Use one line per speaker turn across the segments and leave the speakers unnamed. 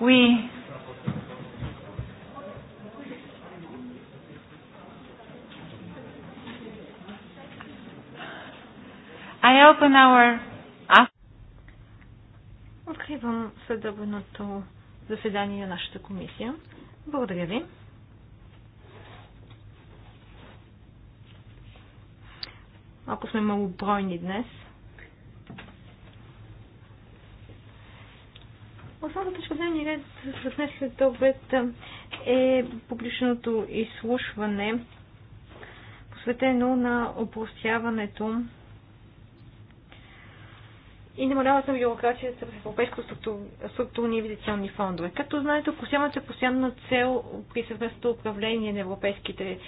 We
I open
our Откривам съдебното заседание на нашата комисия. Благодаря ви. Ако сме малобройни днес, Първа точка дневния ред за днес след обед е публичното изслушване, посветено на опростяването и намаляването на бюрокрацията в Европейско структурни структурни инвестиционни фондове. Както знаете, опростяването е постоянна цел при съвместното управление на европейските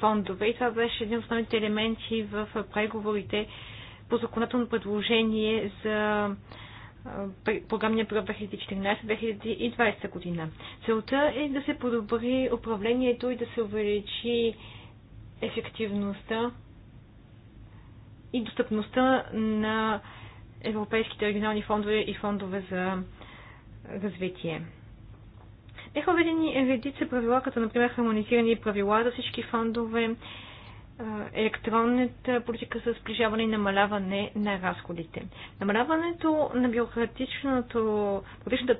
фондове и това беше един от основните елементи в преговорите по законодателно предложение за програмния период 2014-2020 година. Целта е да се подобри управлението и да се увеличи ефективността и достъпността на европейските регионални фондове и фондове за развитие. Еха введени редица правила, като например хармонизирани правила за всички фондове, е, електронната политика за сближаване и намаляване на разходите. Намаляването на бюрократичната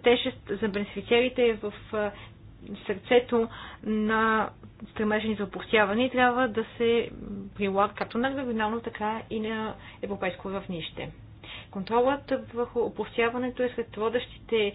тежест за бенефициарите е в е, сърцето на стремежени за опустяване и трябва да се прилага както на регионално, така и на европейско равнище. Контролът върху опустяването е сред водещите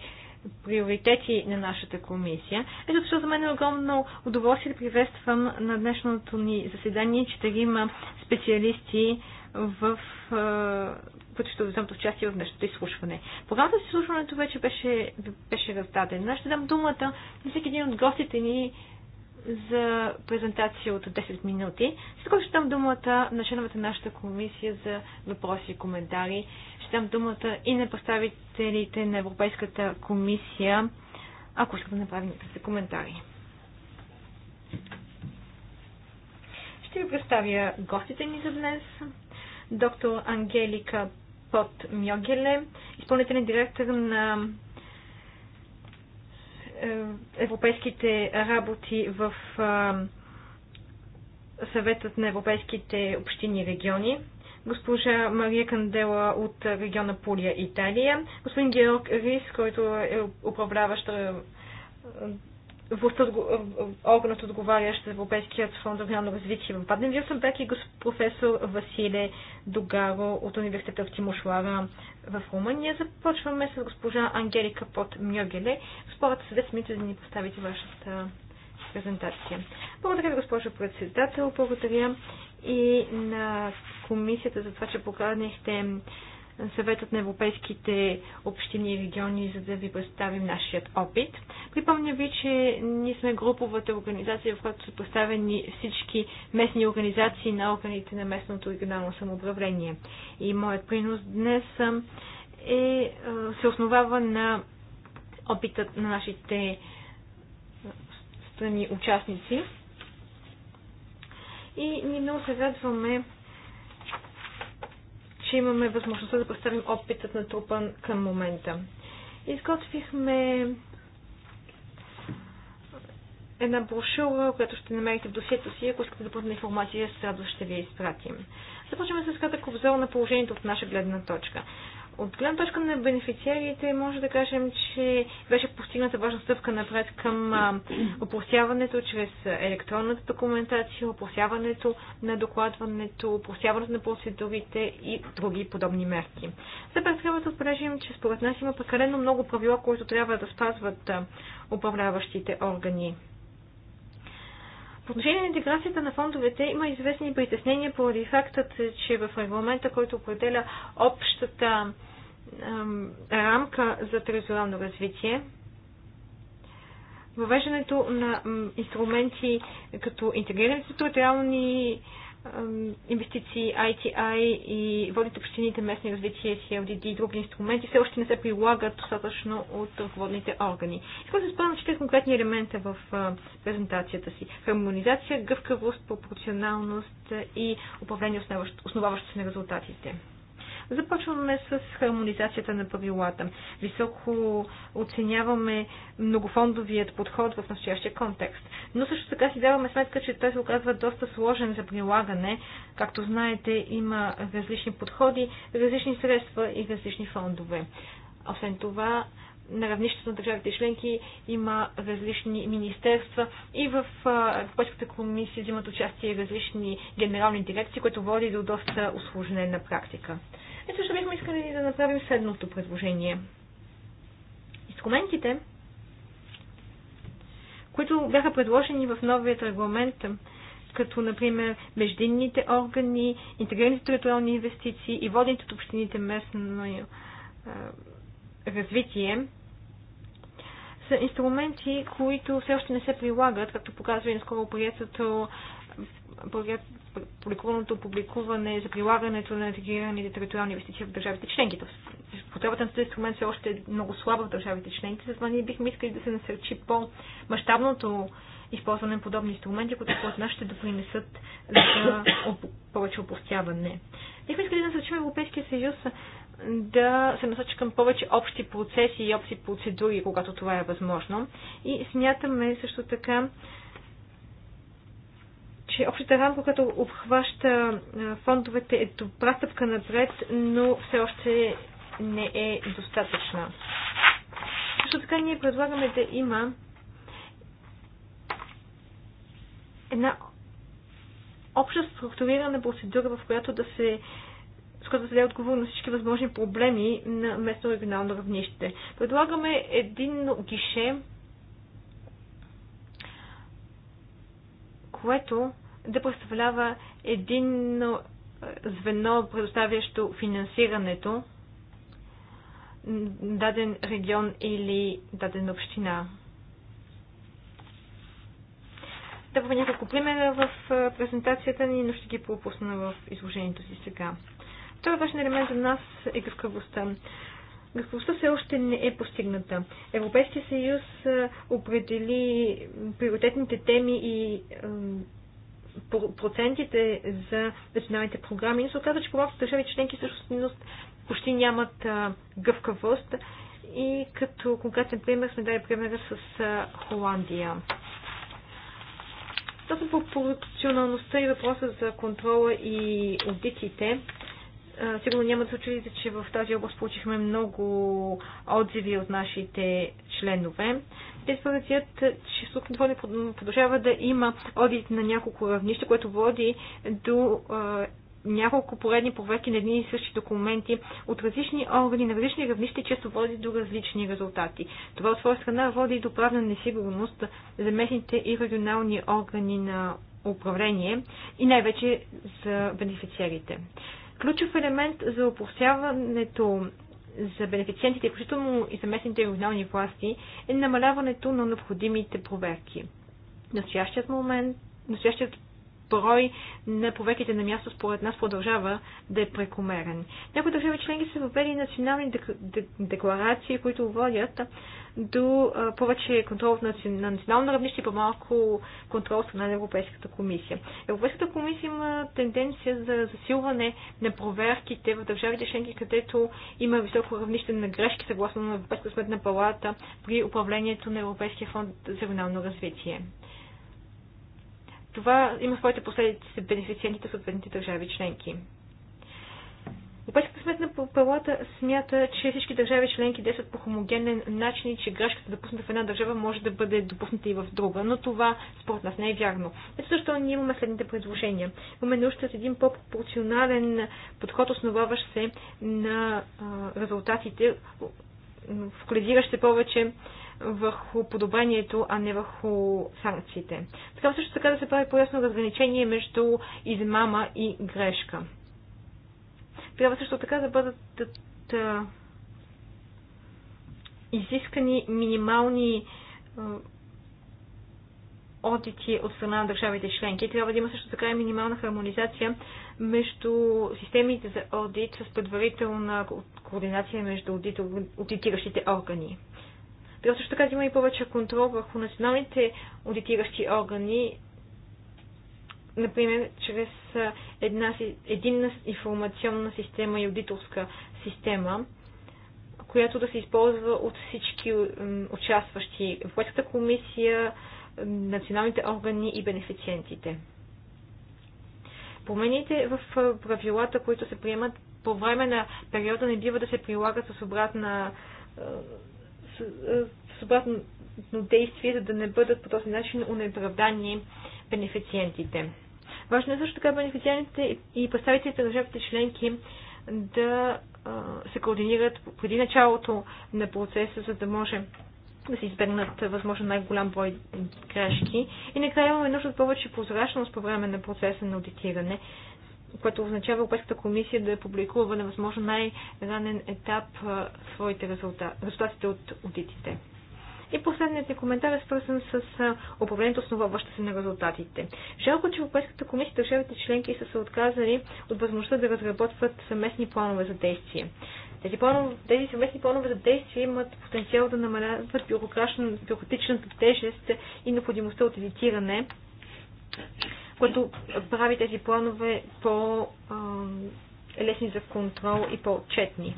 приоритети на нашата комисия. Ето защо за мен е огромно удоволствие да приветствам на днешното ни заседание че има специалисти в които пътището вземат участие в днешното изслушване. Програмата за изслушването вече беше, беше раздадена. Ще дам думата на всеки един от гостите ни за презентация от 10 минути, след което ще дам думата на членовете на нашата комисия за въпроси и коментари. Ще дам думата и на представителите на Европейската комисия, ако искат да направим някакви коментари. Ще ви представя гостите ни за днес. Доктор Ангелика Пот Мьогеле, изпълнителен директор на е, европейските работи в съветът на европейските общини и региони, госпожа Мария Кандела от региона Пулия, Италия, господин Георг Рис, който е управляващ властта, органът отговарящ за Европейският фонд за регионално развитие в Баден Вилсенберг и професор Василе Догаро от университета в Тимошлара в Румъния. Започваме с госпожа Ангелика под Мьогеле. Спората с 10 минути да ни поставите вашата презентация. Благодаря ви, госпожо председател. Благодаря и на комисията за това, че поканихте съветът на европейските общини и региони, за да ви представим нашият опит. Припомня ви, че ние сме груповата организация, в която са поставени всички местни организации на органите на местното регионално самоуправление. И моят принос днес е, се основава на опитът на нашите страни участници. И ние много се радваме, че имаме възможността да представим опитът на трупа към момента. Изготвихме една брошура, която ще намерите в досието си. Ако искате да допълнителна информация, с радост ще ви я изпратим. Започваме с кратък обзор на положението от наша гледна точка. От гледна точка на бенефициарите може да кажем, че беше постигната важна стъпка напред към опростяването чрез електронната документация, опростяването на докладването, опростяването на процедурите и други подобни мерки. Все пак трябва да отбележим, че според нас има прекалено много правила, които трябва да спазват управляващите органи. По отношение на интеграцията на фондовете има известни притеснения поради фактът, че в регламента, който определя общата рамка за териториално развитие, въвеждането на инструменти като интегрираните териториални инвестиции, ITI и водите общините местни развитие, CLDD и други инструменти все още не се прилагат достатъчно от водните органи. Искам да се спомням четири конкретни елемента в презентацията си. Хармонизация, гъвкавост, пропорционалност и управление основаващо се на резултатите. Започваме с хармонизацията на правилата. Високо оценяваме многофондовият подход в настоящия контекст. Но също така си даваме сметка, че той се оказва доста сложен за прилагане. Както знаете, има различни подходи, различни средства и различни фондове. Освен това, на равнището на държавите членки има различни министерства и в Европейската комисия взимат участие различни генерални дирекции, което води до доста осложнена практика. И също бихме искали да направим следното предложение. Инструментите, които бяха предложени в новият регламент, като, например, междинните органи, интегрираните териториални инвестиции и водените от общините местно е, развитие, са инструменти, които все още не се прилагат, както показва и наскоро приятелството публикуваното публикуване за прилагането на интегрираните териториални инвестиции в държавите членки. Потребата на този инструмент все още е много слаба в държавите членки, затова ние бихме искали да се насърчи по-масштабното използване на подобни инструменти, които според нас ще допринесат за повече опустяване. Бихме искали да насърчим Европейския съюз да се насочи към повече общи процеси и общи процедури, когато това е възможно. И смятаме също така, че общата рамка, която обхваща фондовете е добра стъпка напред, но все още не е достатъчна. Също така ние предлагаме да има една обща структурирана процедура, в която да се с която да се даде отговор на всички възможни проблеми на местно-регионално равнище. Предлагаме един гише, което да представлява единно е, звено, предоставящо финансирането даден регион или дадена община. Дава няколко примера в е, презентацията ни, но ще ги пропусна в изложението си сега. Това важен елемент за нас е гъвкавостта. Гъвкавостта все още не е постигната. Европейския съюз е, определи приоритетните теми и процентите за националните програми, се оказва, че повечето държави членки всъщност почти нямат гъвкавост. И като конкретен пример сме дали пример с Холандия. Точно по пропорционалността и въпроса за контрола и аудитите, Сигурно няма да се че в тази област получихме много отзиви от нашите членове. Те твърдят, че не продължава да има одит на няколко равнища, което води до няколко поредни проверки на едни и същи документи от различни органи на различни равнища и често води до различни резултати. Това от своя страна води до правна несигурност за местните и регионални органи на управление и най-вече за бенефициарите. Ключов елемент за опростяването за бенефициентите, включително и за местните регионални власти, е намаляването на необходимите проверки. Настоящият момент, настоящият брой на проверките на място според нас продължава да е прекомерен. Някои държави членки са въвели национални декларации, които водят до повече контрол на национално равнище и по-малко контрол страна на Европейската комисия. Европейската комисия има тенденция за засилване на проверките в държавите членки, където има високо равнище на грешки, съгласно на Европейската сметна палата при управлението на Европейския фонд за регионално развитие това има своите последици за бенефициентите в съответните държави членки. Европейската сметна палата смята, че всички държави членки действат по хомогенен начин и че грешката допусната в една държава може да бъде допусната и в друга, но това според нас не е вярно. Ето защо ние имаме следните предложения. Имаме нужда от един по-пропорционален подход, основаващ се на а, резултатите, вкладиращ се повече върху подобрението, а не върху санкциите. Така също така да се прави по-ясно разграничение между измама и грешка. Трябва също така да бъдат да, изискани минимални одити от страна на държавите членки. Трябва да има също така и минимална хармонизация между системите за одит с предварителна координация между аудитиращите органи. Трябва също така да има и повече контрол върху националните аудитиращи органи, например, чрез една единна информационна система и аудиторска система, която да се използва от всички участващи Европейската комисия, националните органи и бенефициентите. Промените в правилата, които се приемат по време на периода, не бива да се прилагат с обратна свободно действие, за да не бъдат по този начин унеправдани бенефициентите. Важно е също така бенефициентите и представителите на държавите членки да се координират преди началото на процеса, за да може да се избегнат възможно най-голям брой грешки. И накрая имаме нужда от повече прозрачност по време на процеса на аудитиране което означава Европейската комисия да публикува на възможно най-ранен етап своите резултати, резултатите от аудитите. И последният ми коментар е свързан с управлението основаващо се на резултатите. Жалко, че Европейската комисия и държавите членки са се отказали от възможността да разработват съместни планове за действие. Тези, планове, тези съвместни планове за действие имат потенциал да намаляват бюрократичната тежест и необходимостта от едитиране което прави тези планове по-лесни за контрол и по-отчетни.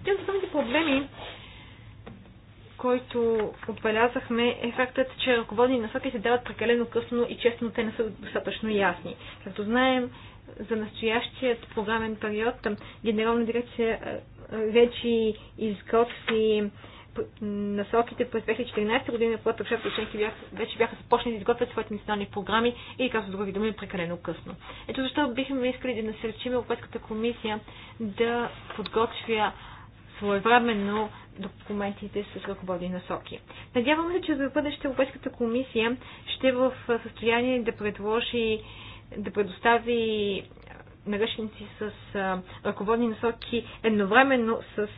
Един от основните проблеми, който отбелязахме, е фактът, че ръководни насоки се дават прекалено късно и честно те не са достатъчно ясни. Като знаем, за настоящият програмен период Генерална дирекция вече изготви насоките през 2014 година, когато държавите членки бях, вече бяха започнали да изготвят своите национални програми или както други думи прекалено късно. Ето защо бихме искали да насърчим Европейската комисия да подготвя своевременно документите с ръководни насоки. Надявам се, че за бъдеще Европейската комисия ще е в състояние да предложи, да предостави наръчници с ръководни насоки едновременно с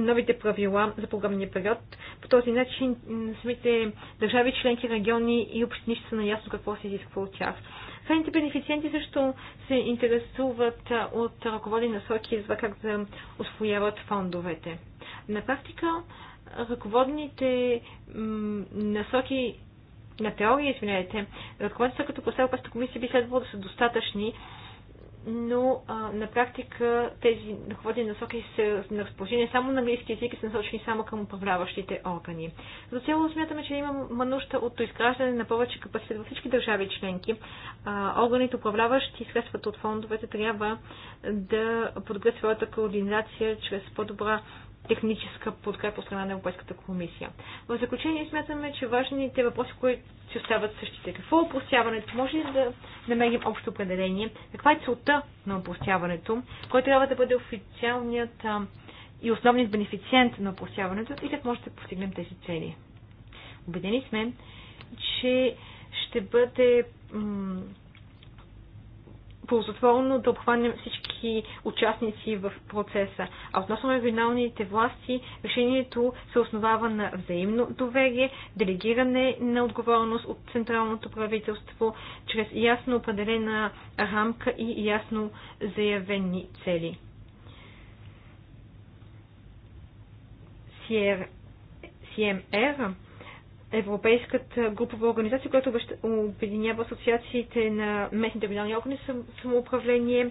новите правила за програмния период. По този начин самите държави, членки, региони и общини ще са наясно какво се изисква от тях. Крайните бенефициенти също се интересуват от ръководни насоки за това как да освояват фондовете. На практика ръководните насоки на теория, извинете, ръководствата като поставя паста комисия би следвало да са достатъчни, но а, на практика тези ръководни насоки са на разположение само на английски язик и са насочени само към управляващите органи. За цяло смятаме, че има нужда от изграждане на повече капацитет във всички държави членки. А, органите, управляващи средствата от фондовете, трябва да подобрят своята координация чрез по-добра техническа подкрепа от страна на Европейската комисия. В заключение смятаме, че важните въпроси, които си остават същите. Какво е опростяването? Може ли да намерим общо определение? Каква е целта на опростяването? Кой трябва да бъде официалният а, и основният бенефициент на опростяването и как може да постигнем тези цели? Обедени сме, че ще бъде ползотворно да обхванем всички участници в процеса. А относно регионалните власти, решението се основава на взаимно доверие, делегиране на отговорност от централното правителство чрез ясно определена рамка и ясно заявени цели. CMR Европейската групова организация, която обединява асоциациите на местните регионални органи самоуправление,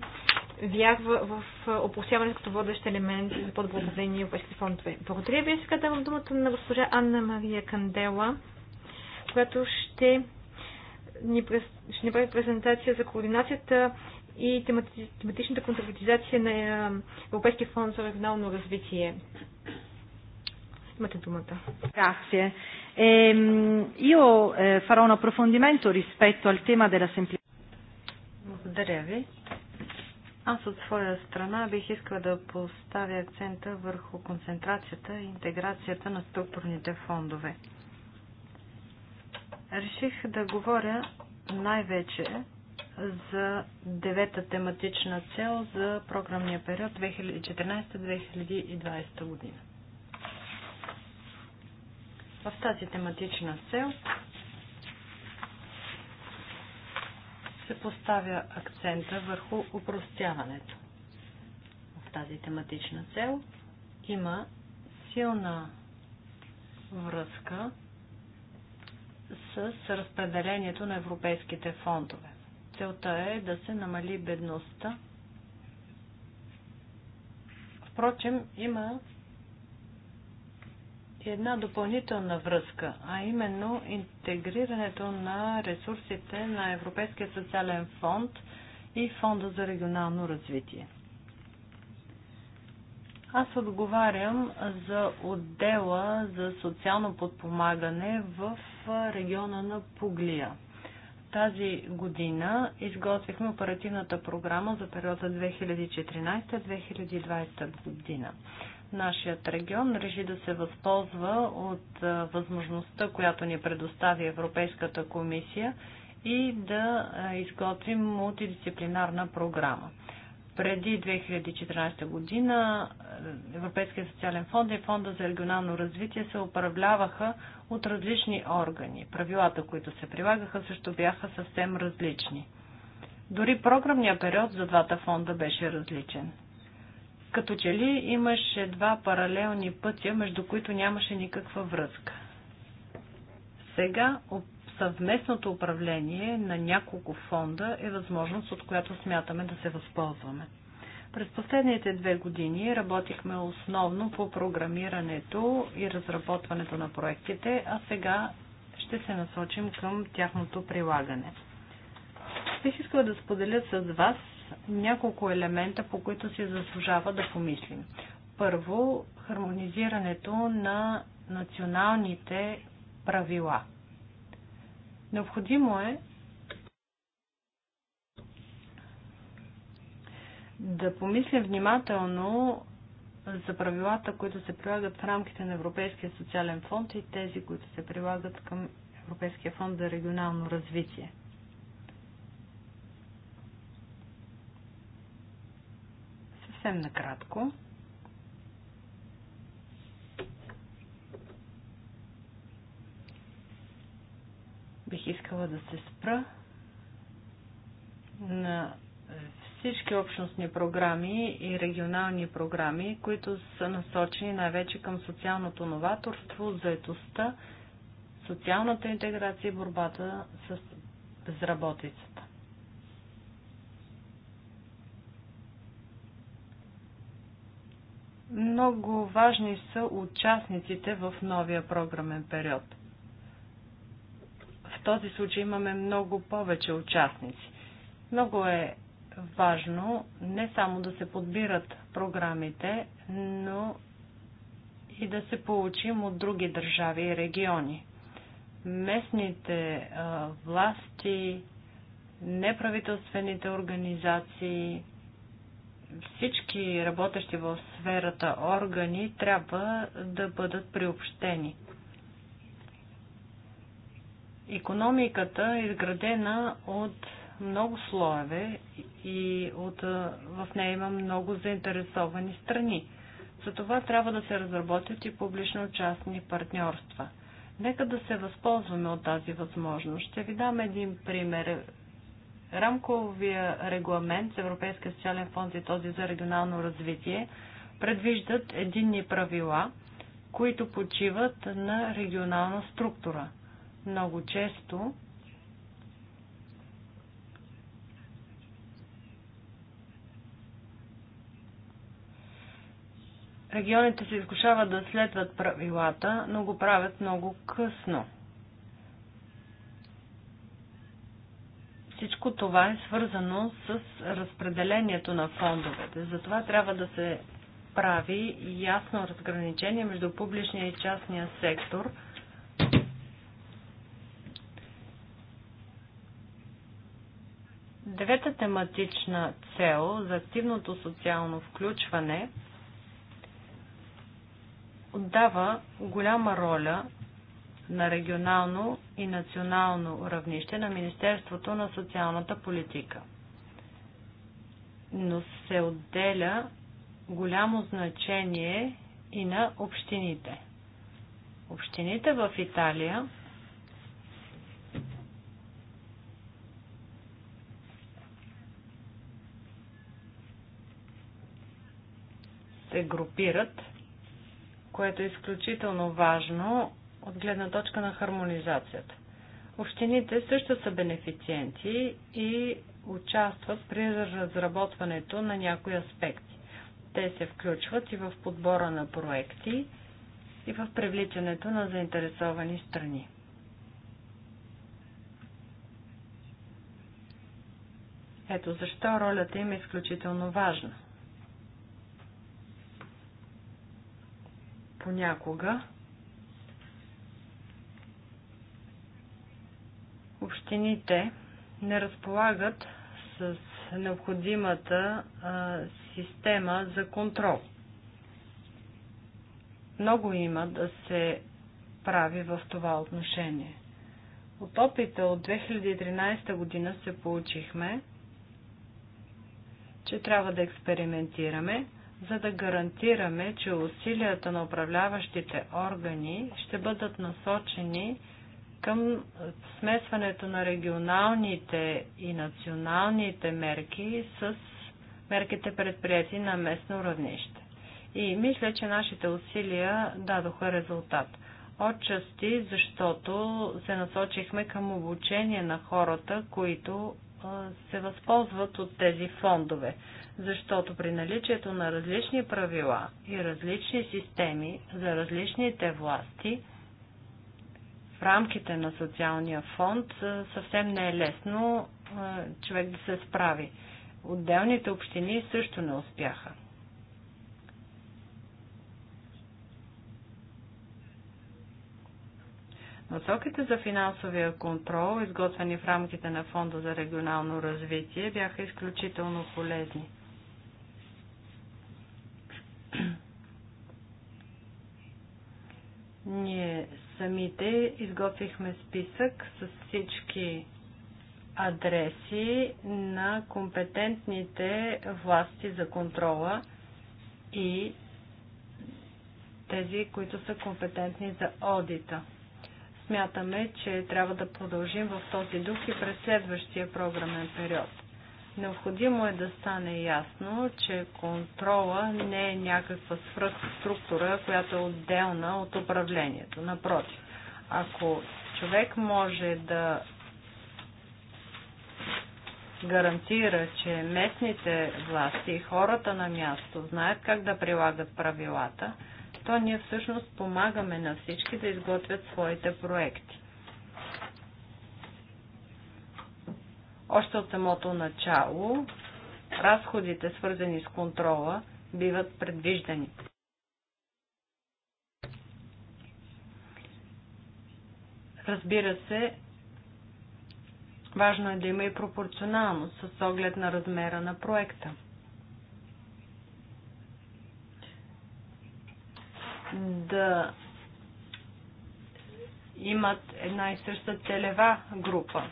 вярва в опросяването като водещ елемент за по-добро управление в Европейските фондове. Благодаря ви. Сега давам думата на госпожа Анна Мария Кандела, която ще ни, през... ще ни прави презентация за координацията и тематичната конкретизация на Европейския фонд за регионално развитие. Имате думата. Grazie. Ehm, io eh, farò un approfondimento rispetto al tema della
semplificazione. Благодаря ви. Аз от своя страна бих искала да поставя акцента върху концентрацията и интеграцията на структурните фондове. Реших да говоря най-вече за девета тематична цел за програмния период 2014-2020 година. В тази тематична цел се поставя акцента върху упростяването. В тази тематична цел има силна връзка с разпределението на европейските фондове. Целта е да се намали бедността. Впрочем, има една допълнителна връзка, а именно интегрирането на ресурсите на Европейския социален фонд и Фонда за регионално развитие. Аз отговарям за отдела за социално подпомагане в региона на Пуглия. Тази година изготвихме оперативната програма за периода 2014-2020 година. Нашият регион реши да се възползва от възможността, която ни предостави Европейската комисия и да изготвим мултидисциплинарна програма. Преди 2014 година Европейския социален фонд и Фонда за регионално развитие се управляваха от различни органи. Правилата, които се прилагаха, също бяха съвсем различни. Дори програмния период за двата фонда беше различен. Като че ли имаше два паралелни пътя, между които нямаше никаква връзка. Сега съвместното управление на няколко фонда е възможност, от която смятаме да се възползваме. През последните две години работихме основно по програмирането и разработването на проектите, а сега ще се насочим към тяхното прилагане. Бих искала да споделя с вас няколко елемента, по които си заслужава да помислим. Първо, хармонизирането на националните правила. Необходимо е да помислим внимателно за правилата, които се прилагат в рамките на Европейския социален фонд и тези, които се прилагат към Европейския фонд за регионално развитие. съвсем накратко. Бих искала да се спра на всички общностни програми и регионални програми, които са насочени най-вече към социалното новаторство, заетостта, социалната интеграция и борбата с безработицата. Много важни са участниците в новия програмен период. В този случай имаме много повече участници. Много е важно не само да се подбират програмите, но и да се получим от други държави и региони. Местните власти, неправителствените организации, всички работещи в сферата органи трябва да бъдат приобщени. Економиката е изградена от много слоеве и от, в нея има много заинтересовани страни. За това трябва да се разработят и публично-частни партньорства. Нека да се възползваме от тази възможност. Ще ви дам един пример. Рамковия регламент за Европейския социален фонд и този за регионално развитие предвиждат единни правила, които почиват на регионална структура. Много често регионите се изкушават да следват правилата, но го правят много късно – Всичко това е свързано с разпределението на фондовете. Затова трябва да се прави ясно разграничение между публичния и частния сектор. Девета тематична цел за активното социално включване отдава голяма роля на регионално и национално равнище на Министерството на социалната политика. Но се отделя голямо значение и на общините. Общините в Италия се групират, което е изключително важно от гледна точка на хармонизацията. Общините също са бенефициенти и участват при разработването на някои аспекти. Те се включват и в подбора на проекти, и в привличането на заинтересовани страни. Ето защо ролята им е изключително важна. Понякога общините не разполагат с необходимата а, система за контрол. Много има да се прави в това отношение. От опита от 2013 година се получихме, че трябва да експериментираме, за да гарантираме, че усилията на управляващите органи ще бъдат насочени към смесването на регионалните и националните мерки с мерките предприяти на местно равнище. И мисля, че нашите усилия дадоха резултат. Отчасти, защото се насочихме към обучение на хората, които се възползват от тези фондове, защото при наличието на различни правила и различни системи за различните власти – в рамките на социалния фонд е, съвсем не е лесно е, човек да се справи. Отделните общини също не успяха. Насоките за финансовия контрол, изготвени в рамките на Фонда за регионално развитие, бяха изключително полезни. Ние самите изготвихме списък с всички адреси на компетентните власти за контрола и тези, които са компетентни за одита. Смятаме, че трябва да продължим в този дух и през следващия програмен период. Необходимо е да стане ясно, че контрола не е някаква структура, която е отделна от управлението. Напротив, ако човек може да гарантира, че местните власти и хората на място знаят как да прилагат правилата, то ние всъщност помагаме на всички да изготвят своите проекти. Още от самото начало, разходите, свързани с контрола, биват предвиждани. Разбира се, важно е да има и пропорционалност с оглед на размера на проекта. Да имат една и съща целева група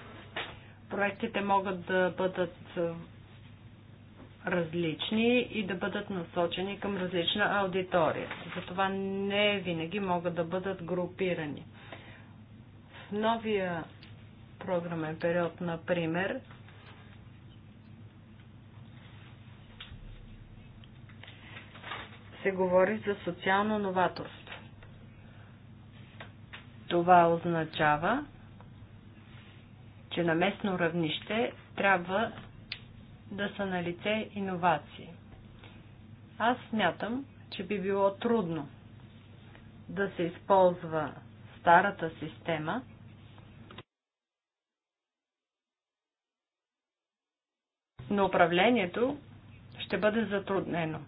проектите могат да бъдат различни и да бъдат насочени към различна аудитория. Затова не винаги могат да бъдат групирани. В новия програмен период, например, се говори за социално новаторство. Това означава, че на местно равнище трябва да са на лице иновации. Аз смятам, че би било трудно да се използва старата система, но управлението ще бъде затруднено.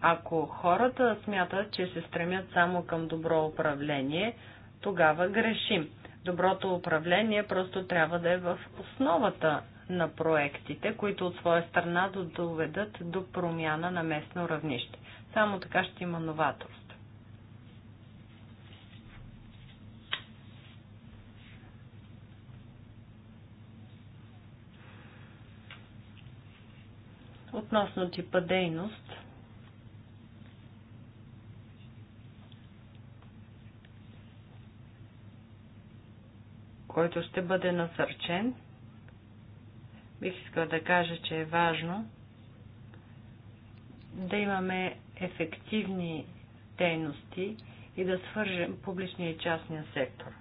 Ако хората смятат, че се стремят само към добро управление, тогава грешим. Доброто управление просто трябва да е в основата на проектите, които от своя страна да доведат до промяна на местно равнище. Само така ще има новаторство. Относно типа дейност, който ще бъде насърчен. Бих искала да кажа, че е важно да имаме ефективни дейности и да свържем публичния и частния сектор.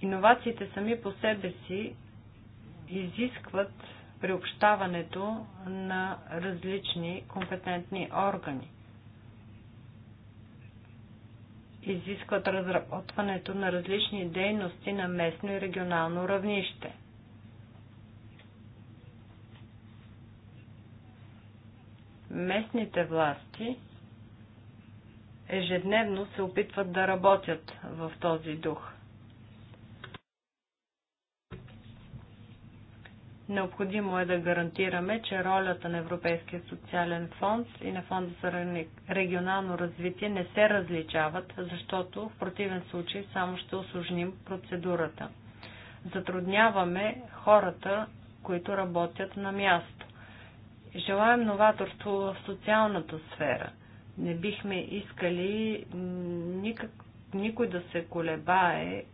Иновациите сами по себе си изискват приобщаването на различни компетентни органи. изискват разработването на различни дейности на местно и регионално равнище. Местните власти ежедневно се опитват да работят в този дух. Необходимо е да гарантираме, че ролята на Европейския социален фонд и на фонда за регионално развитие не се различават, защото в противен случай само ще осложним процедурата. Затрудняваме хората, които работят на място. Желаем новаторство в социалната сфера. Не бихме искали никак, никой да се колебае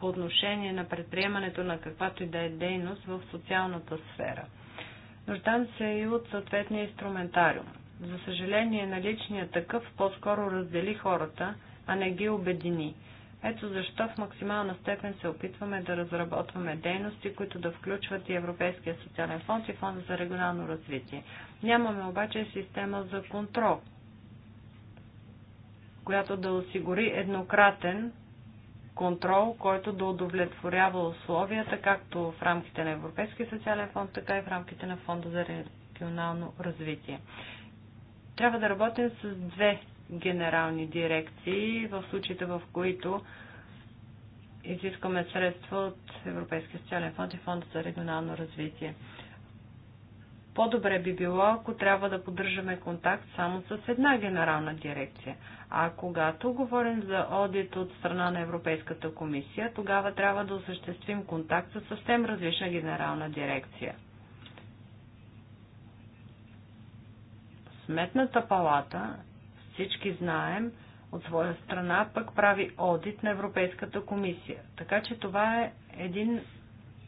по отношение на предприемането на каквато и да е дейност в социалната сфера. Нуждам се и от съответния инструментариум. За съжаление, наличният такъв по-скоро раздели хората, а не ги обедини. Ето защо в максимална степен се опитваме да разработваме дейности, които да включват и Европейския социален фонд и Фонда за регионално развитие. Нямаме обаче система за контрол, която да осигури еднократен контрол, който да удовлетворява условията, както в рамките на Европейския социален фонд, така и в рамките на Фонда за регионално развитие. Трябва да работим с две генерални дирекции в случаите, в които изискаме средства от Европейския социален фонд и Фонда за регионално развитие. По-добре би било, ако трябва да поддържаме контакт само с една генерална дирекция. А когато говорим за одит от страна на Европейската комисия, тогава трябва да осъществим контакт с съвсем различна генерална дирекция. Сметната палата, всички знаем, от своя страна пък прави одит на Европейската комисия. Така че това е един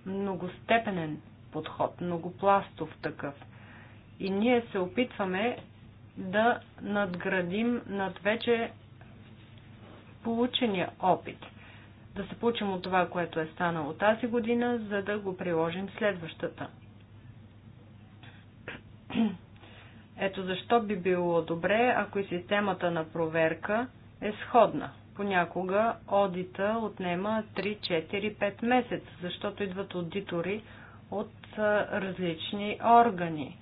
многостепенен подход, многопластов такъв. И ние се опитваме да надградим над вече получения опит. Да се получим от това, което е станало тази година, за да го приложим следващата. Ето защо би било добре, ако и системата на проверка е сходна. Понякога одита отнема 3, 4, 5 месеца, защото идват аудитори от различни органи.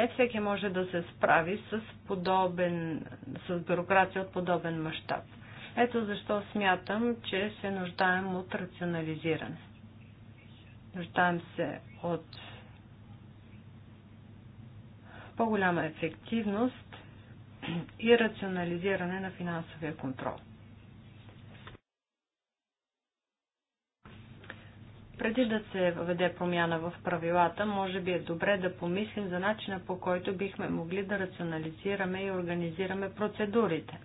Не всеки може да се справи с, подобен, с бюрокрация от подобен мащаб. Ето защо смятам, че се нуждаем от рационализиране. Нуждаем се от по-голяма ефективност и рационализиране на финансовия контрол. Преди да се въведе промяна в правилата, може би е добре да помислим за начина по който бихме могли да рационализираме и организираме процедурите.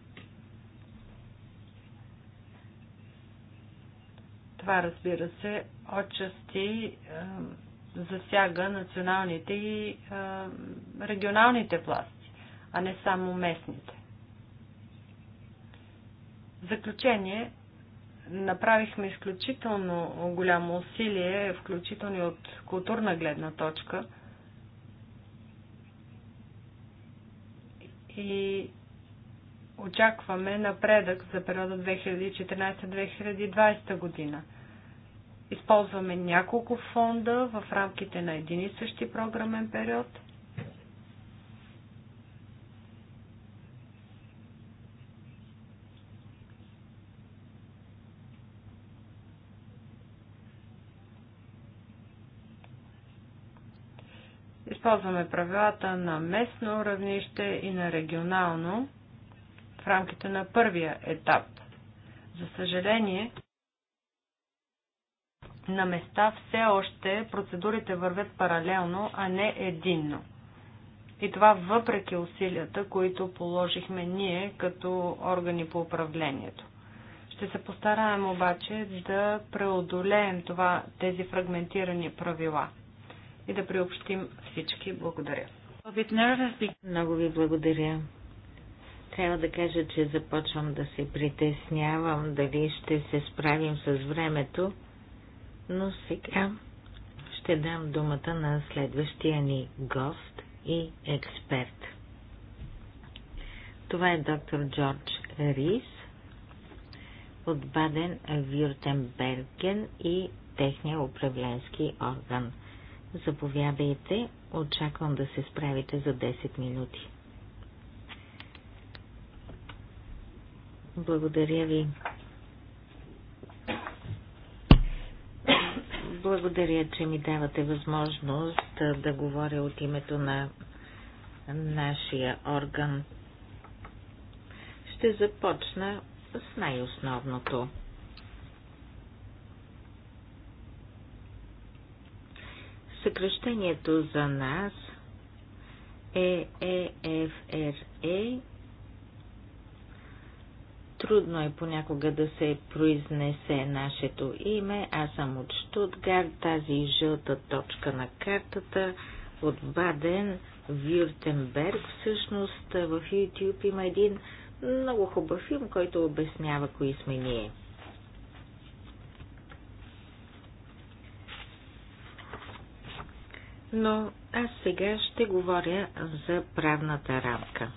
Това, разбира се, отчасти е, засяга националните и е, регионалните власти, а не само местните. В заключение, направихме изключително голямо усилие, включително и от културна гледна точка. И очакваме напредък за периода 2014-2020 година. Използваме няколко фонда в рамките на един и същи програмен период – използваме правилата на местно равнище и на регионално в рамките на първия етап. За съжаление, на места все още процедурите вървят паралелно, а не единно. И това въпреки усилията, които положихме ние като органи по управлението. Ще се постараем обаче да преодолеем това, тези фрагментирани правила – и да приобщим всички. Благодаря.
Много ви благодаря. Трябва да кажа, че започвам да се притеснявам дали ще се справим с времето, но сега ще дам думата на следващия ни гост и експерт. Това е доктор Джордж Рис от Баден-Вюртенберген и техния управленски орган – Заповядайте, очаквам да се справите за 10 минути. Благодаря ви. Благодаря, че ми давате възможност да говоря от името на нашия орган. Ще започна с най-основното. Съкръщението за нас е ЕФРА. Е. Трудно е понякога да се произнесе нашето име. Аз съм от Штутгарт, тази жълта точка на картата от Баден, Вюртенберг. Всъщност в YouTube има един много хубав филм, който обяснява кои сме ние. но аз сега ще говоря за правната рамка.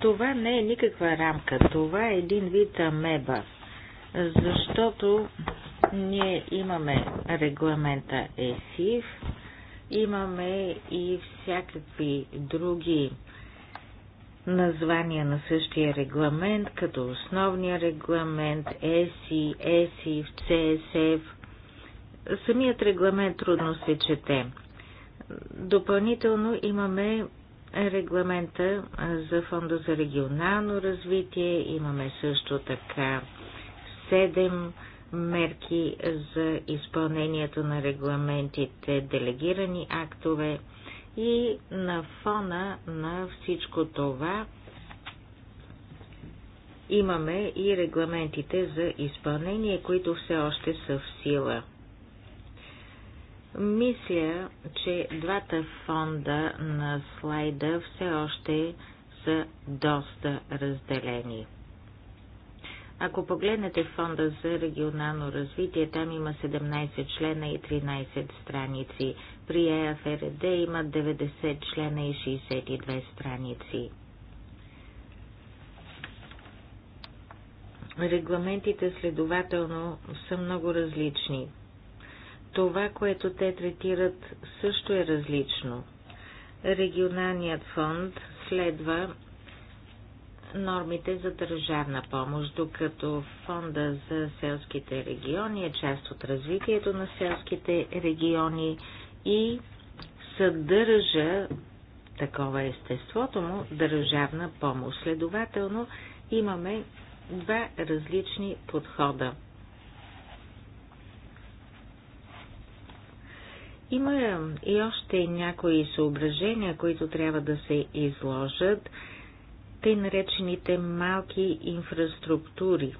Това не е никаква рамка, това е един вид амеба, защото ние имаме регламента ЕСИФ, имаме и всякакви други названия на същия регламент, като основния регламент, ЕСИ, ЕСИФ, ЦСФ. Самият регламент трудно се чете. Допълнително имаме регламента за Фонда за регионално развитие, имаме също така 7 мерки за изпълнението на регламентите, делегирани актове и на фона на всичко това имаме и регламентите за изпълнение, които все още са в сила – мисля, че двата фонда на слайда все още са доста разделени. Ако погледнете фонда за регионално развитие, там има 17 члена и 13 страници. При ЕАФРД има 90 члена и 62 страници. Регламентите следователно са много различни това, което те третират, също е различно. Регионалният фонд следва нормите за държавна помощ, докато фонда за селските региони е част от развитието на селските региони и съдържа такова естеството му държавна помощ. Следователно имаме два различни подхода. Има и още някои съображения, които трябва да се изложат, тъй наречените малки инфраструктури,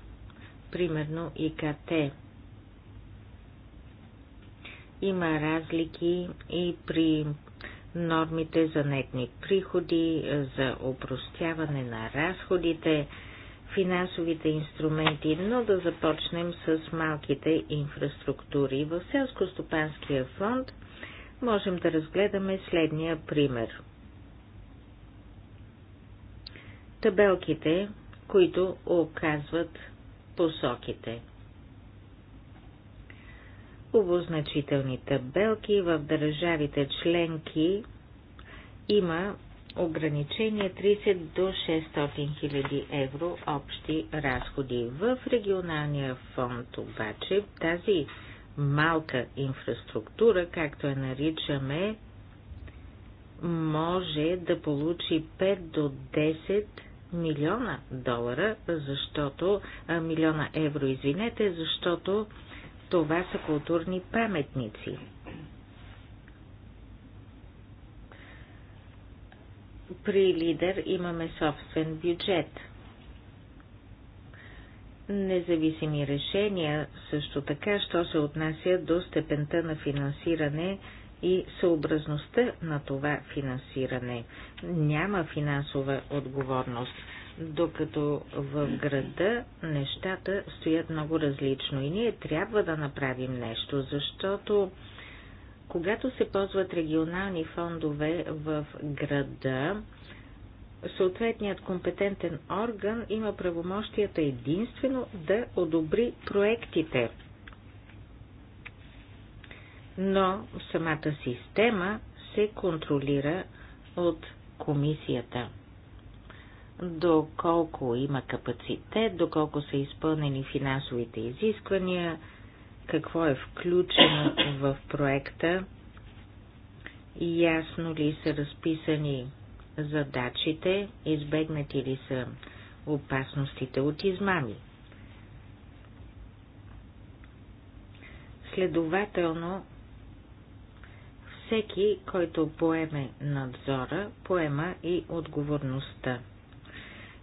примерно ИКТ. Има разлики и при нормите за нетни приходи, за опростяване на разходите, финансовите инструменти, но да започнем с малките инфраструктури. В Селско-стопанския фонд можем да разгледаме следния пример. Табелките, които оказват посоките. Обозначителни табелки в държавите членки има ограничение 30 до 600 000 евро общи разходи. В регионалния фонд обаче тази малка инфраструктура, както я наричаме, може да получи 5 до 10 милиона долара, защото а, милиона евро, извинете, защото това са културни паметници. При лидер имаме собствен бюджет – независими решения, също така, що се отнася до степента на финансиране и съобразността на това финансиране. Няма финансова отговорност, докато в града нещата стоят много различно и ние трябва да направим нещо, защото когато се ползват регионални фондове в града, съответният компетентен орган има правомощията единствено да одобри проектите. Но самата система се контролира от комисията. Доколко има капацитет, доколко са изпълнени финансовите изисквания, какво е включено в проекта, ясно ли са разписани задачите, избегнати ли са опасностите от измами. Следователно, всеки, който поеме надзора, поема и отговорността.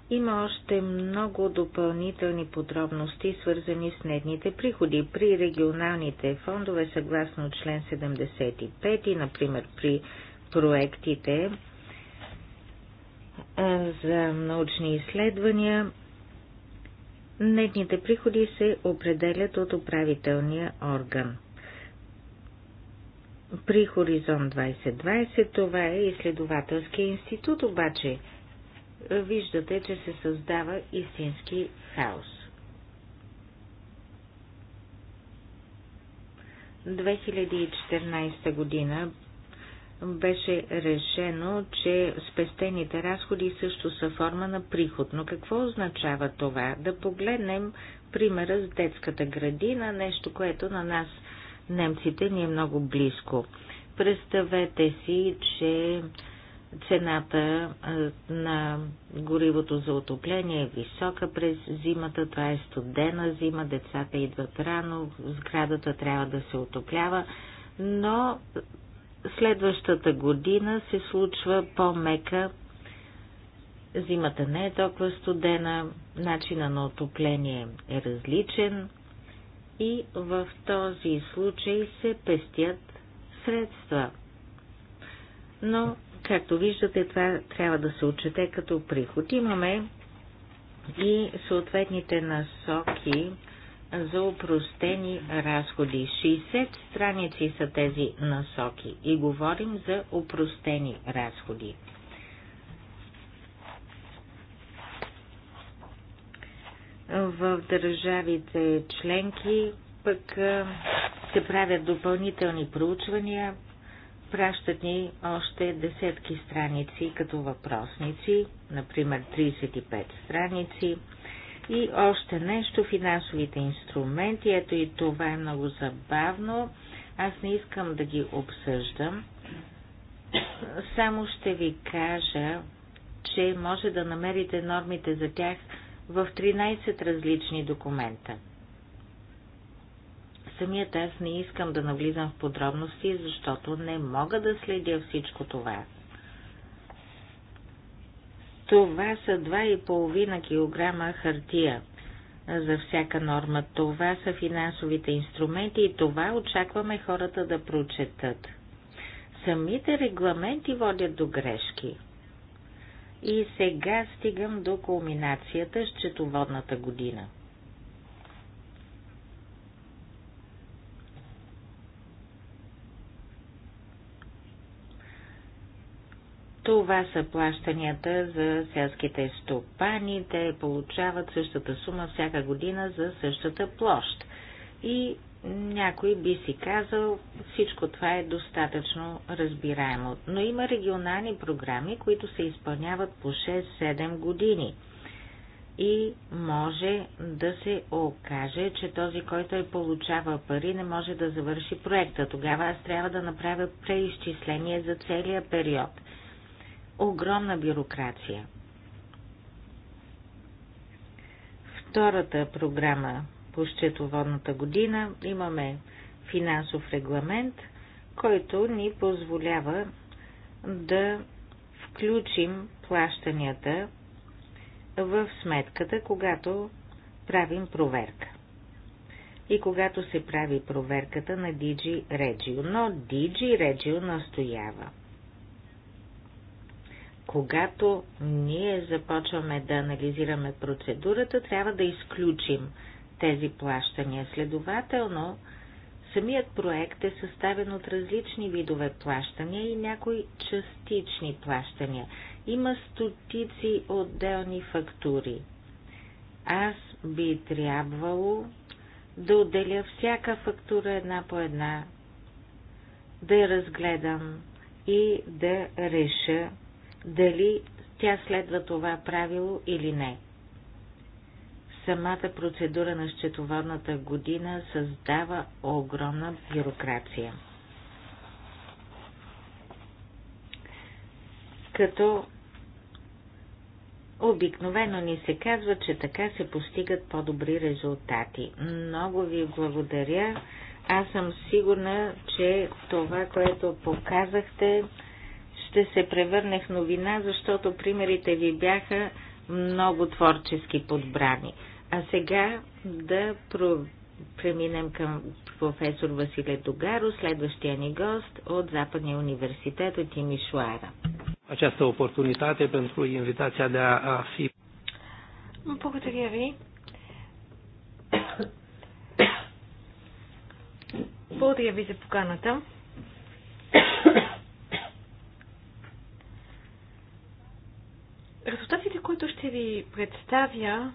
Има още много допълнителни подробности, свързани с нетните приходи. При регионалните фондове, съгласно член 75, и, например при проектите, за научни изследвания. Нетните приходи се определят от управителния орган. При Хоризонт 2020 това е изследователския институт, обаче виждате, че се създава истински хаос. 2014 година беше решено, че спестените разходи също са форма на приход. Но какво означава това? Да погледнем примера с детската градина, нещо, което на нас, немците, ни е много близко. Представете си, че цената на горивото за отопление е висока през зимата, това е студена зима, децата идват рано, сградата трябва да се отоплява, но Следващата година се случва по-мека. Зимата не е толкова студена, начина на отопление е различен и в този случай се пестят средства. Но, както виждате, това трябва да се отчете като приход. Имаме и съответните насоки за упростени разходи. 60 страници са тези насоки и говорим за упростени разходи. В държавите членки пък се правят допълнителни проучвания, пращат ни още десетки страници като въпросници, например 35 страници. И още нещо, финансовите инструменти. Ето и това е много забавно. Аз не искам да ги обсъждам. Само ще ви кажа, че може да намерите нормите за тях в 13 различни документа. Самият аз не искам да навлизам в подробности, защото не мога да следя всичко това. Това са 2,5 кг хартия за всяка норма. Това са финансовите инструменти и това очакваме хората да прочетат. Самите регламенти водят до грешки. И сега стигам до кулминацията с четоводната година. Това са плащанията за селските стопани. Те получават същата сума всяка година за същата площ. И някой би си казал, всичко това е достатъчно разбираемо. Но има регионални програми, които се изпълняват по 6-7 години. И може да се окаже, че този, който е получава пари, не може да завърши проекта. Тогава аз трябва да направя преизчисление за целия период огромна бюрокрация. Втората програма по счетоводната година имаме финансов регламент, който ни позволява да включим плащанията в сметката, когато правим проверка. И когато се прави проверката на DG Regio, но DG Regio настоява – когато ние започваме да анализираме процедурата, трябва да изключим тези плащания. Следователно, самият проект е съставен от различни видове плащания и някои частични плащания. Има стотици отделни фактури. Аз би трябвало да отделя всяка фактура една по една, да я разгледам и да реша дали тя следва това правило или не. Самата процедура на счетоводната година създава огромна бюрокрация. Като Обикновено ни се казва, че така се постигат по-добри резултати. Много ви благодаря. Аз съм сигурна, че това, което показахте, ще се превърне в новина, защото примерите ви бяха много творчески подбрани. А сега да про... преминем към професор Василе Догаро, следващия ни гост от Западния университет от Тимишуара. Această Благодаря ви.
Благодаря ви за поканата. Резултатите, които ще ви представя,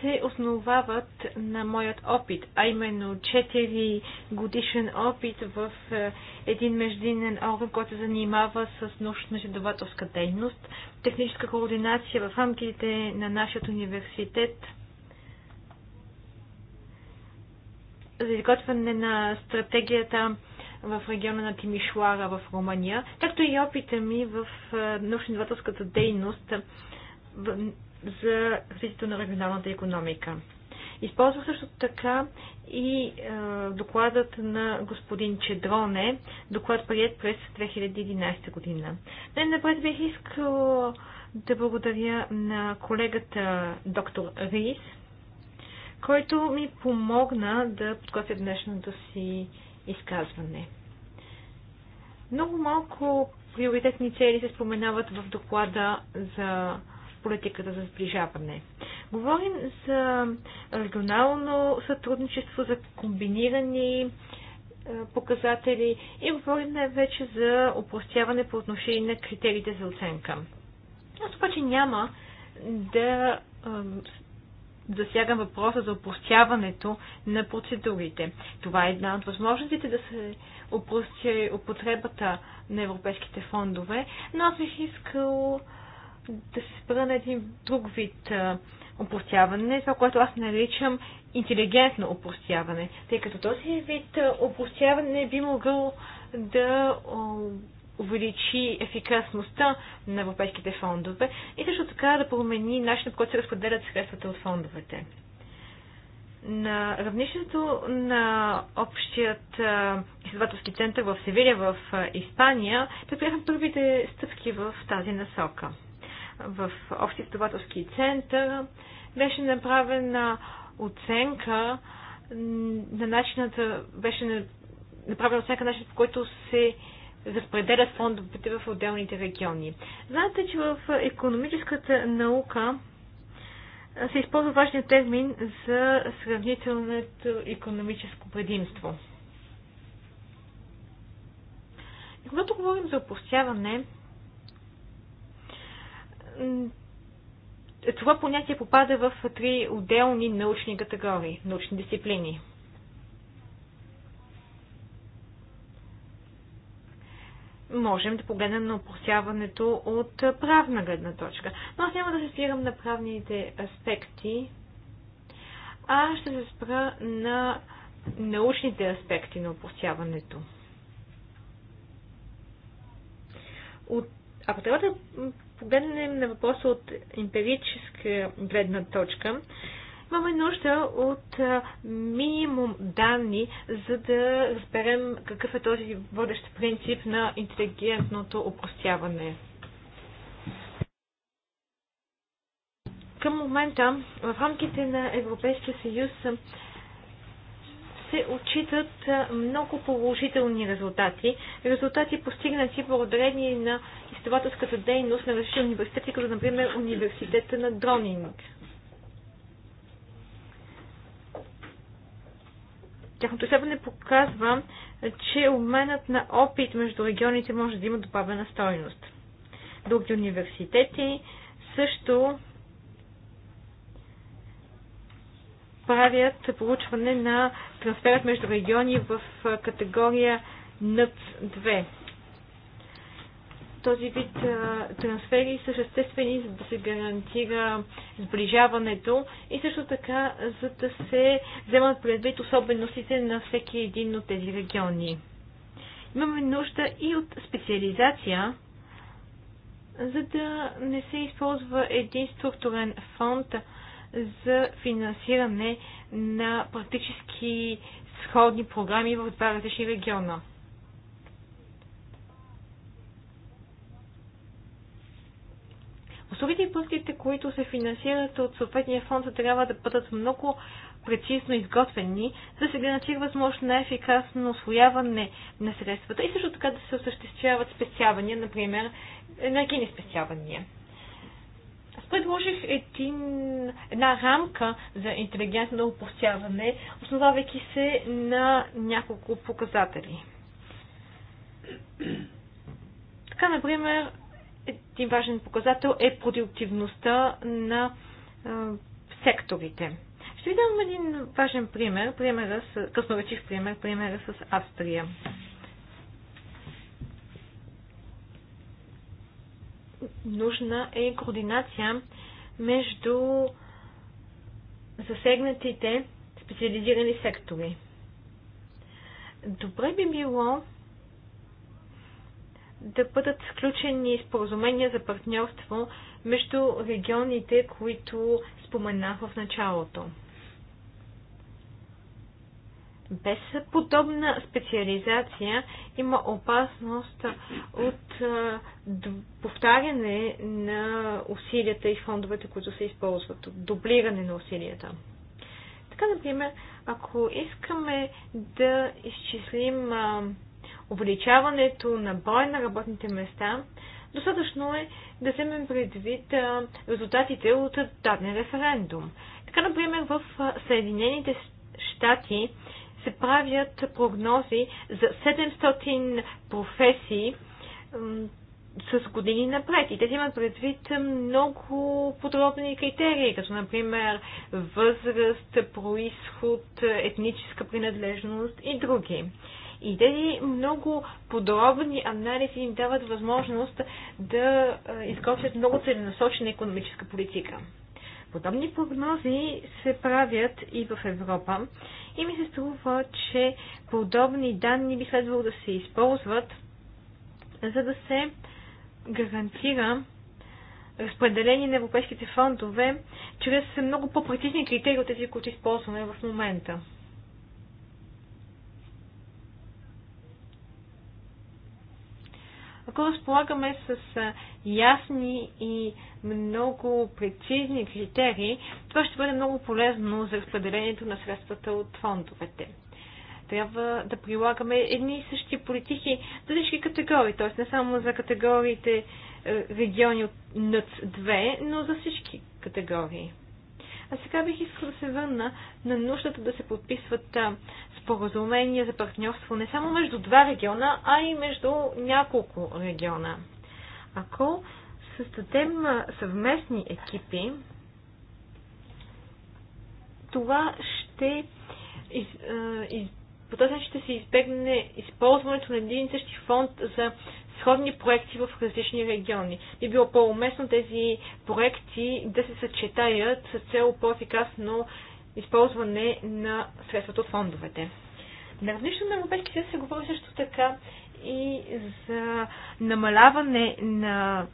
се основават на моят опит, а именно 4 годишен опит в е, един междинен орган, който се занимава с научно-изследователска дейност, техническа координация в рамките на нашия университет за изготвяне на стратегията в региона на Тимишуара в Румъния, както и опита ми в научно-изследователската дейност за развитието на регионалната економика. Използвах също така и е, докладът на господин Чедроне, доклад прият през 2011 година. Най-напред бих искал да благодаря на колегата доктор Рис, който ми помогна да подготвя днешното си изказване. Много малко приоритетни цели се споменават в доклада за политиката за сближаване. Говорим за регионално сътрудничество, за комбинирани е, показатели и говорим най-вече за упростяване по отношение на критериите за оценка. Аз обаче няма да засягам въпроса за опростяването на процедурите. Това е една от възможностите да се опрости употребата на европейските фондове, но аз бих искал да се спра на един друг вид опростяване, това, което аз наричам интелигентно опростяване, тъй като този вид опростяване би могъл да увеличи ефикасността на европейските фондове и също така да промени начинът, по който се разпределят средствата от фондовете. На равнището на общият изследователски център в Севилия, в Испания, предприехме първите стъпки в тази насока. В общия изследователски център беше направена оценка на начината, беше направена оценка на начинът, по който се разпределят фондовете в отделните региони. Знаете, че в економическата наука се използва важният термин за сравнителното економическо предимство. И когато говорим за опростяване, това понятие попада в три отделни научни категории, научни дисциплини – можем да погледнем на опросяването от правна гледна точка. Но аз няма да се спирам на правните аспекти, а ще се спра на научните аспекти на опросяването. От, ако трябва да погледнем на въпроса от емпирическа гледна точка, Имаме нужда от минимум данни, за да разберем какъв е този водещ принцип на интелигентното опростяване. Към момента в рамките на Европейския съюз се отчитат много положителни резултати. Резултати постигнати благодарение на изследователската дейност на различни университети, като например университета на Дронинг. Тяхното изследване показва, че обменът на опит между регионите може да има добавена стойност. Други университети също правят проучване на трансферът между региони в категория НЦ 2 този вид а, трансфери са съществени, за да се гарантира сближаването и също така, за да се вземат предвид особеностите на всеки един от тези региони. Имаме нужда и от специализация, за да не се използва един структурен фонд за финансиране на практически сходни програми в два различни региона. Услугите и пътите, които се финансират от съответния фонд, трябва да бъдат много прецизно изготвени, за да се е възможно най-ефикасно освояване на средствата и също така да се осъществяват спестявания, например енергийни спестявания. Аз предложих един, една рамка за интелигентно опустяване, основавайки се на няколко показатели. Така, например, един важен показател е продуктивността на а, секторите. Ще ви дам един важен пример, примера с, късноречив пример, примера с Австрия. Нужна е координация между засегнатите специализирани сектори. Добре би било да бъдат включени споразумения за партньорство между регионите, които споменах в началото. Без подобна специализация има опасност от повтаряне на усилията и фондовете, които се използват, от дублиране на усилията. Така, например, ако искаме да изчислим увеличаването на броя на работните места, достатъчно е да вземем предвид резултатите от даден референдум. Така, например, в Съединените щати се правят прогнози за 700 професии с години напред. И те имат предвид много подробни критерии, като например възраст, происход, етническа принадлежност и други. И тези много подробни анализи им дават възможност да изготвят много целенасочена економическа политика. Подобни прогнози се правят и в Европа и ми се струва, че подобни данни би следвало да се използват, за да се гарантира разпределение на европейските фондове чрез много по-прецизни критерии от тези, които използваме в момента. ако разполагаме с ясни и много прецизни критерии, това ще бъде много полезно за разпределението на средствата от фондовете. Трябва да прилагаме едни и същи политики за всички категории, т.е. не само за категориите е, региони от НЦ-2, но за всички категории. А сега бих искал да се върна на нуждата да се подписват споразумения за партньорство не само между два региона, а и между няколко региона. Ако създадем съвместни екипи, това ще из, из, по този начин ще се избегне използването на един и същи фонд за сходни проекти в различни региони. Би било по-уместно тези проекти да се съчетаят с цел по-ефикасно използване на средствата от фондовете. На равнището на европейски съюз се говори също така и за намаляване на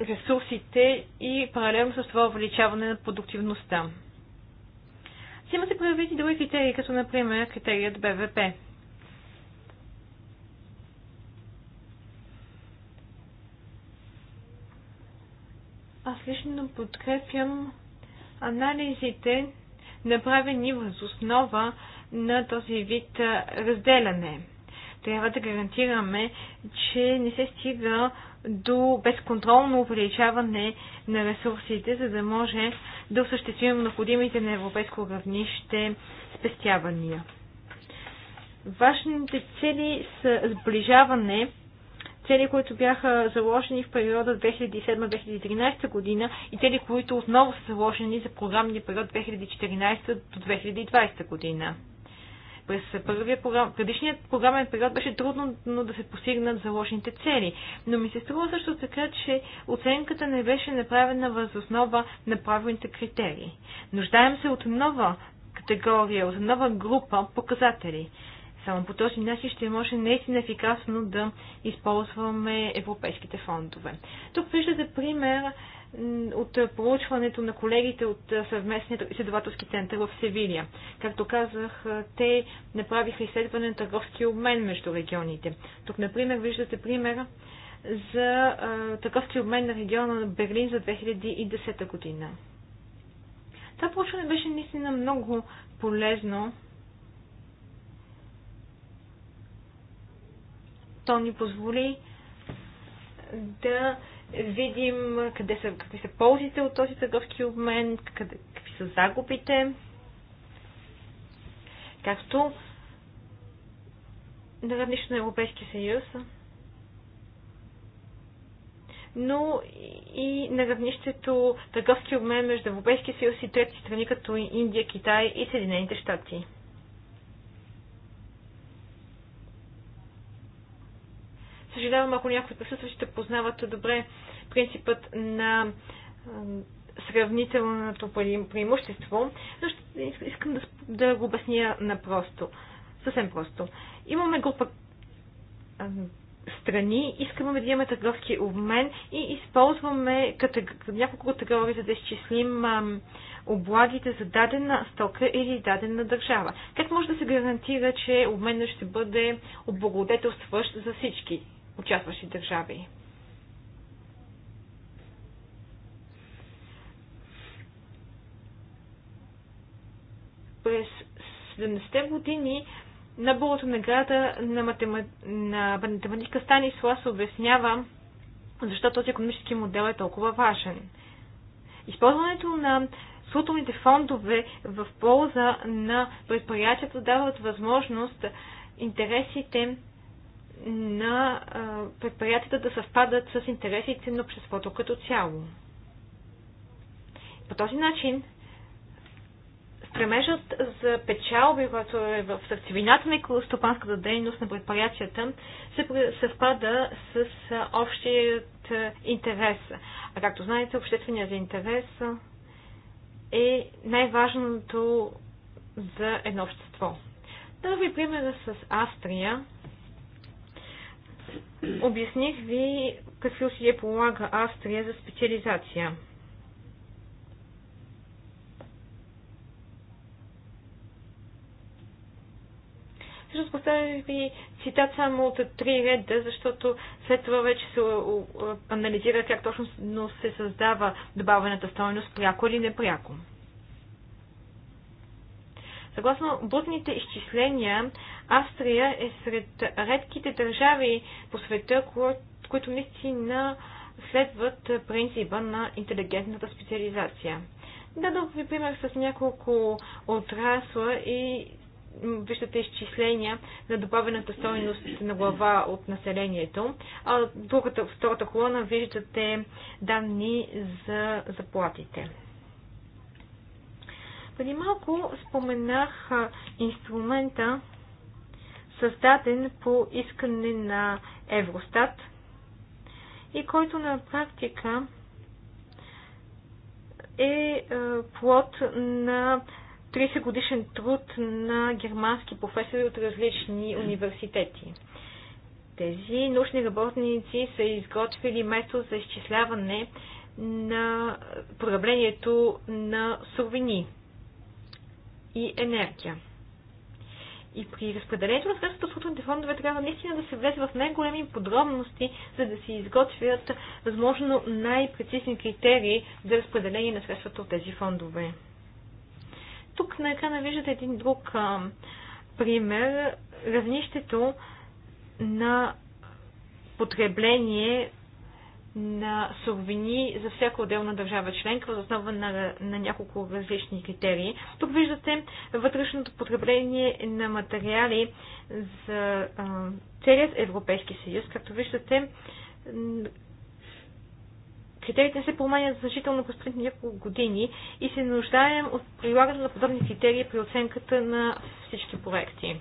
ресурсите и паралелно с това увеличаване на продуктивността. Сима се предвид и други критерии, като например критерият БВП. Аз лично подкрепям анализите, направени въз основа на този вид разделяне. Трябва да гарантираме, че не се стига до безконтролно увеличаване на ресурсите, за да може да осъществим необходимите на европейско равнище спестявания. Важните цели са сближаване, цели, които бяха заложени в периода 2007-2013 година и цели, които отново са заложени за програмния период 2014 до 2020 година. През първия програм... предишният програмен период беше трудно но да се постигнат заложните цели. Но ми се струва също така, че оценката не беше направена въз основа на правилните критерии. Нуждаем се от нова категория, от нова група показатели. Само по този начин ще може наистина ефикасно да използваме европейските фондове. Тук виждате пример от проучването на колегите от съвместния изследователски център в Севилия. Както казах, те направиха изследване на търговски обмен между регионите. Тук, например, виждате пример за търговски обмен на региона на Берлин за 2010 година. Това проучване беше наистина много полезно. То ни позволи да видим къде са, какви са ползите от този търговски обмен, къде, какви са загубите, както на равнището на Европейския съюз, но и на равнището търговски обмен между Европейския съюз и трети страни, като Индия, Китай и Съединените щати. Съжалявам, ако някои от присъстващите познават добре принципът на сравнителното преимущество, но ще, искам да, да го обясня напросто. Съвсем просто. Имаме група страни, искаме да имаме търговски обмен и използваме няколко категории, за да изчислим ам, облагите за дадена стока или дадена държава. Как може да се гарантира, че обменът ще бъде облагодетелстващ за всички? участващи държави. През 70-те години наборото награда на, матема... на математика Станислав се обяснява защо този економически модел е толкова важен. Използването на структурните фондове в полза на предприятията дават възможност интересите на предприятията да съвпадат с интересите на обществото като цяло. По този начин стремежът за печалби, който е в сърцевината на стопанската дейност на предприятията, се съвпада с общият интерес. А както знаете, общественият интерес е най-важното за едно общество. Първи пример с Австрия Обясних ви какви усилия полага Австрия за специализация. Всъщност поставих ви цитат само от три реда, защото след това вече се анализира как точно се създава добавената стойност, пряко или непряко. Съгласно брутните изчисления, Австрия е сред редките държави по света, които наистина следват принципа на интелигентната специализация. Дадох ви пример с няколко отрасла и виждате изчисления на добавената стойност на глава от населението. А другата, втората колона виждате данни за заплатите. Преди малко споменах инструмента създаден по искане на Евростат и който на практика е, е плод на 30 годишен труд на германски професори от различни университети. Тези научни работници са изготвили метод за изчисляване на проявлението на суровини и енергия. И при разпределението на средствата от структурните фондове трябва наистина да се влезе в най-големи подробности, за да се изготвят възможно най-прецизни критерии за разпределение на средствата от тези фондове. Тук на екрана виждате един друг а, пример. Равнището на потребление на суровини за всяка отделна държава членка, в основа на, на няколко различни критерии. Тук виждате вътрешното потребление на материали за а, целият Европейски съюз. Както виждате, критериите не се променят значително през последните няколко години и се нуждаем от прилагане на подобни критерии при оценката на всички проекти.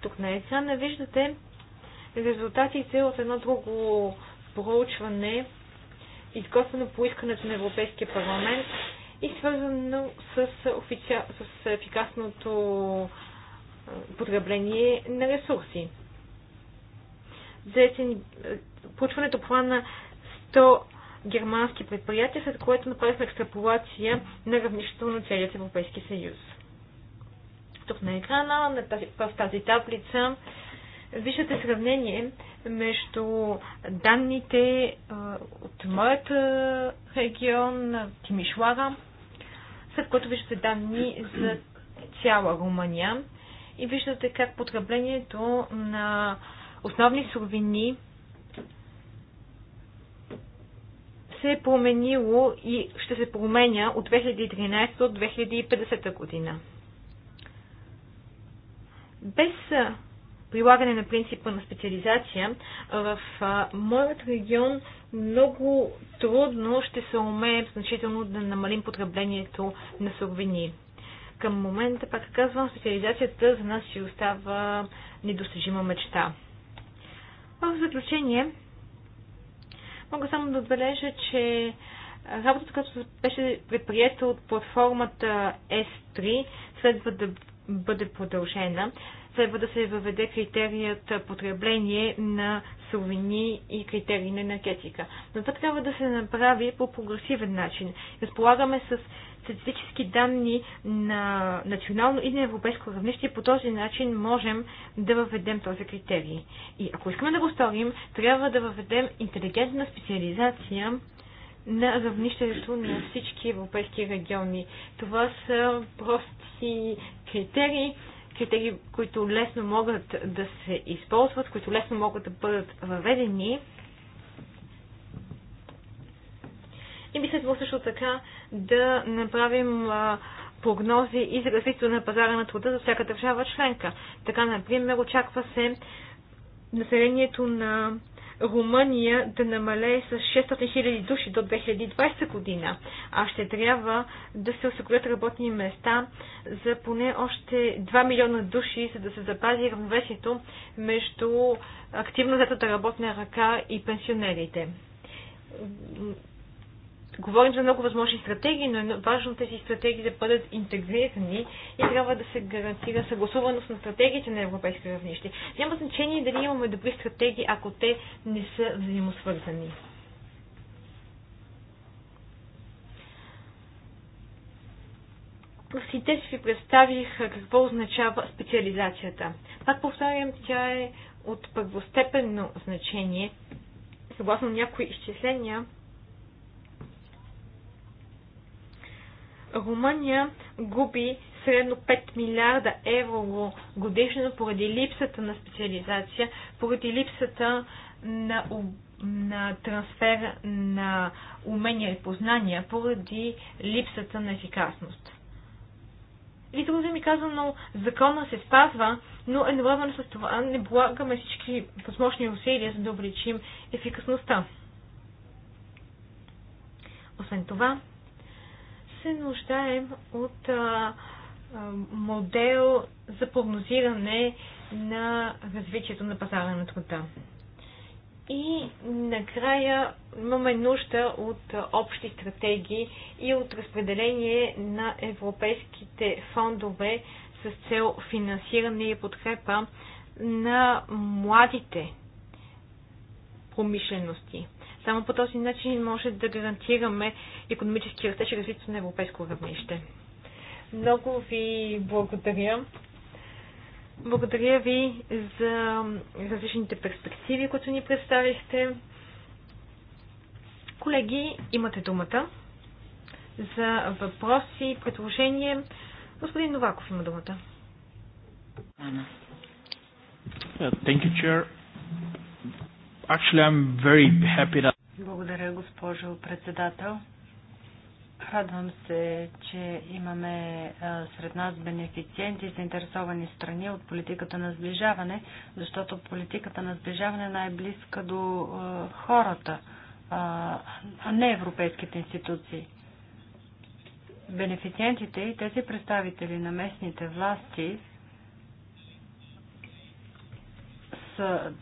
Тук на екрана виждате резултатите от едно друго проучване, изготвено по искането на Европейския парламент и свързано с, офици... с ефикасното потребление на ресурси. Заетен... Проучването плана 100 германски предприятия, след което направихме екстраполация на равнището на целият Европейски съюз. Тук на екрана, на тази, в тази таблица, виждате сравнение между данните от моят регион, Тимишлара, след което виждате данни за цяла Румъния и виждате как потреблението на основни суровини се е променило и ще се променя от 2013 до 2050 година. Без прилагане на принципа на специализация, в моят регион много трудно ще се умеем значително да намалим потреблението на суровини. Към момента, пак казвам, специализацията за нас си остава недостижима мечта. В заключение, мога само да отбележа, че работата, която беше предприета от платформата S3, следва да бъде продължена следва да се въведе критерият потребление на суровини и критерии на енергетика. Но това трябва да се направи по прогресивен начин. Разполагаме с статистически данни на национално и на европейско равнище и по този начин можем да въведем този критерий. И ако искаме да го сторим, трябва да въведем интелигентна специализация на равнището на всички европейски региони. Това са прости критерии, критерии, които лесно могат да се използват, които лесно могат да бъдат въведени. И би следвало също така да направим прогнози и за развитието на пазара на труда за всяка държава членка. Така, например, очаква се населението на Румъния да намалее с 600 000 души до 2020 година, а ще трябва да се осигурят работни места за поне още 2 милиона души, за да се запази равновесието между активно взетата работна ръка и пенсионерите Говорим за много възможни стратегии, но е важно тези стратегии да бъдат интегрирани и трябва да се гарантира съгласуваност на стратегиите на европейско равнище. Няма значение дали имаме добри стратегии, ако те не са взаимосвързани. В синтез ви представих какво означава специализацията. Пак повтарям, тя е от първостепенно значение. Съгласно някои изчисления, Румъния губи средно 5 милиарда евро годишно поради липсата на специализация, поради липсата на, на трансфер на умения и познания, поради липсата на ефикасност. И друго ми но закона се спазва, но едновременно с това не полагаме всички възможни усилия, за да увеличим ефикасността. Освен това, се нуждаем от а, модел за прогнозиране на развитието на пазара на труда. И накрая имаме нужда от общи стратегии и от разпределение на европейските фондове с цел финансиране и подкрепа на младите промишлености. Само по този начин може да гарантираме економически растеж и развитие на европейско равнище. Много ви благодаря. Благодаря ви за различните перспективи, които ни представихте. Колеги, имате думата за въпроси, предложения. Господин Новаков има думата.
Uh, thank you, Chair. Actually, I'm very
happy that
благодаря, госпожо председател. Радвам се, че имаме сред нас бенефициенти и заинтересовани страни от политиката на сближаване, защото политиката на сближаване е най-близка до хората, а не европейските институции. Бенефициентите и тези представители на местните власти са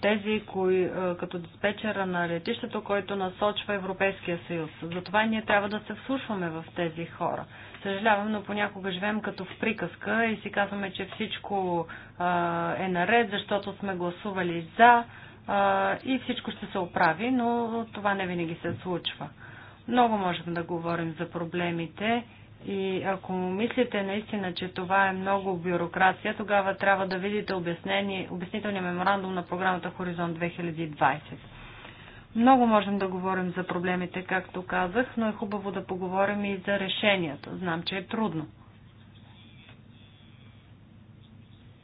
тези, кои, е, като диспетчера на летището, който насочва Европейския съюз. Затова ние трябва да се вслушваме в тези хора. Съжалявам, но понякога живеем като в приказка и си казваме, че всичко е наред, защото сме гласували за и всичко ще се оправи, но това не винаги се случва. Много можем да говорим за проблемите и ако мислите наистина, че това е много бюрокрация, тогава трябва да видите обяснителния меморандум на програмата Хоризонт 2020. Много можем да говорим за проблемите, както казах, но е хубаво да поговорим и за решенията. Знам, че е трудно.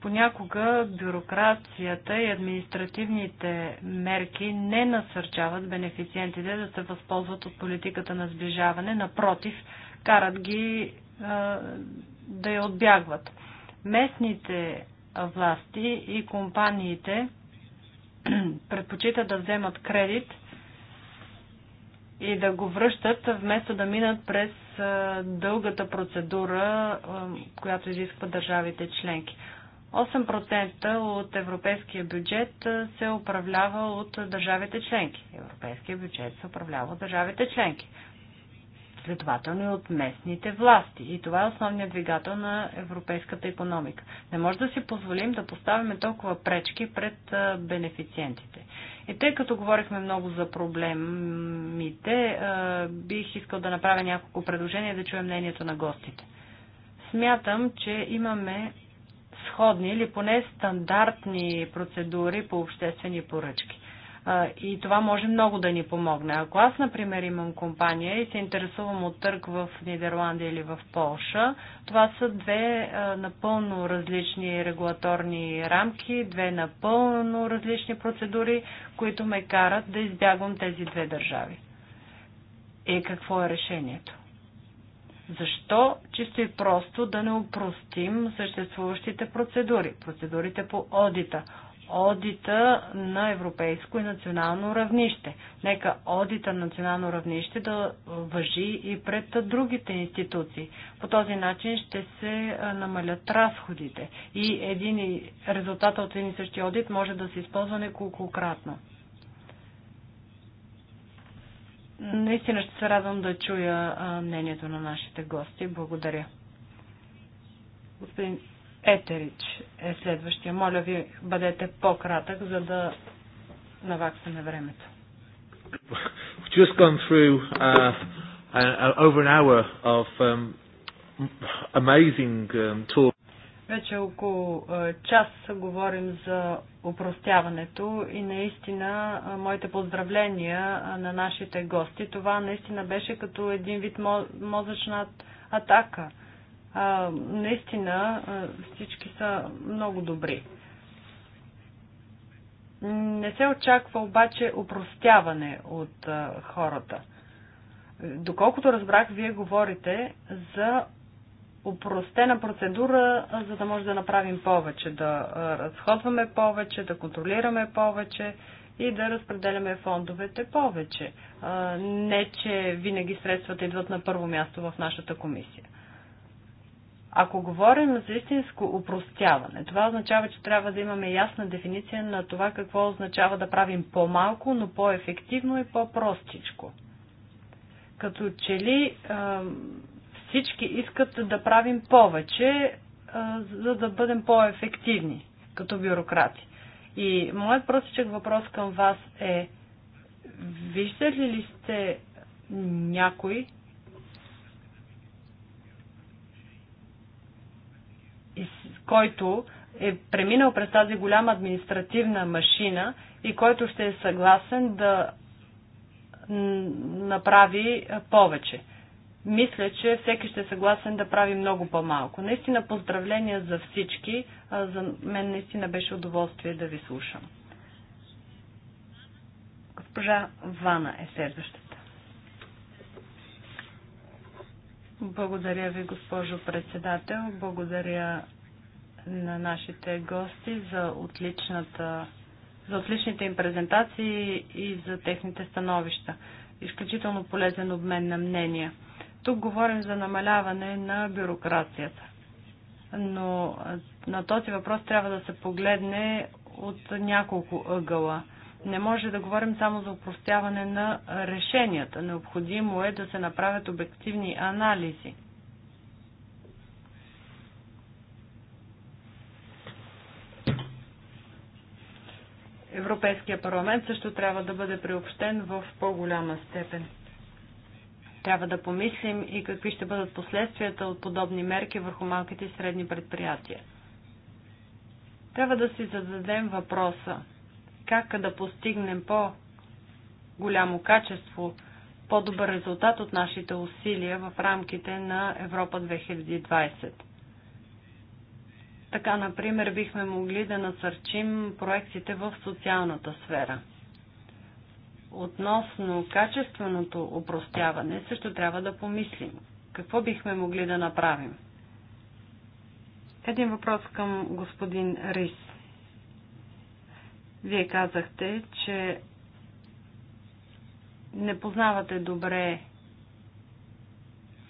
Понякога бюрокрацията и административните мерки не насърчават бенефициентите да се възползват от политиката на сближаване. Напротив, карат ги да я отбягват. Местните власти и компаниите предпочитат да вземат кредит и да го връщат, вместо да минат през дългата процедура, която изисква държавите членки. 8% от европейския бюджет се управлява от държавите членки. Европейския бюджет се управлява от държавите членки следователно и от местните власти. И това е основният двигател на европейската економика. Не може да си позволим да поставяме толкова пречки пред бенефициентите. И тъй като говорихме много за проблемите, бих искал да направя няколко предложения да чуем мнението на гостите. Смятам, че имаме сходни или поне стандартни процедури по обществени поръчки и това може много да ни помогне. Ако аз, например, имам компания и се интересувам от търг в Нидерландия или в Полша, това са две напълно различни регулаторни рамки, две напълно различни процедури, които ме карат да избягвам тези две държави. Е, какво е решението? Защо чисто и просто да не упростим съществуващите процедури? Процедурите по одита одита на европейско и национално равнище. Нека одита на национално равнище да въжи и пред другите институции. По този начин ще се намалят разходите и един резултат от един и същи одит може да се използва неколкократно. Наистина ще се радвам да чуя мнението на нашите гости. Благодаря. Господин Етерич е следващия. Моля ви, бъдете по-кратък, за да наваксаме времето.
Just gone through uh, uh, over an hour of um, amazing um, talk.
Вече около е, час говорим за упростяването и наистина е, моите поздравления е, на нашите гости. Това наистина беше като един вид мозъчна атака а, наистина а, всички са много добри. Не се очаква обаче упростяване от а, хората. Доколкото разбрах, вие говорите за упростена процедура, за да може да направим повече, да разходваме повече, да контролираме повече и да разпределяме фондовете повече. Не, че винаги средствата идват на първо място в нашата комисия. Ако говорим за истинско упростяване, това означава, че трябва да имаме ясна дефиниция на това какво означава да правим по-малко, но по-ефективно и по-простичко. Като че ли всички искат да правим повече, за да бъдем по-ефективни като бюрократи. И моят простичък въпрос към вас е, виждали ли сте някой, който е преминал през тази голяма административна машина и който ще е съгласен да направи повече. Мисля, че всеки ще е съгласен да прави много по-малко. Наистина поздравления за всички. За мен наистина беше удоволствие да ви слушам. Госпожа Вана е следващата. Благодаря ви, госпожо председател. Благодаря на нашите гости за, отличната, за отличните им презентации и за техните становища. Изключително полезен обмен на мнения. Тук говорим за намаляване на бюрокрацията. Но на този въпрос трябва да се погледне от няколко ъгъла. Не може да говорим само за упростяване на решенията. Необходимо е да се направят обективни анализи – Европейския парламент също трябва да бъде приобщен в по-голяма степен. Трябва да помислим и какви ще бъдат последствията от подобни мерки върху малките и средни предприятия. Трябва да си зададем въпроса как да постигнем по-голямо качество, по-добър резултат от нашите усилия в рамките на Европа 2020. Така, например, бихме могли да насърчим проектите в социалната сфера. Относно качественото упростяване също трябва да помислим. Какво бихме могли да направим? Един въпрос към господин Рис. Вие казахте, че не познавате добре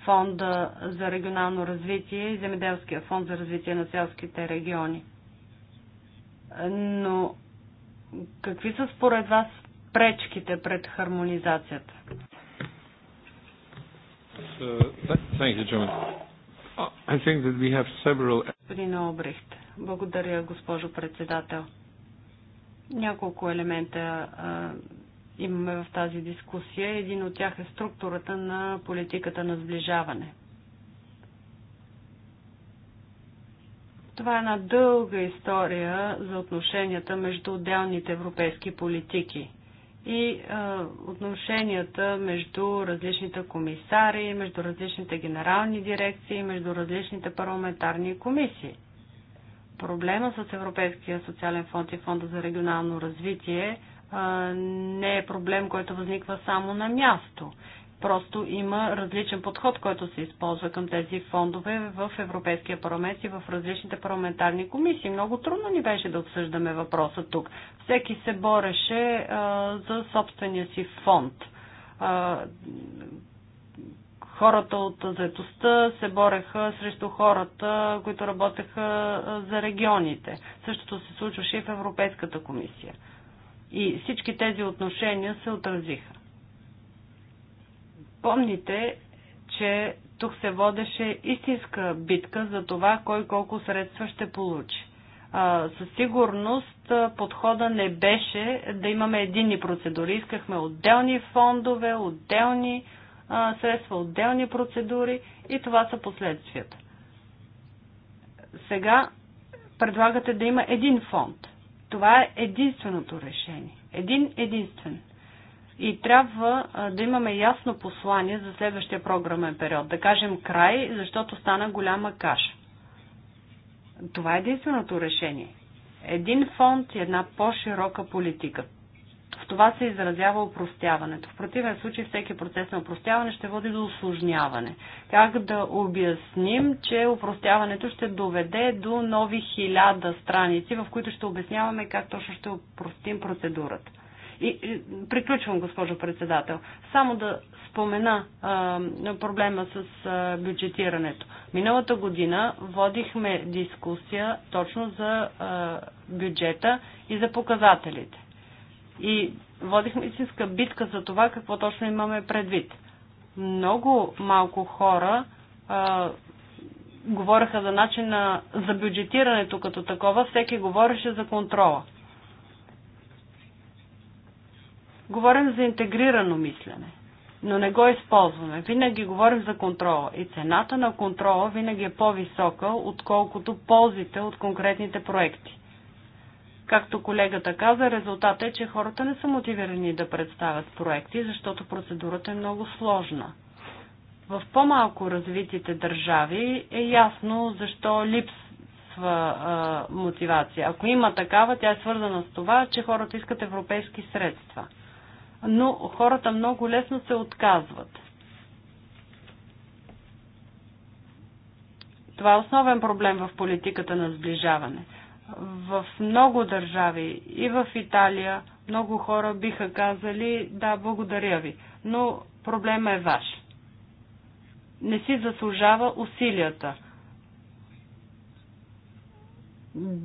фонда за регионално развитие и земеделския фонд за развитие на селските региони. Но какви са според вас пречките пред хармонизацията? Uh, Господин Обрехт, благодаря, госпожо председател. Няколко елемента имаме в тази дискусия. Един от тях е структурата на политиката на сближаване. Това е една дълга история за отношенията между отделните европейски политики и а, отношенията между различните комисари, между различните генерални дирекции, между различните парламентарни комисии. Проблема с Европейския социален фонд и фонда за регионално развитие – не е проблем, който възниква само на място. Просто има различен подход, който се използва към тези фондове в Европейския парламент и в различните парламентарни комисии. Много трудно ни беше да обсъждаме въпроса тук. Всеки се бореше а, за собствения си фонд. А, хората от заедостта се бореха срещу хората, които работеха за регионите. Същото се случваше и в Европейската комисия. И всички тези отношения се отразиха. Помните, че тук се водеше истинска битка за това кой колко средства ще получи. А, със сигурност подхода не беше да имаме единни процедури. Искахме отделни фондове, отделни а, средства, отделни процедури и това са последствията. Сега предлагате да има един фонд – това е единственото решение. Един единствен. И трябва да имаме ясно послание за следващия програмен период. Да кажем край, защото стана голяма каша. Това е единственото решение. Един фонд и една по-широка политика. В това се изразява упростяването. В противен случай всеки процес на упростяване ще води до осложняване. Как да обясним, че упростяването ще доведе до нови хиляда страници, в които ще обясняваме как точно ще упростим процедурата? И, и приключвам, госпожо председател. Само да спомена а, проблема с а, бюджетирането. Миналата година водихме дискусия точно за а, бюджета и за показателите. И водихме истинска битка за това какво точно имаме предвид. Много малко хора а, говореха за начина за бюджетирането като такова, всеки говореше за контрола. Говорим за интегрирано мислене, но не го използваме. Винаги говорим за контрола и цената на контрола винаги е по-висока, отколкото ползите от конкретните проекти. Както колегата каза, резултат е, че хората не са мотивирани да представят проекти, защото процедурата е много сложна. В по-малко развитите държави е ясно защо липсва а, мотивация. Ако има такава, тя е свързана с това, че хората искат европейски средства. Но хората много лесно се отказват. Това е основен проблем в политиката на сближаване. В много държави и в Италия много хора биха казали да, благодаря ви, но проблема е ваш. Не си заслужава усилията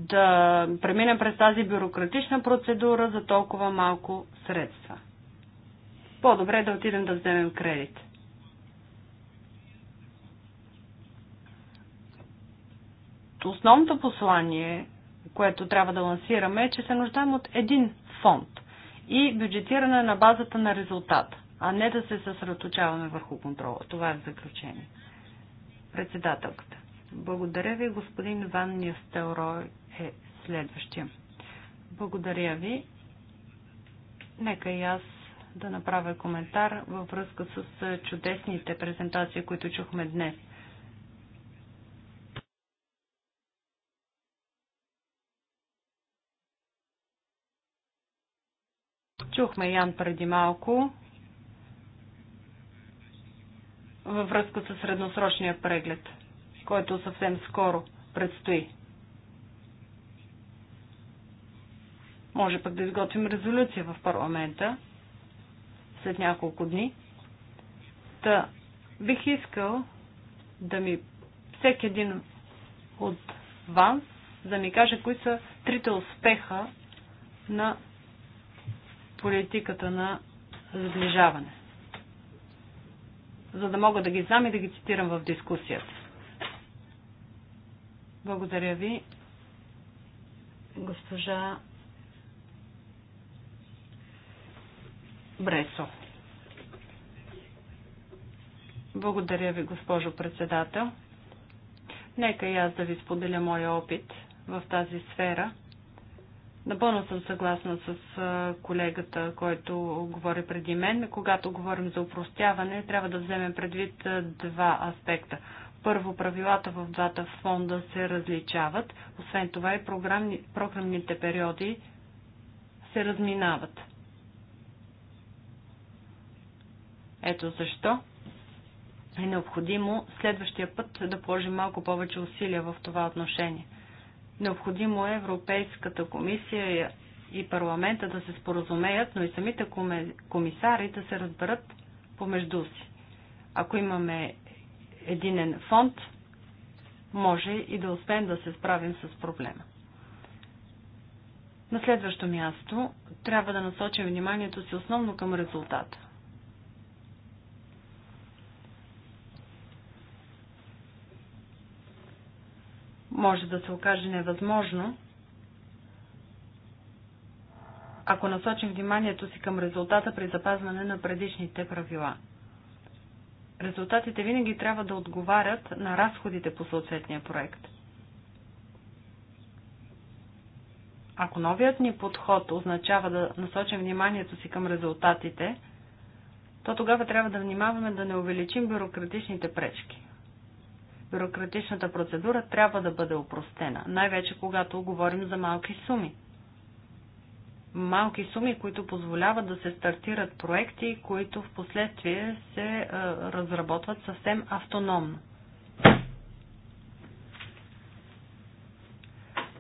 да преминем през тази бюрократична процедура за толкова малко средства. По-добре е да отидем да вземем кредит. Основното послание което трябва да лансираме, е, че се нуждаем от един фонд и бюджетиране на базата на резултата, а не да се съсредоточаваме върху контрола. Това е в заключение. Председателката. Благодаря ви, господин Ван Нистелрой е следващия. Благодаря ви. Нека и аз да направя коментар във връзка с чудесните презентации, които чухме днес. Чухме Ян преди малко във връзка с средносрочния преглед, който съвсем скоро предстои. Може пък да изготвим резолюция в парламента след няколко дни. Та бих искал да ми всеки един от вас да ми каже кои са трите успеха на политиката на сближаване. За да мога да ги знам и да ги цитирам в дискусията. Благодаря ви, госпожа Бресо. Благодаря ви, госпожо председател. Нека и аз да ви споделя моя опит в тази сфера – Напълно съм съгласна с колегата, който говори преди мен. Когато говорим за упростяване, трябва да вземем предвид два аспекта. Първо, правилата в двата фонда се различават. Освен това и програмни, програмните периоди се разминават. Ето защо е необходимо следващия път да положим малко повече усилия в това отношение – Необходимо е Европейската комисия и парламента да се споразумеят, но и самите комисари да се разберат помежду си. Ако имаме единен фонд, може и да успеем да се справим с проблема. На следващо място трябва да насочим вниманието си основно към резултата. може да се окаже невъзможно, ако насочим вниманието си към резултата при запазване на предишните правила. Резултатите винаги трябва да отговарят на разходите по съответния проект. Ако новият ни подход означава да насочим вниманието си към резултатите, то тогава трябва да внимаваме да не увеличим бюрократичните пречки бюрократичната процедура трябва да бъде опростена, най-вече когато говорим за малки суми. Малки суми, които позволяват да се стартират проекти, които в последствие се е, разработват съвсем автономно.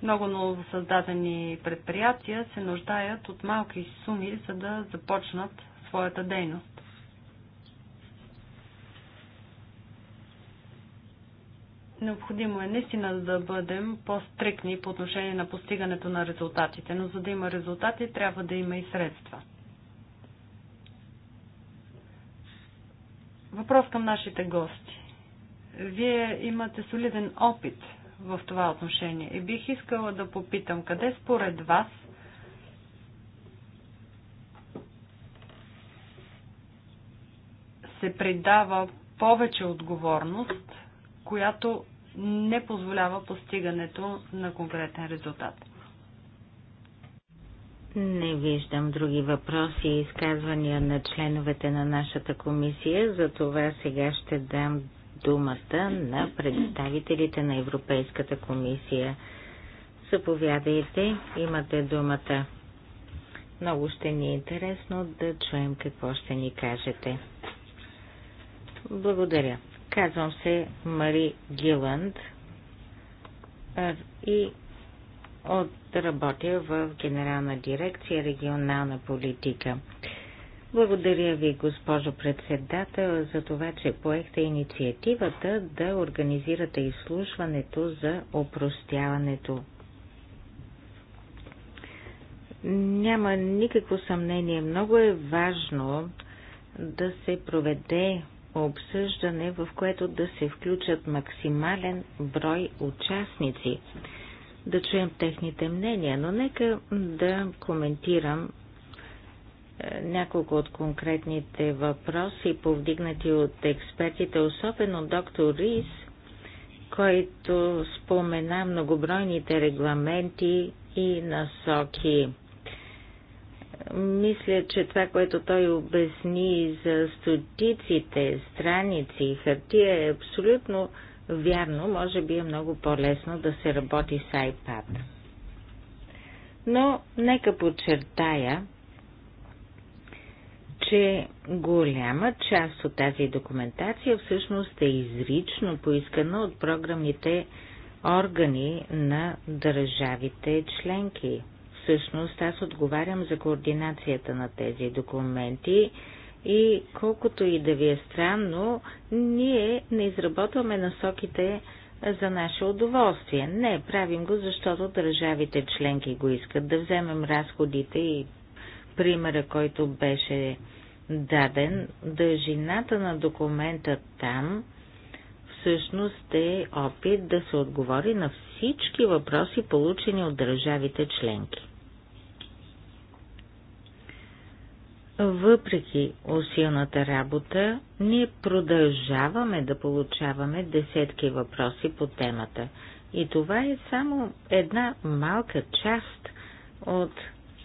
Много новосъздадени предприятия се нуждаят от малки суми, за да започнат своята дейност. Необходимо е наистина да бъдем по-стрикни по отношение на постигането на резултатите, но за да има резултати, трябва да има и средства. Въпрос към нашите гости. Вие имате солиден опит в това отношение и бих искала да попитам къде според вас се придава повече отговорност, която не позволява постигането на конкретен резултат.
Не виждам други въпроси и изказвания на членовете на нашата комисия, за това сега ще дам думата на представителите на Европейската комисия. Заповядайте, имате думата. Много ще ни е интересно да чуем какво ще ни кажете. Благодаря. Казвам се Мари Гиланд и от работя в Генерална дирекция регионална политика. Благодаря ви, госпожо председател, за това, че поехте инициативата да организирате изслушването за опростяването. Няма никакво съмнение. Много е важно да се проведе обсъждане, в което да се включат максимален брой участници, да чуем техните мнения, но нека да коментирам е, няколко от конкретните въпроси, повдигнати от експертите, особено доктор Рис, който спомена многобройните регламенти и насоки. Мисля, че това, което той обясни за стотиците страници и хартия е абсолютно вярно. Може би е много по-лесно да се работи с iPad. Но нека подчертая, че голяма част от тази документация всъщност е изрично поискана от програмните органи на държавите членки всъщност аз отговарям за координацията на тези документи и колкото и да ви е странно, ние не изработваме насоките за наше удоволствие. Не, правим го, защото държавите членки го искат. Да вземем разходите и примера, който беше даден, дължината на документа там всъщност е опит да се отговори на всички въпроси, получени от държавите членки. Въпреки усилната работа, ние продължаваме да получаваме десетки въпроси по темата. И това е само една малка част от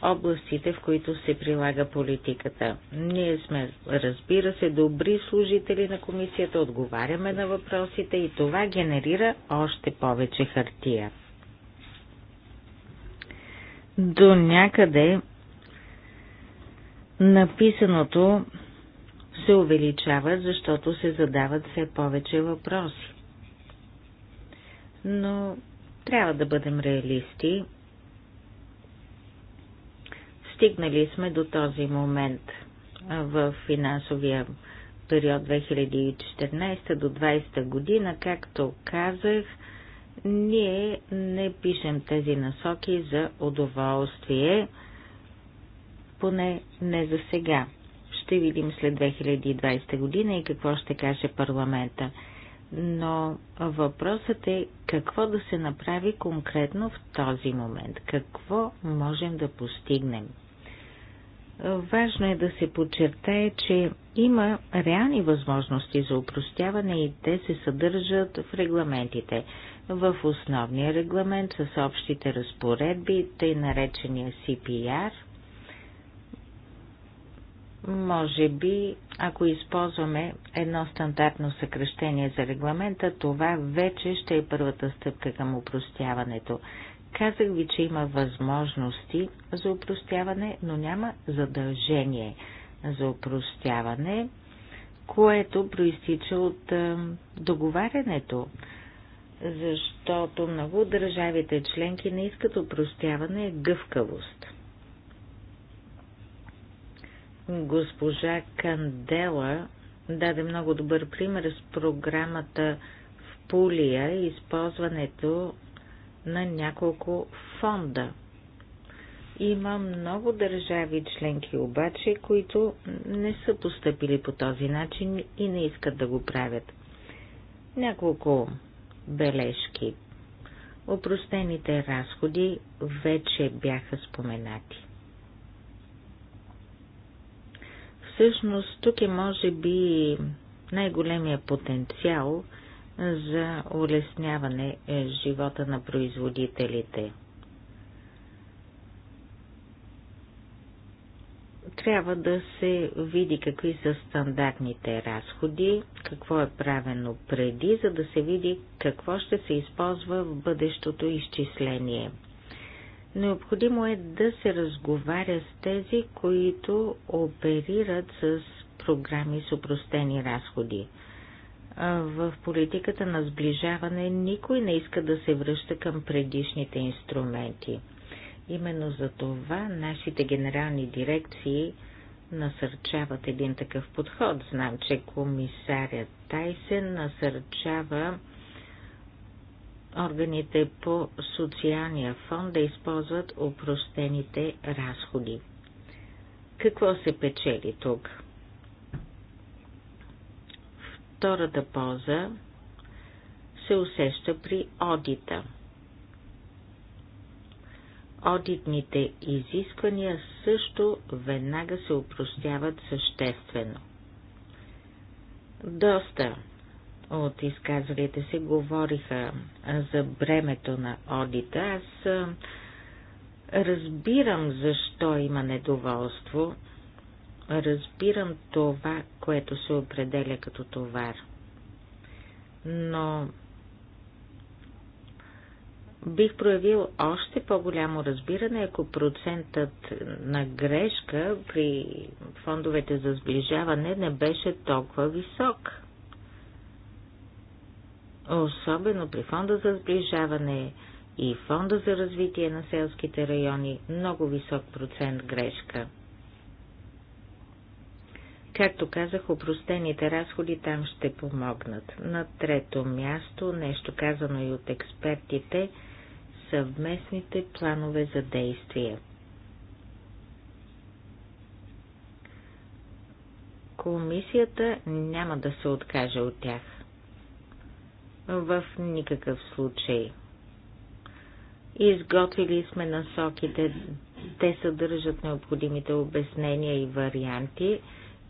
областите, в които се прилага политиката. Ние сме, разбира се, добри служители на комисията, отговаряме на въпросите и това генерира още повече хартия. До някъде Написаното се увеличава, защото се задават все повече въпроси. Но трябва да бъдем реалисти. Стигнали сме до този момент в финансовия период 2014 до 2020 година, както казах, ние не пишем тези насоки за удоволствие поне не за сега. Ще видим след 2020 година и какво ще каже парламента. Но въпросът е какво да се направи конкретно в този момент. Какво можем да постигнем? Важно е да се подчертае, че има реални възможности за упростяване и те се съдържат в регламентите. В основния регламент с общите разпоредби, тъй наречения CPR – може би, ако използваме едно стандартно съкръщение за регламента, това вече ще е първата стъпка към упростяването. Казах ви, че има възможности за упростяване, но няма задължение за упростяване, което проистича от договарянето защото много държавите членки не искат упростяване, е гъвкавост. Госпожа Кандела даде много добър пример с програмата в Пулия и използването на няколко фонда. Има много държави членки обаче, които не са поступили по този начин и не искат да го правят. Няколко бележки. Опростените разходи вече бяха споменати. Всъщност тук е може би най-големия потенциал за улесняване е, живота на производителите. Трябва да се види какви са стандартните разходи, какво е правено преди, за да се види какво ще се използва в бъдещото изчисление – Необходимо е да се разговаря с тези, които оперират с програми с упростени разходи. В политиката на сближаване никой не иска да се връща към предишните инструменти. Именно за това нашите генерални дирекции насърчават един такъв подход. Знам, че комисарят Тайсен насърчава Органите по социалния фонд да използват опростените разходи. Какво се печели тук? Втората полза се усеща при одита. Одитните изисквания също веднага се упростяват съществено. Доста от изказалите се говориха за бремето на одита. Аз разбирам защо има недоволство, разбирам това, което се определя като товар. Но бих проявил още по-голямо разбиране, ако процентът на грешка при фондовете за сближаване не беше толкова висок особено при фонда за сближаване и фонда за развитие на селските райони, много висок процент грешка. Както казах, упростените разходи там ще помогнат. На трето място, нещо казано и от експертите, съвместните планове за действие. Комисията няма да се откаже от тях в никакъв случай. Изготвили сме насоките, те съдържат необходимите обяснения и варианти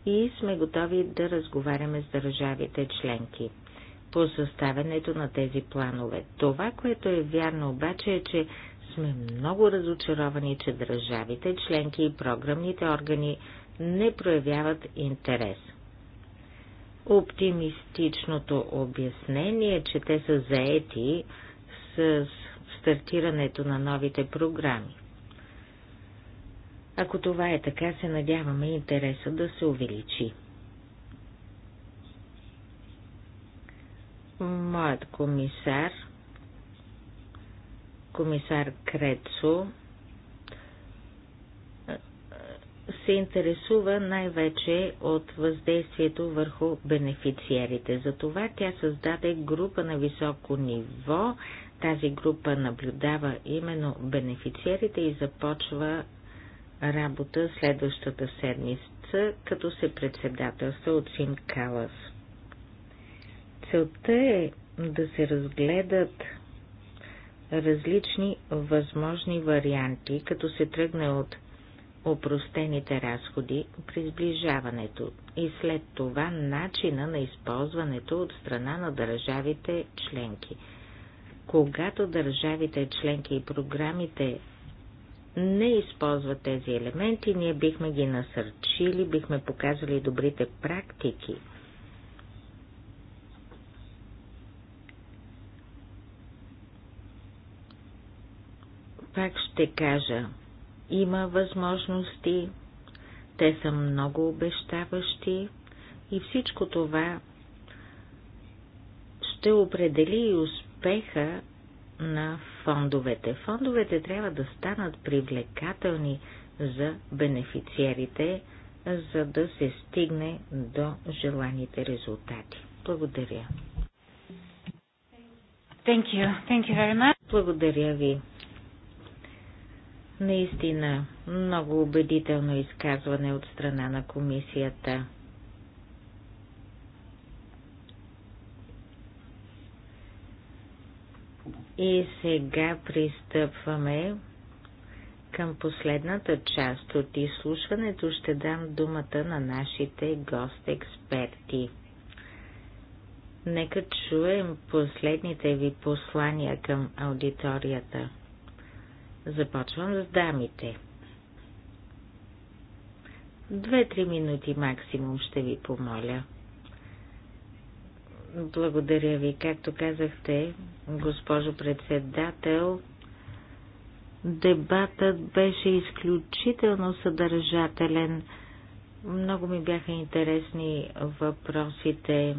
и сме готови да разговаряме с държавите членки по съставянето на тези планове. Това, което е вярно обаче е, че сме много разочаровани, че държавите членки и програмните органи не проявяват интерес – Оптимистичното обяснение, че те са заети с стартирането на новите програми. Ако това е така, се надяваме интереса да се увеличи. Моят комисар, комисар Крецо, се интересува най-вече от въздействието върху бенефициерите. Затова тя създаде група на високо ниво. Тази група наблюдава именно бенефициерите и започва работа следващата седмица, като се председателства от Сим Калас. Целта е да се разгледат различни възможни варианти, като се тръгне от опростените разходи при сближаването и след това начина на използването от страна на държавите членки. Когато държавите членки и програмите не използват тези елементи, ние бихме ги насърчили, бихме показали добрите практики. Пак ще кажа, има възможности, те са много обещаващи и всичко това ще определи и успеха на фондовете. Фондовете трябва да станат привлекателни за бенефициерите, за да се стигне до желаните резултати. Благодаря. Thank you. Thank you very much. Благодаря ви. Наистина, много убедително изказване от страна на комисията. И сега пристъпваме към последната част от изслушването. Ще дам думата на нашите гост-експерти. Нека чуем последните ви послания към аудиторията. Започвам с дамите. Две-три минути максимум ще ви помоля. Благодаря ви. Както казахте, госпожо председател, дебатът беше изключително съдържателен. Много ми бяха интересни въпросите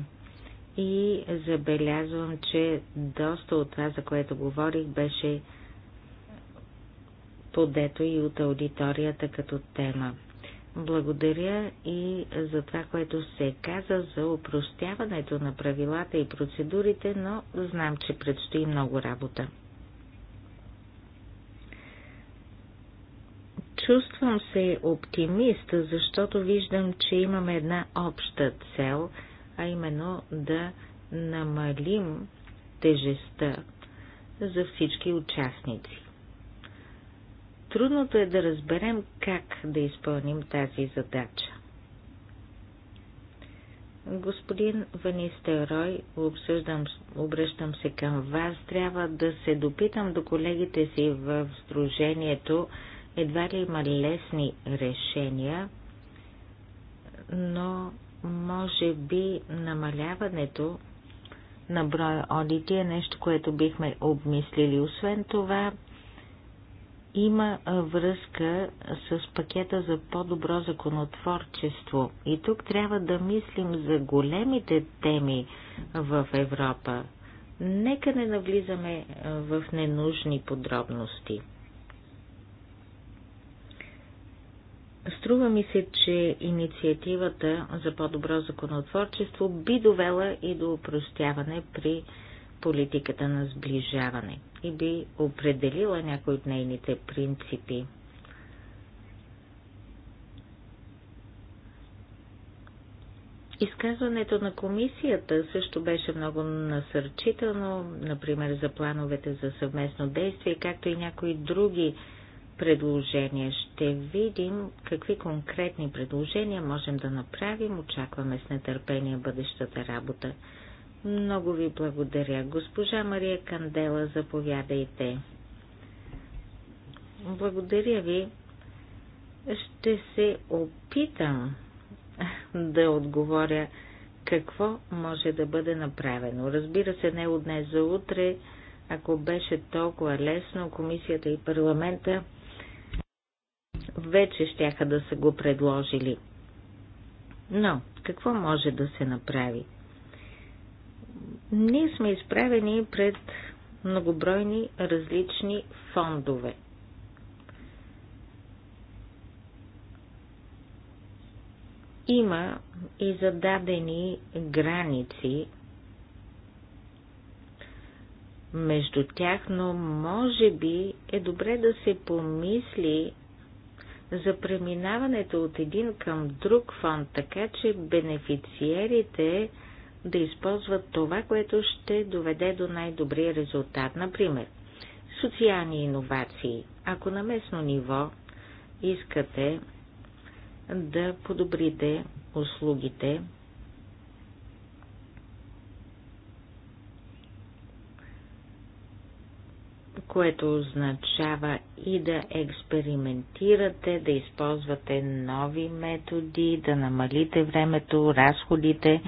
и забелязвам, че доста от това, за което говорих, беше подето и от аудиторията като тема. Благодаря и за това, което се каза за упростяването на правилата и процедурите, но знам, че предстои много работа. Чувствам се оптимист, защото виждам, че имаме една обща цел, а именно да намалим тежестта за всички участници. Трудното е да разберем как да изпълним тази задача. Господин Ванистерой, обсъждам, обръщам се към вас. Трябва да се допитам до колегите си в Сдружението. Едва ли има лесни решения, но може би намаляването на броя одити е нещо, което бихме обмислили. Освен това, има връзка с пакета за по-добро законотворчество. И тук трябва да мислим за големите теми в Европа. Нека не навлизаме в ненужни подробности. Струва ми се, че инициативата за по-добро законотворчество би довела и до упростяване при политиката на сближаване и би определила някои от нейните принципи. Изказването на комисията също беше много насърчително, например за плановете за съвместно действие, както и някои други предложения. Ще видим какви конкретни предложения можем да направим. Очакваме с нетърпение бъдещата работа. Много ви благодаря. Госпожа Мария Кандела, заповядайте. Благодаря ви. Ще се опитам да отговоря какво може да бъде направено. Разбира се, не от днес за утре, ако беше толкова лесно, комисията и парламента вече щяха да са го предложили. Но, какво може да се направи? ние сме изправени пред многобройни различни фондове. Има и зададени граници между тях, но може би е добре да се помисли за преминаването от един към друг фонд, така че бенефициерите да използват това, което ще доведе до най-добрия резултат. Например, социални иновации. Ако на местно ниво искате да подобрите услугите, което означава и да експериментирате, да използвате нови методи, да намалите времето, разходите,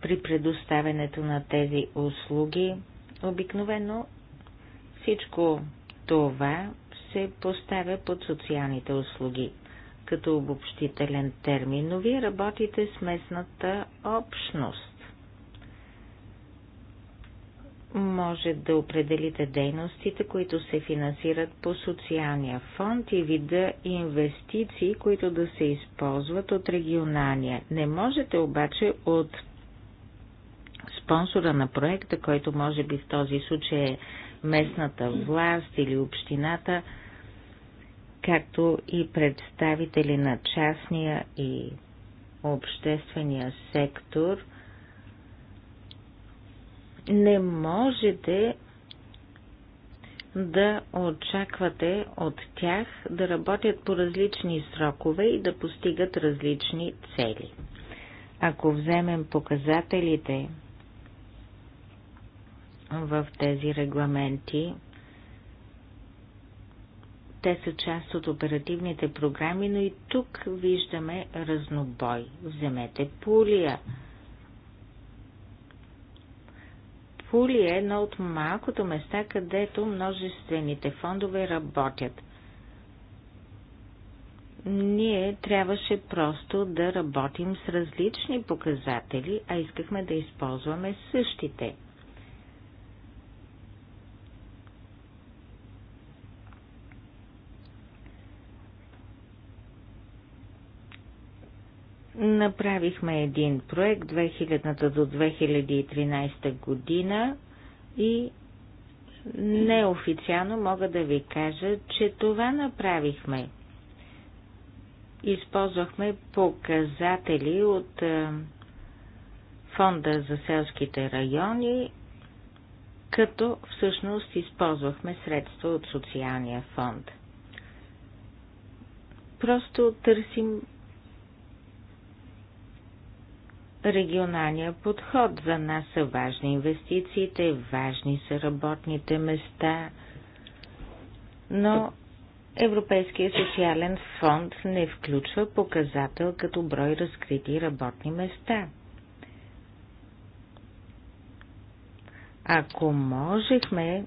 при предоставянето на тези услуги. Обикновено всичко това се поставя под социалните услуги като обобщителен термин, но вие работите с местната общност. Може да определите дейностите, които се финансират по социалния фонд и вида инвестиции, които да се използват от регионалния. Не можете обаче от спонсора на проекта, който може би в този случай е местната власт или общината, както и представители на частния и обществения сектор, не можете да очаквате от тях да работят по различни срокове и да постигат различни цели. Ако вземем показателите в тези регламенти. Те са част от оперативните програми, но и тук виждаме разнобой. Вземете Пулия. Пулия е едно от малкото места, където множествените фондове работят. Ние трябваше просто да работим с различни показатели, а искахме да използваме същите – Направихме един проект 2000 до 2013 година и неофициално мога да ви кажа, че това направихме. Използвахме показатели от Фонда за селските райони, като всъщност използвахме средства от социалния фонд. Просто търсим Регионалният подход. За нас са важни инвестициите, важни са работните места, но Европейския социален фонд не включва показател като брой разкрити работни места. Ако можехме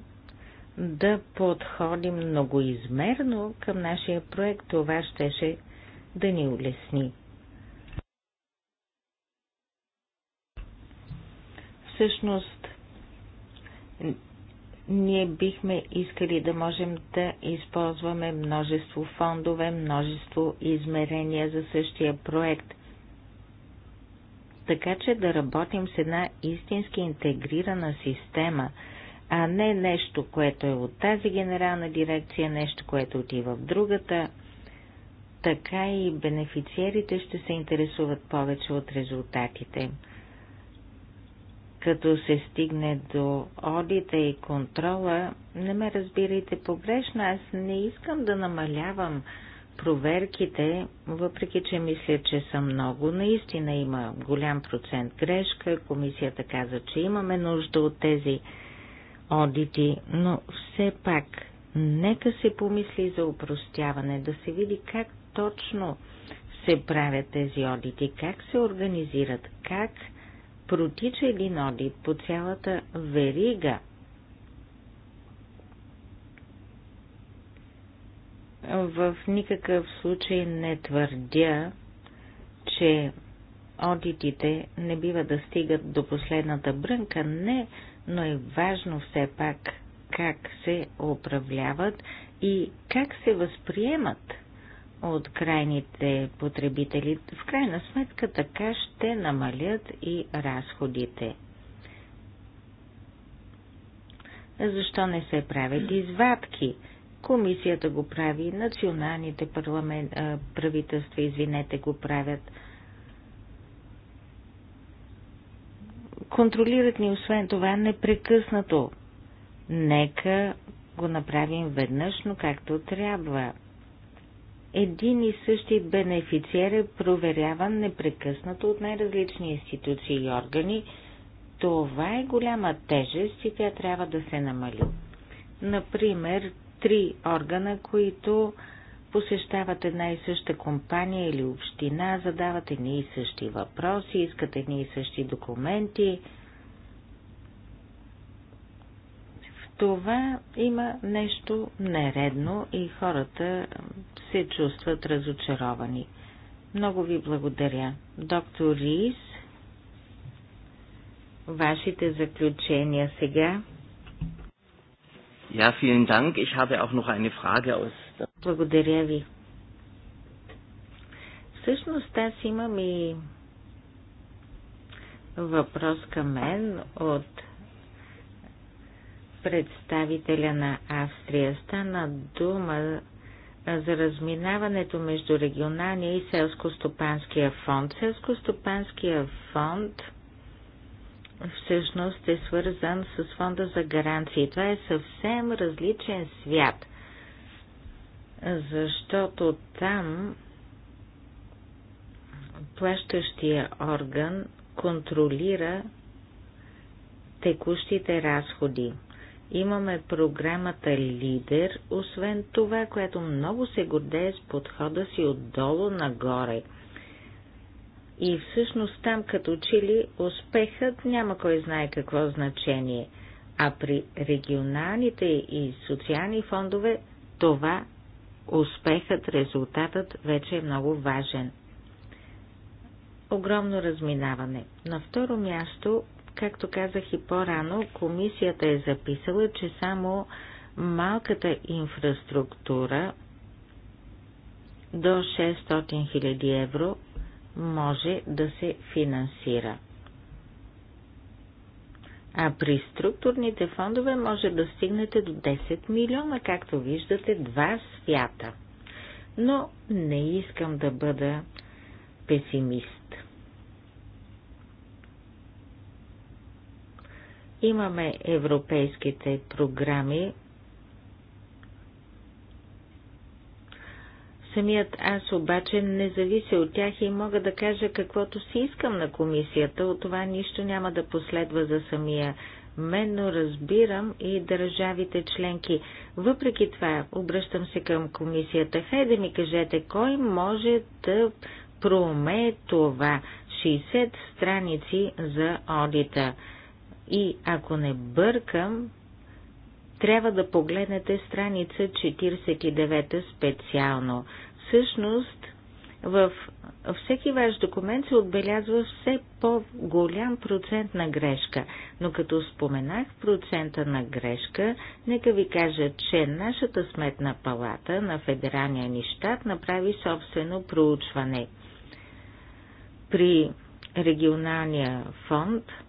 да подходим многоизмерно към нашия проект, това щеше да ни улесни. Всъщност, ние бихме искали да можем да използваме множество фондове, множество измерения за същия проект. Така че да работим с една истински интегрирана система, а не нещо, което е от тази генерална дирекция, нещо, което отива в другата. Така и бенефициерите ще се интересуват повече от резултатите като се стигне до одита и контрола, не ме разбирайте погрешно, аз не искам да намалявам проверките, въпреки че мисля, че са много. Наистина има голям процент грешка, комисията каза, че имаме нужда от тези одити, но все пак нека се помисли за упростяване, да се види как точно се правят тези одити, как се организират, как протича един одит по цялата верига. В никакъв случай не твърдя, че одитите не бива да стигат до последната брънка, не, но е важно все пак как се управляват и как се възприемат от крайните потребители. В крайна сметка така ще намалят и разходите. Защо не се правят извадки? Комисията го прави, националните парламент, правителства, извинете, го правят. Контролират ни освен това непрекъснато. Нека го направим веднъж, но както трябва един и същи бенефициер е проверяван непрекъснато от най-различни институции и органи. Това е голяма тежест и тя трябва да се намали. Например, три органа, които посещават една и съща компания или община, задават едни и същи въпроси, искат едни и същи документи. В това има нещо нередно и хората се чувстват разочаровани. Много ви благодаря. Доктор Рис, вашите заключения сега.
Ja, vielen Dank. Ich habe auch noch eine Frage aus.
Благодаря ви. Всъщност аз имам и въпрос към мен от представителя на Австрия. Стана дума за разминаването между регионалния и селско-стопанския фонд. Селско-стопанския фонд всъщност е свързан с фонда за гаранции. Това е съвсем различен свят, защото там плащащия орган контролира текущите разходи. Имаме програмата Лидер, освен това, което много се гордее с подхода си отдолу нагоре. И всъщност там като учили, успехът няма кой знае какво значение, а при регионалните и социални фондове това успехът, резултатът вече е много важен. Огромно разминаване. На второ място Както казах и по-рано, комисията е записала, че само малката инфраструктура до 600 000 евро може да се финансира. А при структурните фондове може да стигнете до 10 милиона, както виждате, два свята. Но не искам да бъда песимист. Имаме европейските програми. Самият аз обаче не завися от тях и мога да кажа каквото си искам на комисията. От това нищо няма да последва за самия мен, но разбирам и държавите членки. Въпреки това, обръщам се към комисията. Хайде да ми кажете, кой може да проумее това? 60 страници за одита. И ако не бъркам, трябва да погледнете страница 49 специално. Всъщност, във всеки ваш документ се отбелязва все по-голям процент на грешка, но като споменах процента на грешка, нека ви кажа, че нашата сметна палата на Федералния ни щат направи собствено проучване. При регионалния фонд –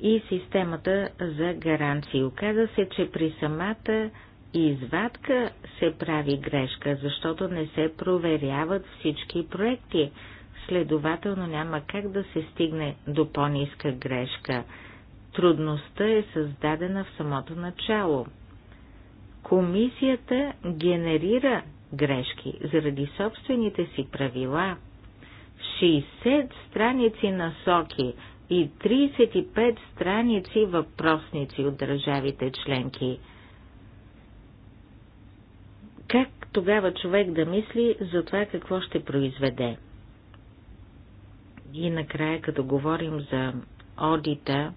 и системата за гаранции. Оказа се, че при самата извадка се прави грешка, защото не се проверяват всички проекти. Следователно няма как да се стигне до по-ниска грешка. Трудността е създадена в самото начало. Комисията генерира грешки заради собствените си правила. 60 страници насоки и 35 страници въпросници от държавите членки. Как тогава човек да мисли за това какво ще произведе? И накрая, като говорим за одита,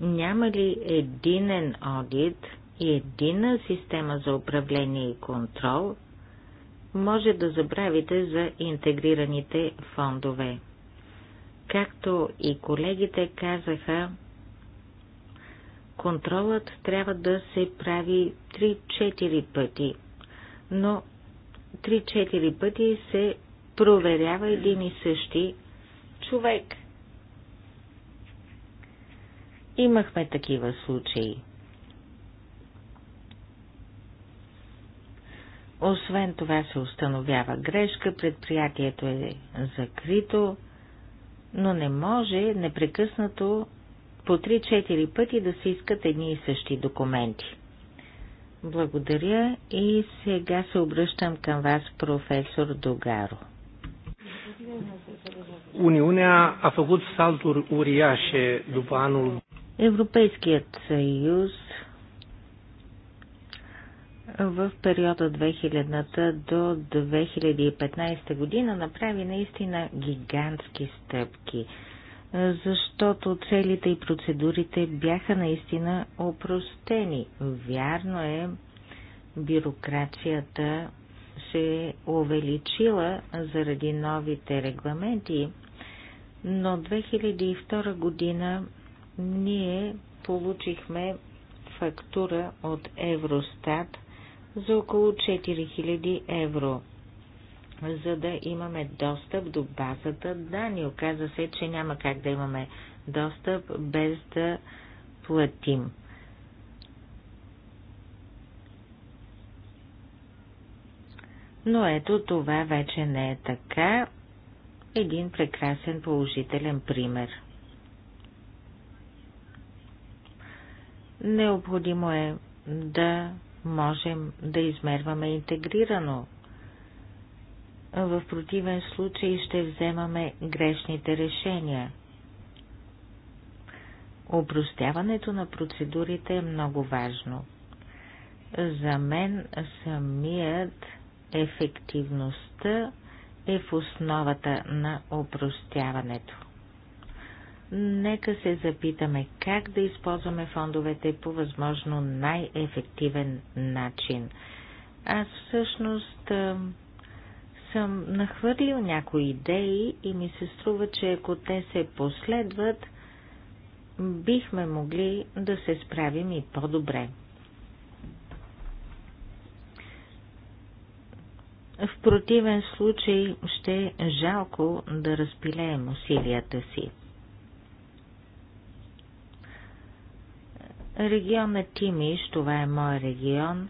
няма ли единен одит и едина система за управление и контрол, може да забравите за интегрираните фондове. Както и колегите казаха, контролът трябва да се прави 3-4 пъти, но 3-4 пъти се проверява един и същи човек. Имахме такива случаи. Освен това се установява грешка, предприятието е закрито, но не може непрекъснато по 3-4 пъти да се искат едни и същи документи. Благодаря и сега се обръщам към вас, професор Догаро.
Униунea a făcut salturi uriașe după anul Европейският съюз в
периода 2000 до 2015 година направи наистина гигантски стъпки, защото целите и процедурите бяха наистина опростени. Вярно е, бюрокрацията се е увеличила заради новите регламенти, но 2002 година ние получихме фактура от Евростат за около 4000 евро. За да имаме достъп до базата данни, оказа се, че няма как да имаме достъп без да платим. Но ето това вече не е така. Един прекрасен положителен пример. Необходимо е да можем да измерваме интегрирано. В противен случай ще вземаме грешните решения. Опростяването на процедурите е много важно. За мен самият ефективността е в основата на опростяването нека се запитаме как да използваме фондовете по възможно най-ефективен начин. Аз всъщност съм нахвърлил някои идеи и ми се струва, че ако те се последват, бихме могли да се справим и по-добре. В противен случай ще е жалко да разпилеем усилията си. Региона Тимиш, това е мой регион,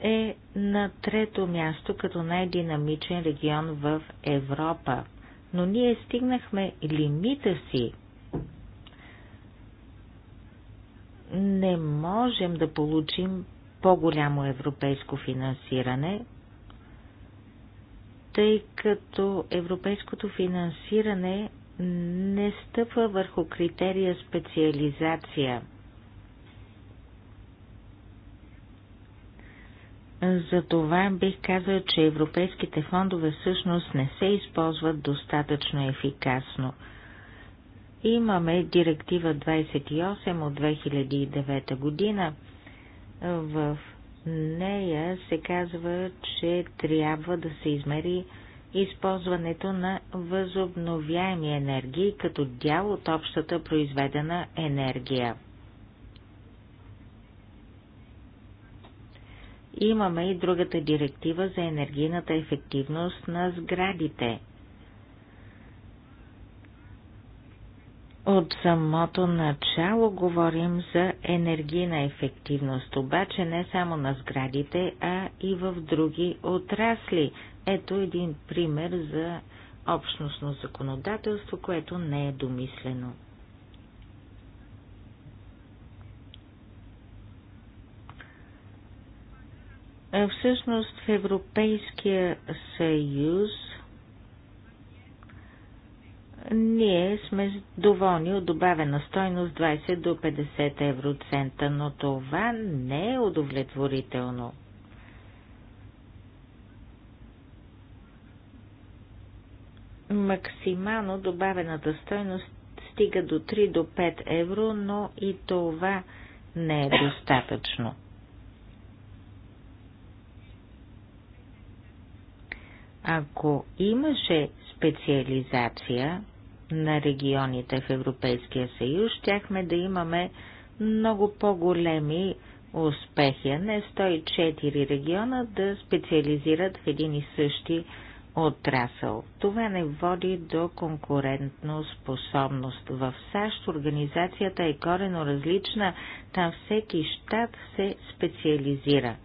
е на трето място като най-динамичен регион в Европа. Но ние стигнахме лимита си. Не можем да получим по-голямо европейско финансиране, тъй като европейското финансиране не стъпва върху критерия специализация. Затова бих казал, че европейските фондове всъщност не се използват достатъчно ефикасно. Имаме директива 28 от 2009 година. В нея се казва, че трябва да се измери използването на възобновяеми енергии като дял от общата произведена енергия. Имаме и другата директива за енергийната ефективност на сградите. От самото начало говорим за енергийна ефективност, обаче не само на сградите, а и в други отрасли. Ето един пример за общностно законодателство, което не е домислено. Е, всъщност в Европейския съюз ние сме доволни от добавена стойност 20 до 50 евроцента, но това не е удовлетворително. максимално добавената стойност стига до 3 до 5 евро, но и това не е достатъчно. Ако имаше специализация на регионите в Европейския съюз, щяхме да имаме много по-големи успехи, а не 104 региона да специализират в един и същи отрасъл. Това не води до конкурентно способност. В САЩ организацията е корено различна, там всеки щат се специализира.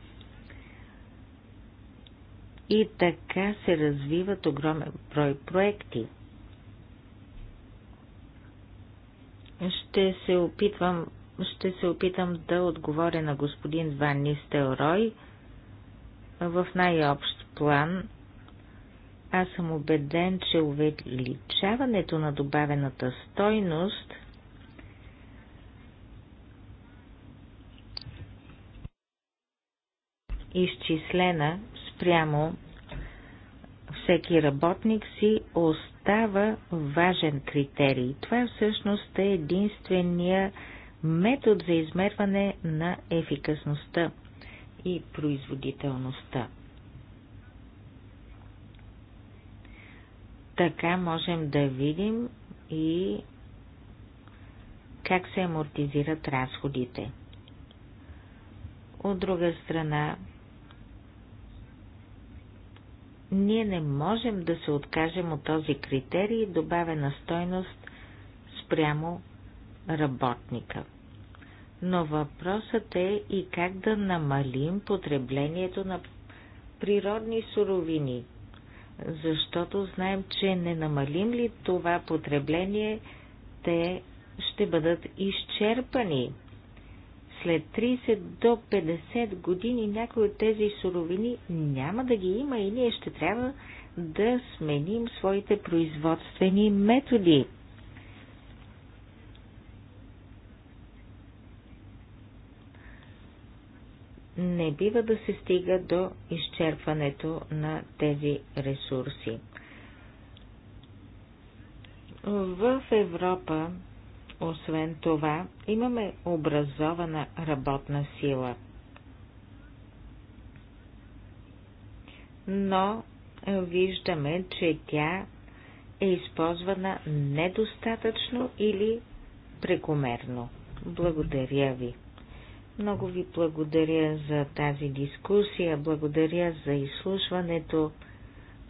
И така се развиват огромен брой проекти. Ще се опитвам, ще се опитам да отговоря на господин Ван Нистелрой в най-общ план – аз съм убеден, че увеличаването на добавената стойност е изчислена спрямо всеки работник си остава важен критерий. Това всъщност е единствения метод за измерване на ефикасността и производителността. Така можем да видим и как се амортизират разходите. От друга страна, ние не можем да се откажем от този критерий добавена стойност спрямо работника. Но въпросът е и как да намалим потреблението на природни суровини – защото знаем, че не намалим ли това потребление, те ще бъдат изчерпани. След 30 до 50 години някои от тези суровини няма да ги има и ние ще трябва да сменим своите производствени методи. не бива да се стига до изчерпването на тези ресурси. В Европа, освен това, имаме образована работна сила. Но виждаме, че тя е използвана недостатъчно или прекомерно. Благодаря ви. Много ви благодаря за тази дискусия, благодаря за изслушването,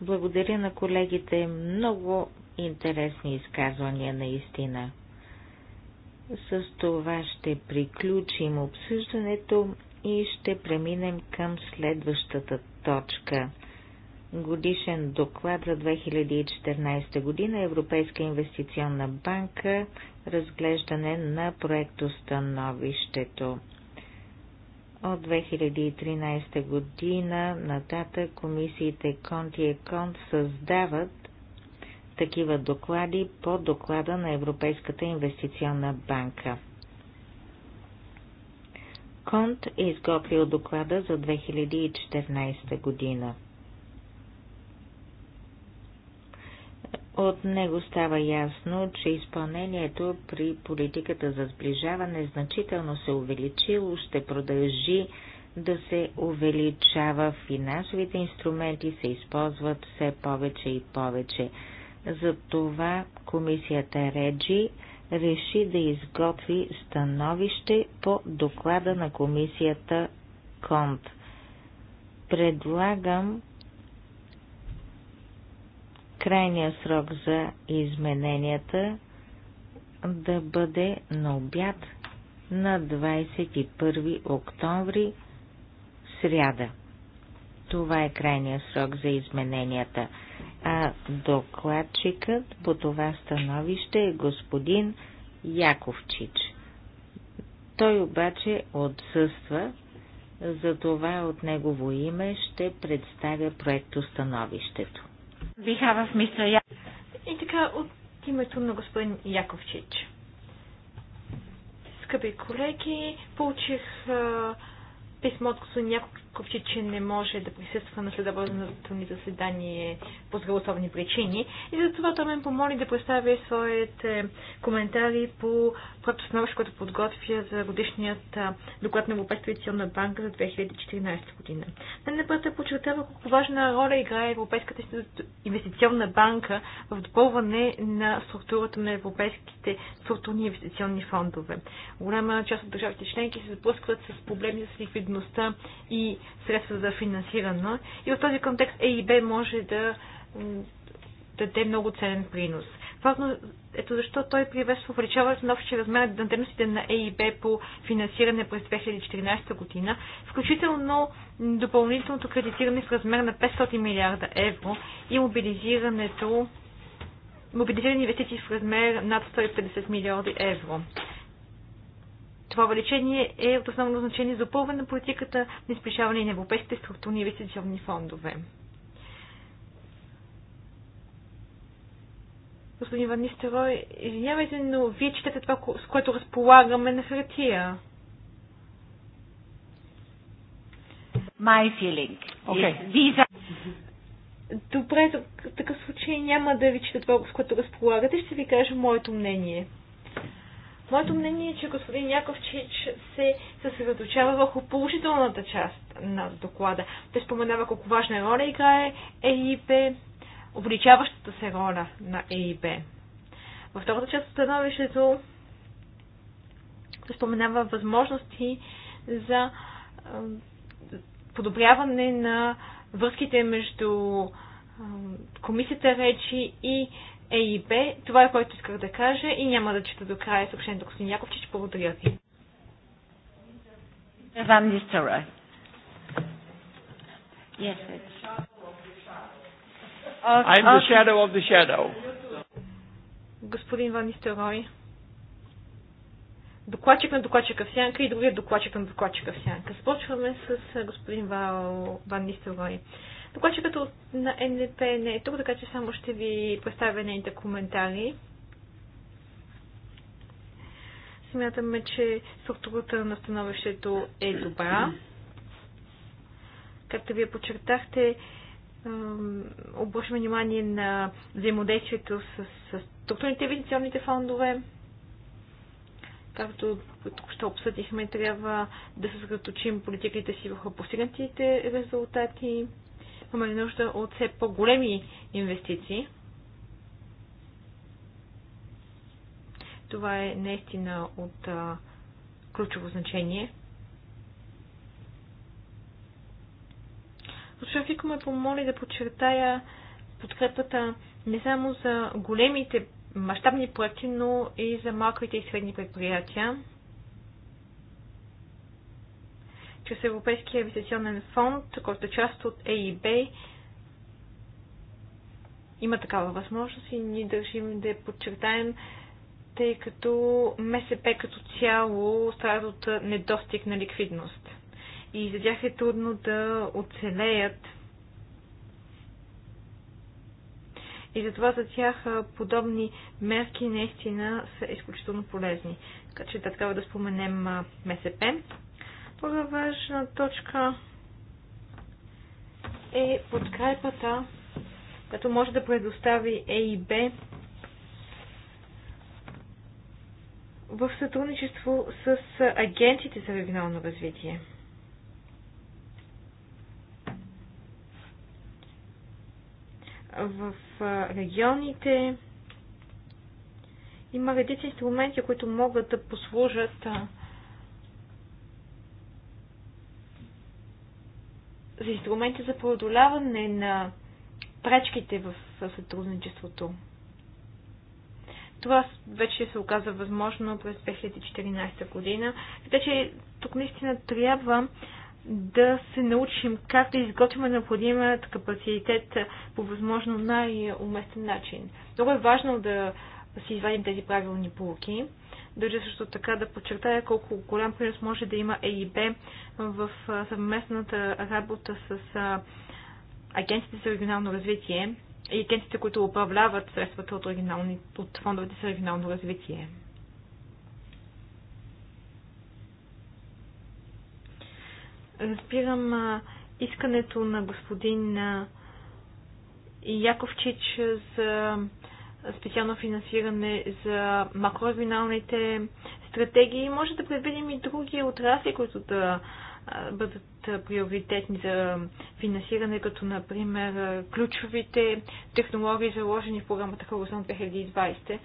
благодаря на колегите, много интересни изказвания наистина. С това ще приключим обсъждането и ще преминем към следващата точка. Годишен доклад за 2014 година Европейска инвестиционна банка разглеждане на становището. От 2013 година нататък комисиите Конт и Еконт създават такива доклади по доклада на Европейската инвестиционна банка. Конт е изготвил доклада за 2014 година. От него става ясно, че изпълнението при политиката за сближаване значително се увеличило, ще продължи да се увеличава. Финансовите инструменти се използват все повече и повече. Затова комисията Реджи реши да изготви становище по доклада на комисията Конт. Предлагам Крайният срок за измененията да бъде на обяд на 21 октомври, сряда. Това е крайният срок за измененията. А докладчикът по това становище е господин Яковчич. Той обаче отсъства, затова от негово име ще представя проекто становището.
Биха в мистер И така от името на господин Яковчич. Скъпи колеги, получих а, писмо от господин Яковчич Ковче, че не може да присъства на следобедното ни заседание по здравословни причини. И затова той ме помоли да представя своите коментари по проектостановище, което подготвя за годишният доклад на Европейската инвестиционна банка за 2014 година. Най-напред да подчертава колко важна роля играе Европейската инвестиционна банка в допълване на структурата на европейските структурни инвестиционни фондове. Голяма част от държавите членки се запускват с проблеми с ликвидността и средства за финансиране и в този контекст ЕИБ може да даде много ценен принос. Важно, ето защо той приветства увеличаването на общия размер на дейностите на ЕИБ по финансиране през 2014 година, включително допълнителното кредитиране в размер на 500 милиарда евро и мобилизирането мобилизирани инвестиции в размер над 150 милиарди евро. Това увеличение е от основно значение за на политиката на изпрещаване на европейските структурни инвестиционни фондове. Господин Ван Нистерой, извинявайте, но вие четете това, с което разполагаме на хартия.
My feeling. Okay.
Добре, в такъв случай няма да ви чета това, с което разполагате. Ще ви кажа моето мнение. Моето мнение е, че господин Яковчич се съсредоточава върху положителната част на доклада. Той споменава колко важна роля играе ЕИБ, увеличаващата се роля на ЕИБ. Във втората част от становището се споменава възможности за подобряване на връзките между комисията речи и е и Б. Това е което исках да кажа и няма да чета до края съобщението, господин Яковчич. Благодаря ви. Van Nistelrooy.
Yes,
it's... I'm the shadow of the shadow.
Господин Ван Нистерой. Докладчик на докладчика в сянка и другия докладчик на докладчика в сянка. Започваме с господин Ван Нистерой като на НДП не е тук, така че само ще ви представя нейните коментари. Смятаме, че структурата на становището е добра. Както вие подчертахте, обръщаме внимание на взаимодействието с, с структурните инвестиционните фондове. Както тук ще обсъдихме, трябва да съсредоточим политиките си върху постигнатите резултати имаме нужда от все по-големи инвестиции. Това е наистина от а, ключово значение. Госпожа Фико ме помоли да подчертая подкрепата не само за големите мащабни проекти, но и за малките и средни предприятия. чрез Европейския инвестиционен фонд, който е част от AIB има такава възможност и ние държим да я подчертаем, тъй като МСП като цяло страдат от недостиг на ликвидност. И за тях е трудно да оцелеят. И затова за тях подобни мерки наистина са изключително полезни. Така че да трябва да споменем МСП. Първа важна точка е подкрепата, като може да предостави е Б в сътрудничество с агентите за регионално развитие. В регионите има редици инструменти, които могат да послужат за инструменти за преодоляване на пречките в сътрудничеството. Това вече се оказа възможно през 2014 година. Така че тук наистина трябва да се научим как да изготвим необходимият капацитет по възможно най-уместен начин. Много е важно да си извадим тези правилни полуки. Дори също така да подчертая колко голям принос може да има ЕИБ в съвместната работа с агенциите за регионално развитие и агенциите, които управляват средствата от, от фондовете за регионално развитие. Разбирам искането на господин Яковчич за специално финансиране за макрорегионалните стратегии. Може да предвидим и други отрасли, които да бъдат приоритетни за финансиране, като например ключовите технологии, заложени в програмата Хоризонт 2020.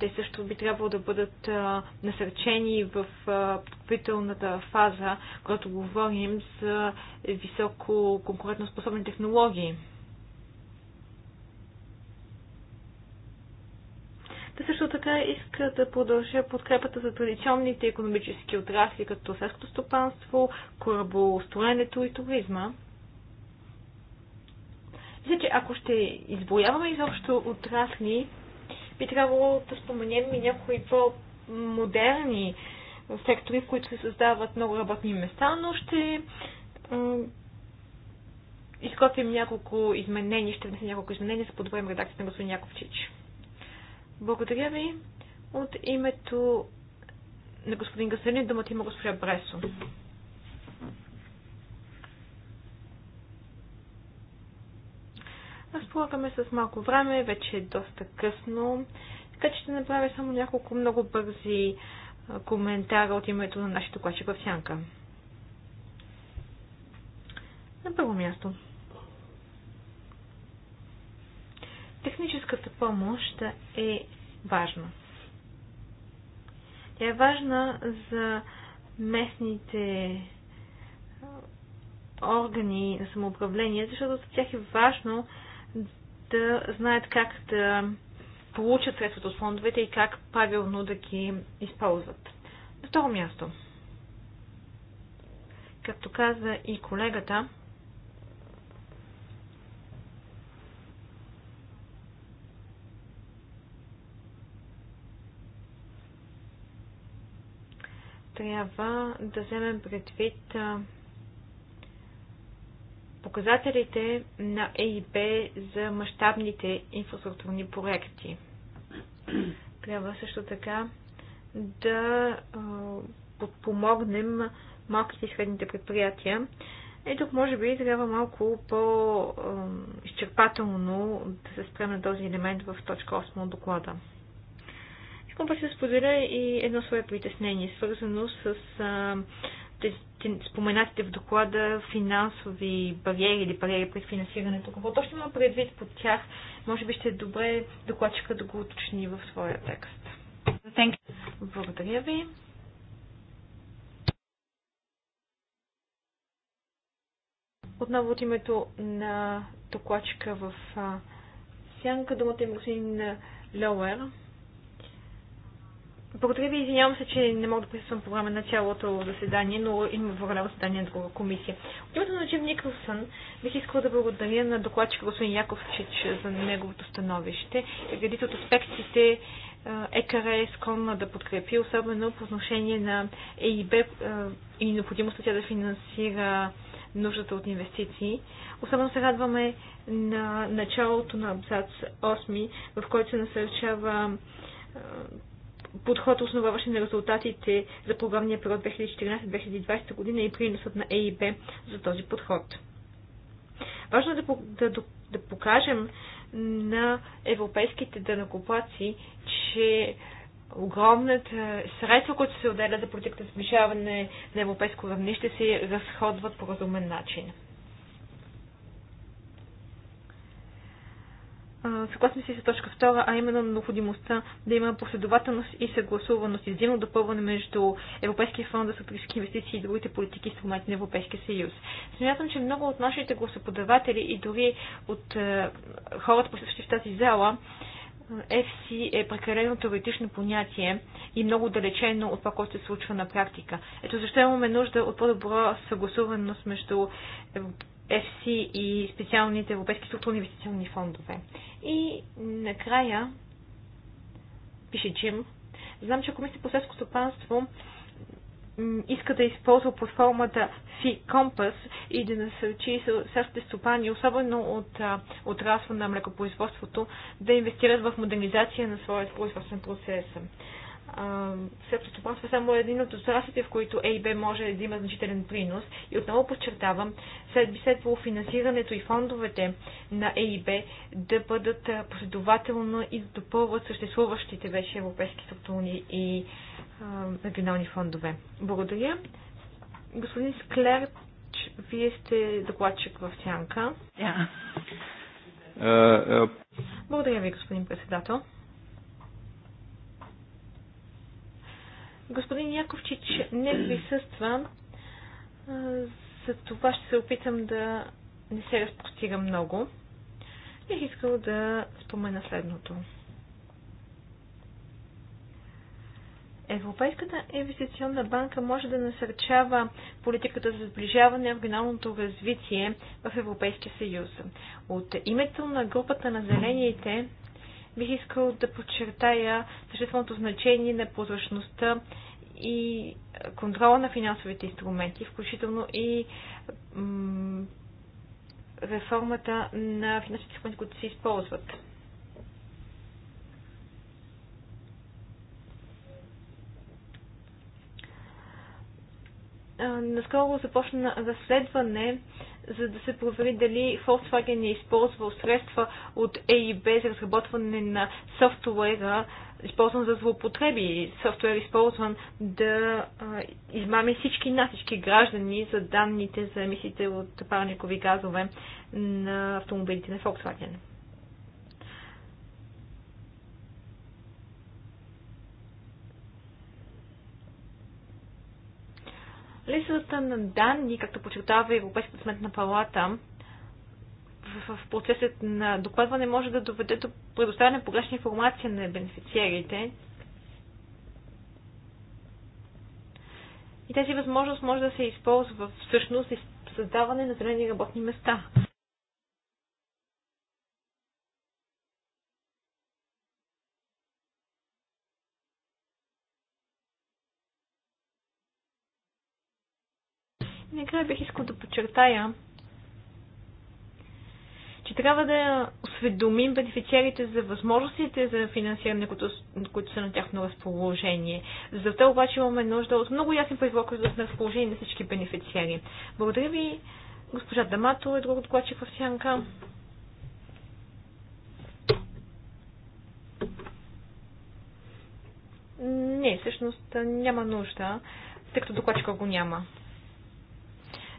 Те също би трябвало да бъдат насърчени в подготвителната фаза, когато говорим за високо конкурентоспособни технологии. Те също така иска да продължа подкрепата за традиционните економически отрасли, като селското стопанство, корабостроенето и туризма. Мисля, че ако ще изброяваме изобщо отрасли, би трябвало да споменем и някои по-модерни сектори, в които се създават много работни места, но ще изготвим няколко изменения, ще внесем няколко изменения, за подобрим редакцията на господин Яковчич. Благодаря ви. От името на господин Гасени, думата има госпожа Бресо. Разполагаме с малко време, вече е доста късно, така че ще направя само няколко много бързи коментара от името на нашите докладчик в сянка. На първо място. Техническата помощ е важна. Тя е важна за местните органи на самоуправление, защото за тях е важно да знаят как да получат средствата от фондовете и как правилно да ги използват. На второ място, както каза и колегата, трябва да вземем предвид показателите на ЕИБ за мащабните инфраструктурни проекти. Трябва също така да подпомогнем малките и средните предприятия. и е, тук може би трябва малко по-изчерпателно да се спрем на този елемент в точка 8 от доклада пък да споделя и едно свое притеснение, свързано с а, споменатите в доклада финансови бариери или бариери пред финансирането. Какво точно има предвид под тях? Може би ще е добре докладчика да го уточни в своя текст. Благодаря ви. Отново от името на докладчика в Сянка думата е господин Лоуер. Благодаря ви, извинявам се, че не мога да присъствам по време на цялото заседание, но имам време заседание на друга комисия. От името на Джим Никълсън бих искала да благодаря на докладчика господин Яковчич за неговото становище. Гледите от аспектите е, ЕКР е склонна да подкрепи, особено по отношение на ЕИБ е, и необходимостта тя да финансира нуждата от инвестиции. Особено се радваме на началото на абзац 8, в който се насърчава е, подход, основаващ на резултатите за програмния период 2014-2020 година и приносът на ЕИБ за този подход. Важно е да, да, да покажем на европейските данакоплаци, че огромната е, средства, които се отделят за политиката за на европейско равнище, се разходват по разумен начин. съгласни си с точка 2, а именно необходимостта да има последователност и съгласуваност и взаимно допълване между Европейския фонд за стратегически инвестиции и другите политики и инструменти на Европейския съюз. Смятам, че много от нашите гласоподаватели и дори от е, хората, посещащи в тази зала, е, FC е прекалено теоретично понятие и много далечено от това, което се случва на практика. Ето защо имаме нужда от по-добра съгласуваност между ЕФСИ и специалните европейски структурни инвестиционни фондове. И накрая, пише Джим, знам, че Комисията по селско стопанство иска да използва платформата Fi Compass и да насърчи селските стопани, особено от отрасла на млекопроизводството, да инвестират в модернизация на своя производствен процес селското стопанство е само един от отраслите, в които ЕИБ може да има значителен принос. И отново подчертавам, след би следвало финансирането и фондовете на ЕИБ да бъдат последователно и да допълват съществуващите вече европейски структурни и а, регионални фондове. Благодаря. Господин Склерч, вие сте докладчик в Сянка. Yeah.
Uh, uh...
Благодаря ви, господин председател. Господин Яковчич не присъства, за това ще се опитам да не се разпростига много. Бих искал да спомена следното. Европейската инвестиционна банка може да насърчава политиката за сближаване в регионалното развитие в Европейския съюз. От името на групата на зелените бих искал да подчертая същественото значение на прозрачността и контрола на финансовите инструменти, включително и реформата на финансовите инструменти, които се използват. наскоро започна разследване за да се провери дали Volkswagen е използвал средства от AIB за разработване на софтуера, използван за злоупотреби, софтуер е използван да а, измами всички нас, всички граждани за данните за емисиите от парникови газове на автомобилите на Volkswagen. Лисата на данни, както подчертава Европейската сметна палата, в процесът на докладване може да доведе до предоставяне погрешна информация на бенефициерите. И тази възможност може да се използва всъщност и създаване на зелени работни места. Накрая бих искал да подчертая, че трябва да осведомим бенефициарите за възможностите за финансиране, които, които са на тяхно разположение. За това обаче имаме нужда от много ясни правила, които са на разположение на всички бенефициари. Благодаря ви, госпожа Дамато е друг докладчик в Сянка. Не, всъщност няма нужда, тъй като докладчика го няма.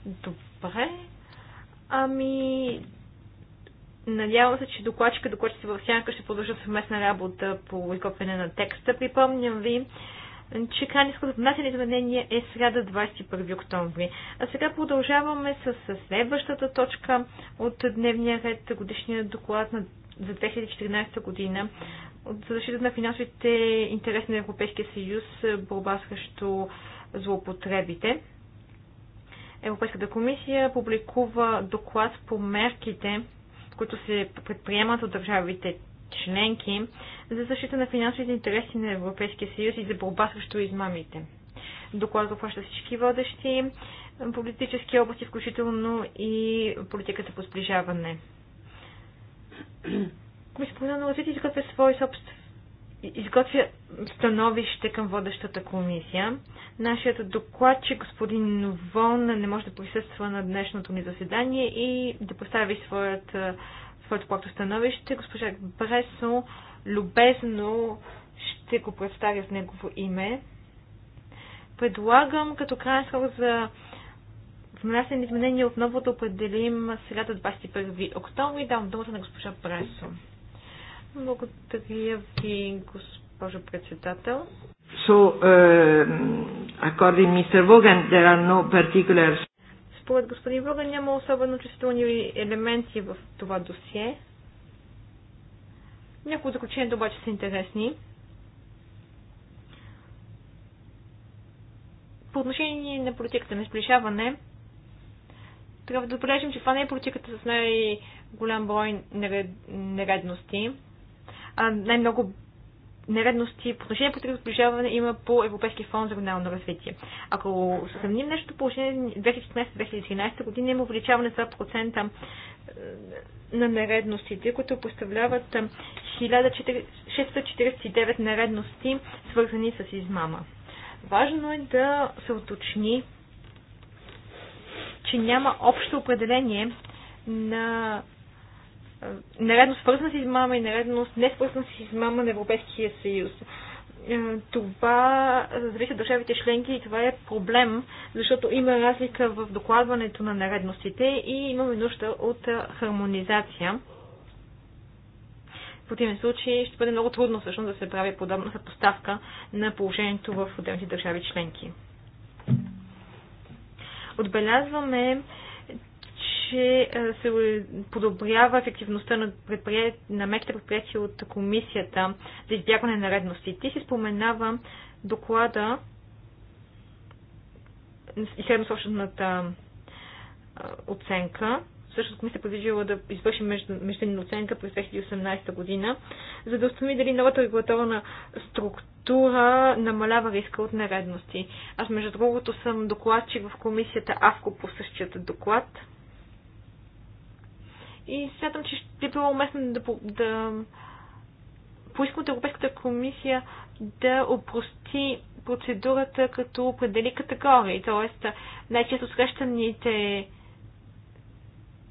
Добре. Ами, Надявам се, че докладчика, се в сянка ще продължа съвместна работа по изготвяне на текста. Припомням ви, че крайният срок за внасяне изменения е сряда 21 октомври. А сега продължаваме с следващата точка от дневния ред, годишния доклад на, за 2014 година от защита на финансовите интереси на Европейския съюз, борба срещу злоупотребите. Европейската комисия публикува доклад по мерките, които се предприемат от държавите членки за защита на финансовите интереси на Европейския съюз и за борба срещу измамите. Докладът обхваща всички водещи политически области, включително и политиката по сближаване. Комисията на развитие изготвя свой собствен изготвя становище към водещата комисия. Нашият доклад, че господин Вон, не може да присъства на днешното ни заседание и да постави своят, своето доклад становище. Госпожа Бресо любезно ще го представя в негово име. Предлагам като крайен срок за внасяне изменения отново да определим сега 21 октомври. Давам думата на госпожа Бресо. Благодаря ви, госпожо председател. So, uh, according Mr. Vogan, there are no particular... Според господин Воган няма особено чувствителни елементи в това досие. Някои заключенията обаче са интересни. По отношение на политиката на сближаване, трябва да отбележим, че това не е политиката с най-голям брой неред... нередности най-много нередности по отношение политика сближаване има по Европейския фонд за регионално развитие. Ако сравним нещо на 2014-2013 година, има увеличаване за процента на нередностите, които представляват 1649 нередности, свързани с измама. Важно е да се уточни, че няма общо определение на е, наредно свързана с измама и наредно не свързана с измама на Европейския съюз. Е, това зависи от държавите членки и това е проблем, защото има разлика в докладването на наредностите и имаме нужда от е, хармонизация. В противен случай ще бъде много трудно всъщност да се прави подобна съпоставка на положението в отделните държави членки. Отбелязваме че е, се е, подобрява ефективността на, предприят... на мерките предприятия от комисията за избягване на редности. Ти си споменава доклада и средносрочната оценка. Също комисията е предвижила да извърши междинна оценка през 2018 година, за да установи дали новата регулаторна структура намалява риска от нередности. Аз, между другото, съм докладчик в комисията АВКО по същият доклад. И смятам, че ще било уместно да, да поискам от Европейската комисия да опрости процедурата, като определи категории. Тоест, най-често срещаните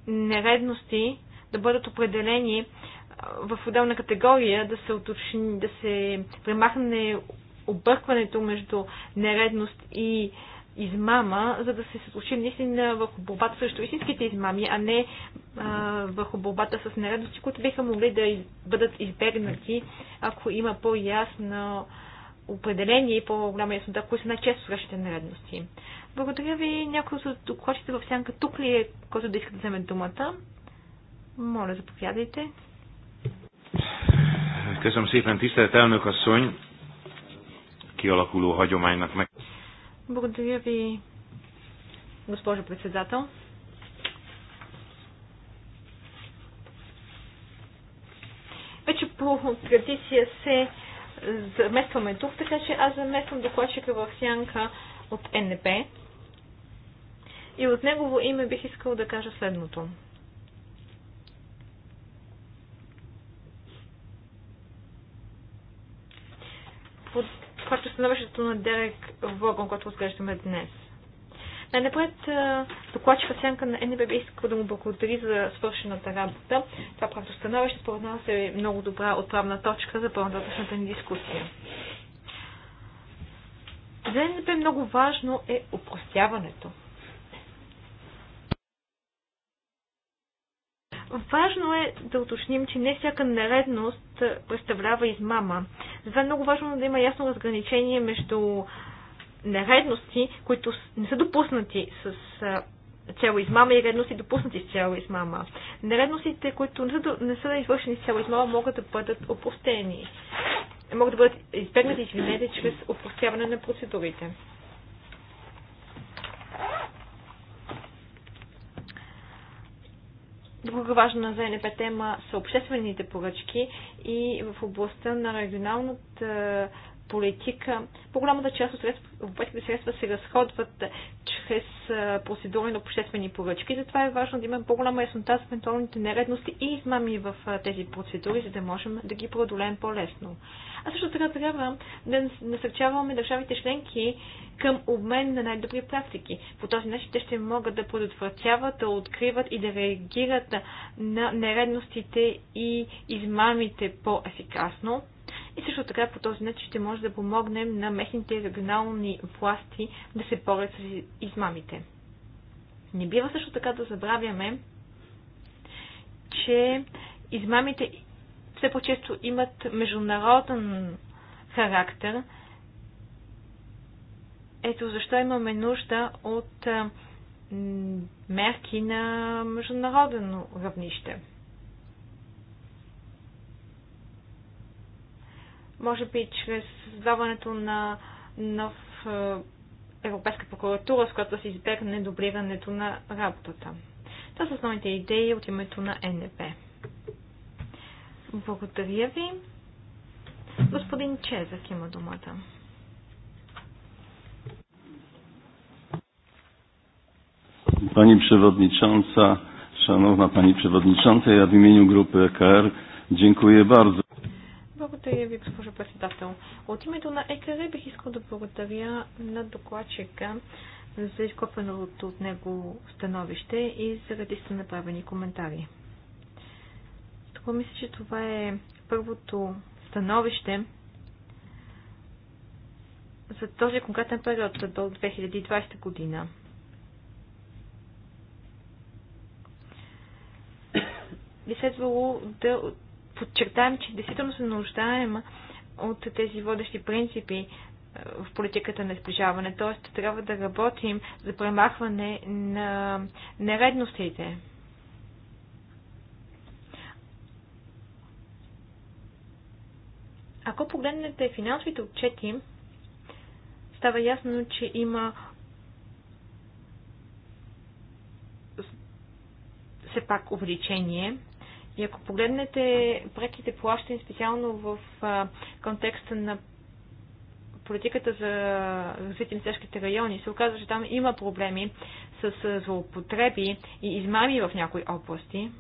нередности да бъдат определени в отделна категория, да се, уточни, да се премахне объркването между нередност и измама, за да се случим наистина върху борбата срещу истинските измами, а не а, върху борбата с нередности, които биха могли да из, бъдат избегнати, ако има по-ясно определение и по-голяма яснота, кои са най-често срещите нередности. Благодаря ви. Някой от докладчите в сянка тук ли е, който да иска да вземе думата? Моля, заповядайте.
Köszönöm szépen, tisztelt elnök asszony! Kialakuló hagyománynak meg.
Благодаря ви, госпожо председател. Вече по традиция се заместваме тук, така че аз замествам докладчика в сянка от НП. И от негово име бих искал да кажа следното. Под проекта становището на Дерек Вогон, който отглеждаме днес. Най-напред докладчика Сенка на НББ иска да му благодари за свършената работа. Това правото становище според нас е много добра отправна точка за пълнодатъчната ни дискусия. За НБ много важно е упростяването. Важно е да уточним, че не всяка нередност е, представлява измама. Затова е много важно да има ясно разграничение между нередности, които не са допуснати с е, цяло измама и редности допуснати с цяло измама. Нередностите, които не са, не са извършени с цяло измама, могат да бъдат опустени, Могат да бъдат избегнати, извинете, чрез опростяване на процедурите. Друга важна за НП тема са обществените поръчки и в областта на регионалната политика, по-голямата част от средства, европейските средства се разходват чрез процедури на обществени поръчки. Затова е важно да имаме по-голяма яснота за евентуалните нередности и измами в тези процедури, за да можем да ги продолеем по-лесно. А също така трябва да насърчаваме държавите членки към обмен на най-добри практики. По този начин те ще могат да предотвратяват, да откриват и да реагират на нередностите и измамите по-ефикасно и също така по този начин ще може да помогнем на местните регионални власти да се борят с измамите. Не бива също така да забравяме, че измамите все по-често имат международен характер. Ето защо имаме нужда от мерки на международно равнище. Може би чрез създаването на нов е, Европейска прокуратура, с която да се избегне дублирането на работата. Това са основните идеи от името на НДП. Благодаря ви. Господин Чезък има думата.
Pani Przewodnicząca, Szanowna Pani Przewodnicząca, ja w imieniu Grupy EKR dziękuję bardzo.
Благодаря ви, госпожо председател. От името на ЕКР бих искал да благодаря на докладчика за изкопеното от него становище и заради са направени коментари. Тук мисля, че това е първото становище за този конкретен период до 2020 година. И следвало да подчертаем, че действително се нуждаем от тези водещи принципи е, в политиката на сближаване. Т.е. трябва да работим за премахване на нередностите. Ако погледнете финансовите отчети, става ясно, че има все пак увеличение и ако погледнете преките плащания специално в контекста на политиката за развитие на тежките райони, се оказва, че там има проблеми с злоупотреби и измами в някои области.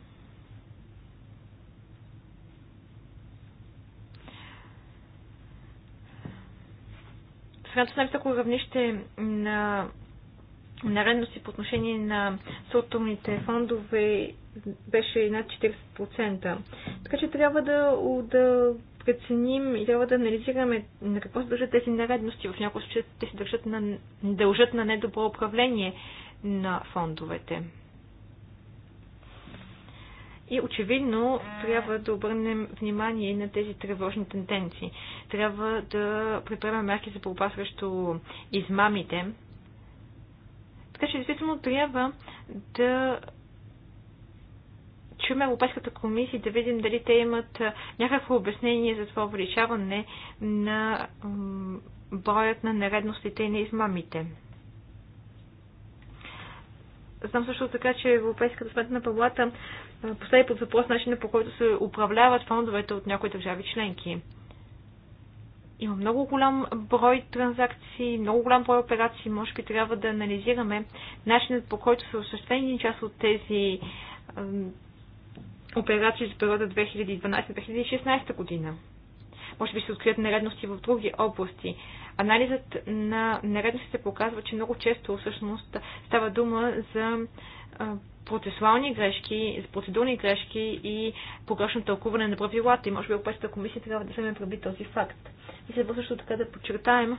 с най-високо равнище на наредности по отношение на структурните фондове беше над 40%. Така че трябва да, да преценим и трябва да анализираме на какво се дължат тези нередности. В някои случаи те се дължат на, дължат на недобро управление на фондовете. И очевидно трябва да обърнем внимание на тези тревожни тенденции. Трябва да предприемем мерки за борба срещу измамите. Така че действително трябва да чуем Европейската комисия да видим дали те имат някакво обяснение за това увеличаване на броят на нередностите и на измамите. Знам също така, че Европейската сметна палата постави под въпрос начина по който се управляват фондовете от някои държави членки. Има много голям брой транзакции, много голям брой операции. Може би трябва да анализираме начинът по който са осъществени част от тези операции за периода 2012-2016 година. Може би се открият нередности в други области. Анализът на нередностите показва, че много често всъщност става дума за процесуални грешки, за процедурни грешки и погрешно тълкуване на правилата. И може би опасната комисия трябва да вземе предвид този факт. И следва също така да подчертаем,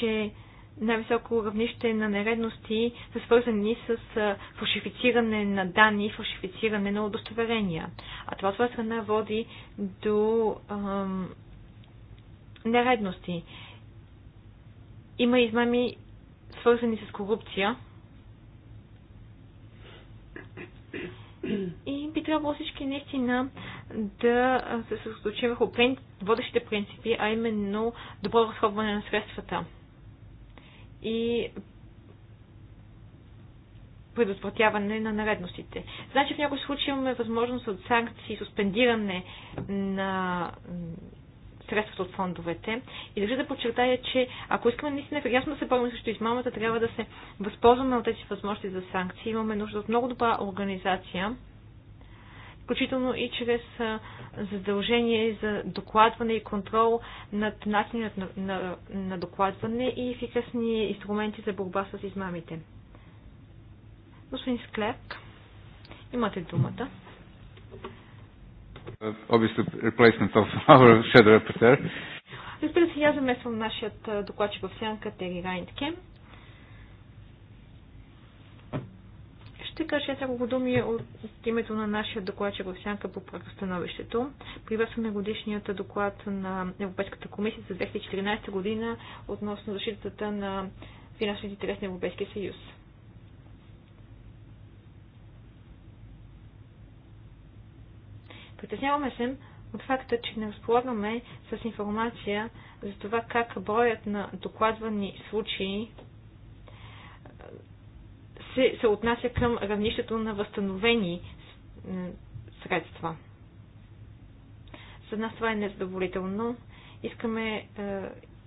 че най-високо равнище на нередности са свързани с фалшифициране на данни фалшифициране на удостоверения. А това от своя страна води до ам, нередности. Има измами свързани с корупция. И би трябвало всички наистина да се съсредоточим върху водещите принципи, а именно добро разходване на средствата и предотвратяване на наредностите. Значи в някои случаи имаме възможност от санкции, суспендиране на средствата от фондовете. И държа да подчертая, че ако искаме наистина ясно да се борим срещу измамата, трябва да се възползваме от тези възможности за санкции. Имаме нужда от много добра организация включително и чрез задължение за докладване и контрол над начинът на, на, на докладване и ефикасни инструменти за борба с измамите. Господин Склерк, имате думата.
Uh,
Разбира се, аз замесвам нашият докладчик в сянка Тери Райнтке. Ще кажа няколко думи от името на нашия докладчик в сянка по правостановището. Приветстваме годишният доклад на Европейската комисия за 2014 година относно защитата на финансовите интереси на Европейския съюз. Притесняваме се от факта, че не разполагаме с информация за това как броят на докладвани случаи се, се отнася към равнището на възстановени е, средства. За нас това е незадоволително. Искаме е,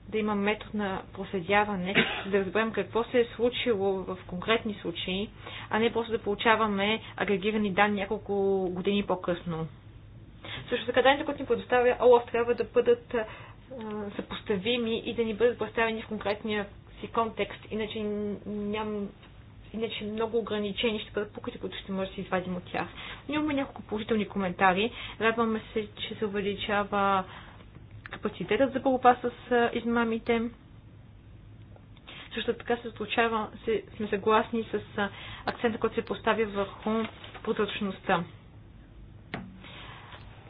да има метод на проследяване, да разберем какво се е случило в конкретни случаи, а не просто да получаваме агрегирани данни няколко години по-късно. Също така данните, които ни предоставя ОЛАФ, трябва да бъдат е, съпоставими и да ни бъдат представени в конкретния си контекст, иначе ням, иначе много ограничени ще бъдат покрити, които ще може да се извадим от тях. Но имаме няколко положителни коментари. Радваме се, че се увеличава капацитетът за борба с измамите. Също така се случава, се, сме съгласни с акцента, който се поставя върху прозрачността.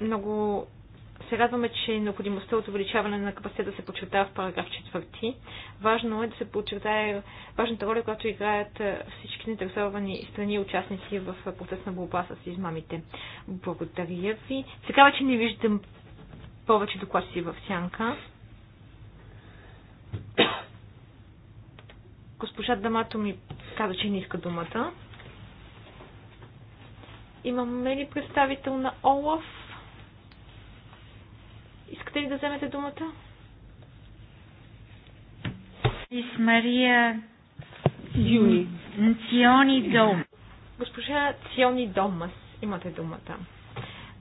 Много се радваме, че необходимостта от увеличаване на капацитета се подчертава в параграф 4. Важно е да се подчертае важната роля, която играят всички интересовани страни и участници в процес на борба с измамите. Благодаря ви. Сега вече не виждам повече докладчици в сянка. Госпожа Дамато ми каза, че не иска думата. Имаме ли представител на Олаф? Искате ли да вземете думата? Мис Мария Юни.
Циони Дом.
Госпожа Циони Домас, имате думата.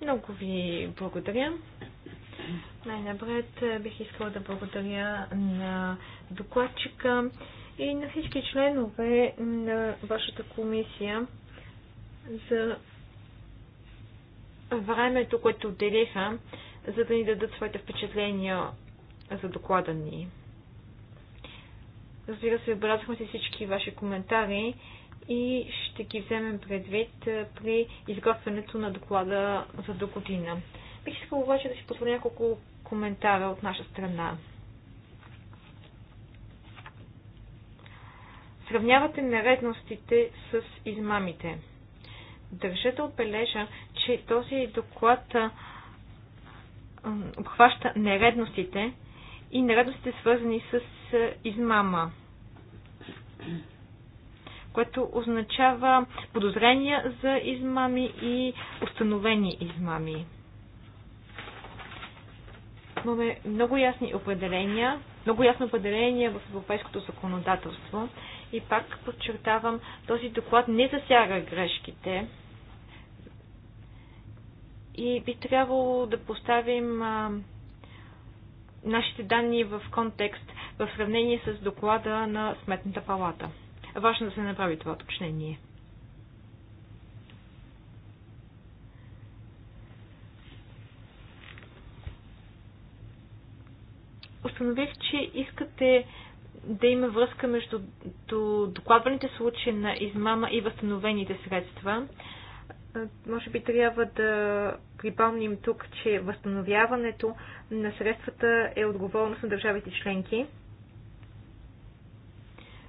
Много ви благодаря. Най-напред е, бих искала да благодаря на докладчика и на всички членове на вашата комисия за времето, което отделиха за да ни дадат своите впечатления за доклада ни. Разбира се, отбелязахме си всички ваши коментари и ще ги вземем предвид при изготвянето на доклада за до година. Бих искал обаче да си позволя няколко коментара от наша страна. Сравнявате нередностите с измамите. Държа да отбележа, че този доклад обхваща нередностите и нередностите свързани с измама, което означава подозрения за измами и установени измами. Имаме много ясни определения, много ясно определение в европейското законодателство. И пак подчертавам, този доклад не засяга грешките, и би трябвало да поставим а, нашите данни в контекст в сравнение с доклада на Сметната палата. Важно да се направи това уточнение. Установих, че искате да има връзка между докладваните случаи на измама и възстановените средства може би трябва да припомним тук, че възстановяването на средствата е отговорност на държавите членки.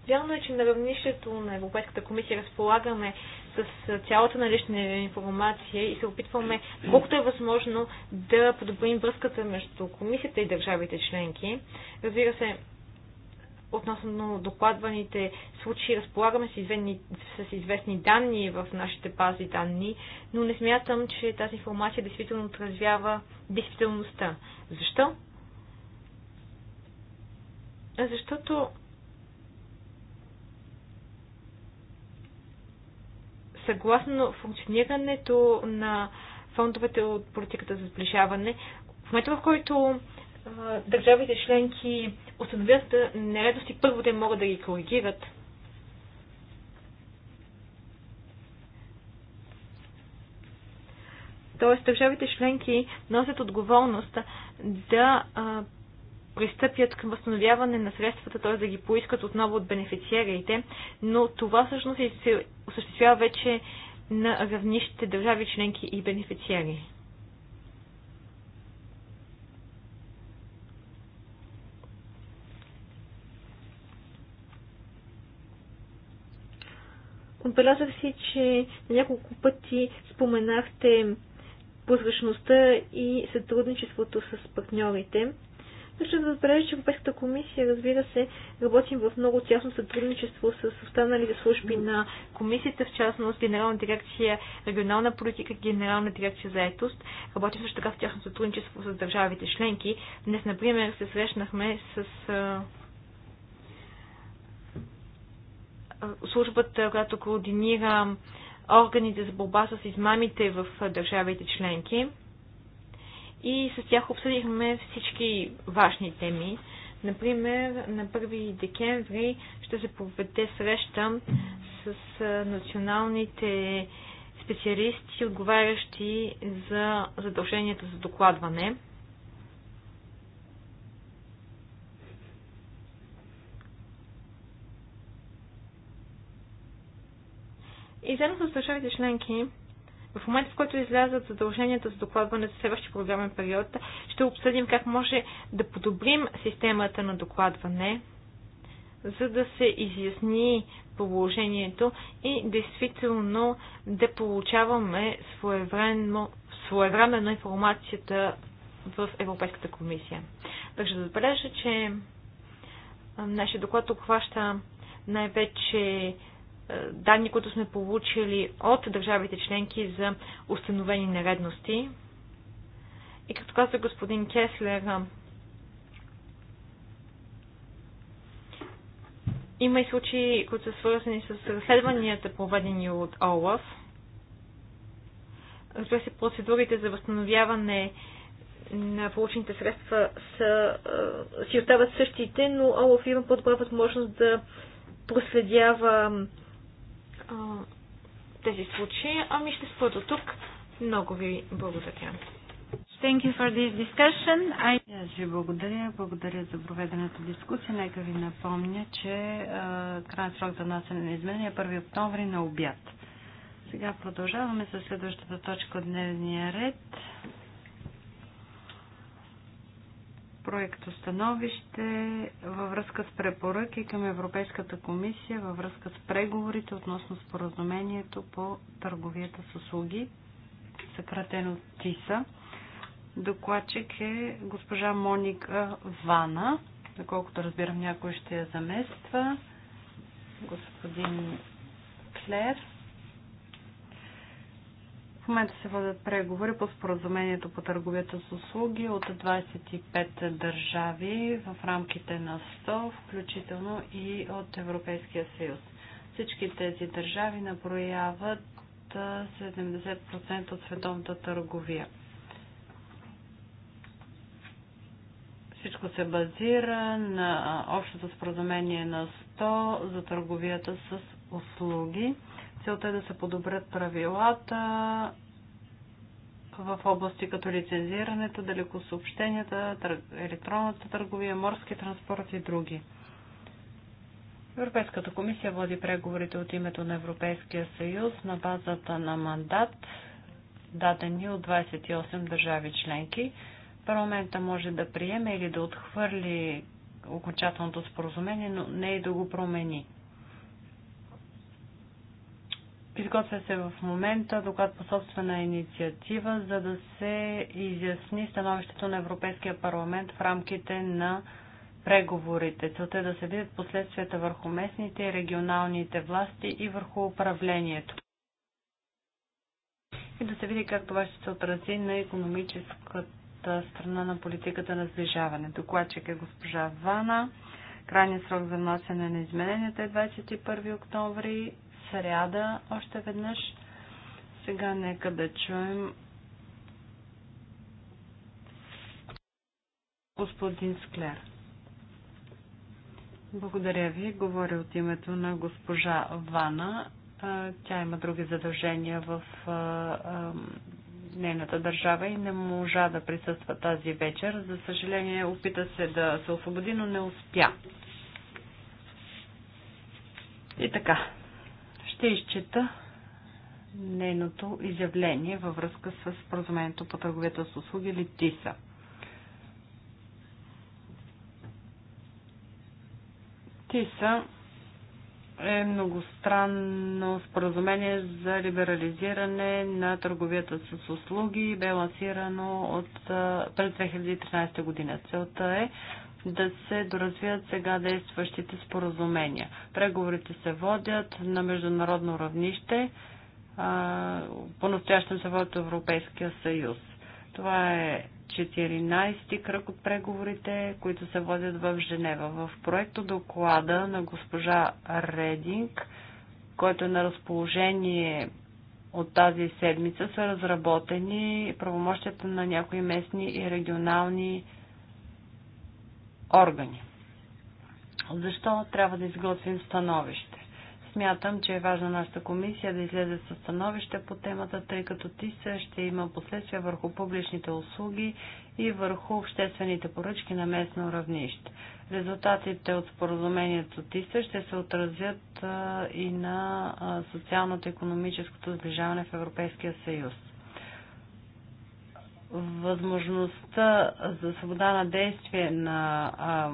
Вярно е, че на равнището на Европейската комисия разполагаме с цялата налична информация и се опитваме, колкото е възможно, да подобрим връзката между комисията и държавите членки. Разбира се, относно докладваните случаи разполагаме с, известни, с известни данни в нашите бази данни, но не смятам, че тази информация действително отразява действителността. Защо? Защото съгласно функционирането на фондовете от политиката за сближаване, в момента в който държавите членки установят нередности, първо те могат да ги коригират. Тоест, държавите членки носят отговорност да а, пристъпят към възстановяване на средствата, т.е. да ги поискат отново от бенефициерите, но това всъщност се осъществява вече на равнище държави членки и бенефициери. Отбелязах си, че няколко пъти споменахте прозрачността и сътрудничеството с партньорите. Също е да отбележа, че Европейската комисия, разбира се, работим в много тясно сътрудничество с останалите служби на комисията, в частност Генерална дирекция регионална политика, Генерална дирекция заетост. Работим също така в тясно сътрудничество с държавите членки. Днес, например, се срещнахме с службата, която координира органите за борба с измамите в държавите членки. И с тях обсъдихме всички важни теми. Например, на 1 декември ще се проведе среща с националните специалисти, отговарящи за задълженията за докладване. И заедно с държавите членки, в момента в който излязат задълженията за докладване за следващия програмен период, ще обсъдим как може да подобрим системата на докладване, за да се изясни положението и действително да получаваме своевременно, своевременно информацията в Европейската комисия. Държа да забележа, че нашия доклад обхваща най-вече е, данни, които сме получили от държавите членки за установени нередности. И като каза господин Кеслер, е, има и случаи, които са свързани с разследванията, проведени от ОЛАФ. Разбира се, процедурите за възстановяване на получените средства са, е, си остават същите, но ОЛАФ има по-добра възможност да проследява а, тези случаи. Ами ще спра до тук. Много ви благодаря. Thank you for this discussion. I... Аз ви благодаря. Благодаря
за проведената дискусия. Нека ви напомня, че крайен срок за насене на изменения е 1 октомври на обяд. Сега продължаваме с следващата точка от дневния ред проектостановище във връзка с препоръки към Европейската комисия във връзка с преговорите относно споразумението по търговията с услуги, съкратено ТИСА. Докладчик е госпожа Моника Вана. Доколкото разбирам, някой ще я замества. Господин Клер момента се водят преговори по споразумението по търговията с услуги от 25 държави в рамките на 100, включително и от Европейския съюз. Всички тези държави наброяват 70% от световната търговия. Всичко се базира на общото споразумение на 100 за търговията с услуги. Целта е да се подобрят правилата в области като лицензирането, далекосъобщенията, електронната търговия, морски транспорт и други. Европейската комисия води преговорите от името на Европейския съюз на базата на мандат, дадени от 28 държави членки. Парламента може да приеме или да отхвърли окончателното споразумение, но не и да го промени. Изготвя се в момента доклад по собствена инициатива, за да се изясни становището на Европейския парламент в рамките на преговорите. Целта е да се видят последствията върху местните и регионалните власти и върху управлението. И да се види как това ще се отрази на економическата страна на политиката на сближаване. Докладчик е госпожа Вана. Крайният срок за внасяне на измененията е 21 октомври сряда още веднъж. Сега нека да чуем господин Склер. Благодаря ви. Говоря от името на госпожа Вана. Тя има други задължения в нейната държава и не можа да присъства тази вечер. За съжаление, опита се да се освободи, но не успя. И така, ще изчета нейното изявление във връзка с споразумението по търговията с услуги или ТИСА. ТИСА е многостранно споразумение за либерализиране на търговията с услуги, бе лансирано от, през 2013 година. Целта е да се доразвият сега действащите споразумения. Преговорите се водят на международно равнище, по настоящен се водят Европейския съюз. Това е 14-ти кръг от преговорите, които се водят в Женева. В проекто доклада на госпожа Рединг, който е на разположение от тази седмица, са разработени правомощията на някои местни и регионални органи. Защо трябва да изготвим становище? Смятам, че е важна нашата комисия да излезе със становище по темата, тъй като ТИСА ще има последствия върху публичните услуги и върху обществените поръчки на местно равнище. Резултатите от споразумението ТИСА ще се отразят и на социалното-економическото сближаване в Европейския съюз възможността за свобода на действие на а,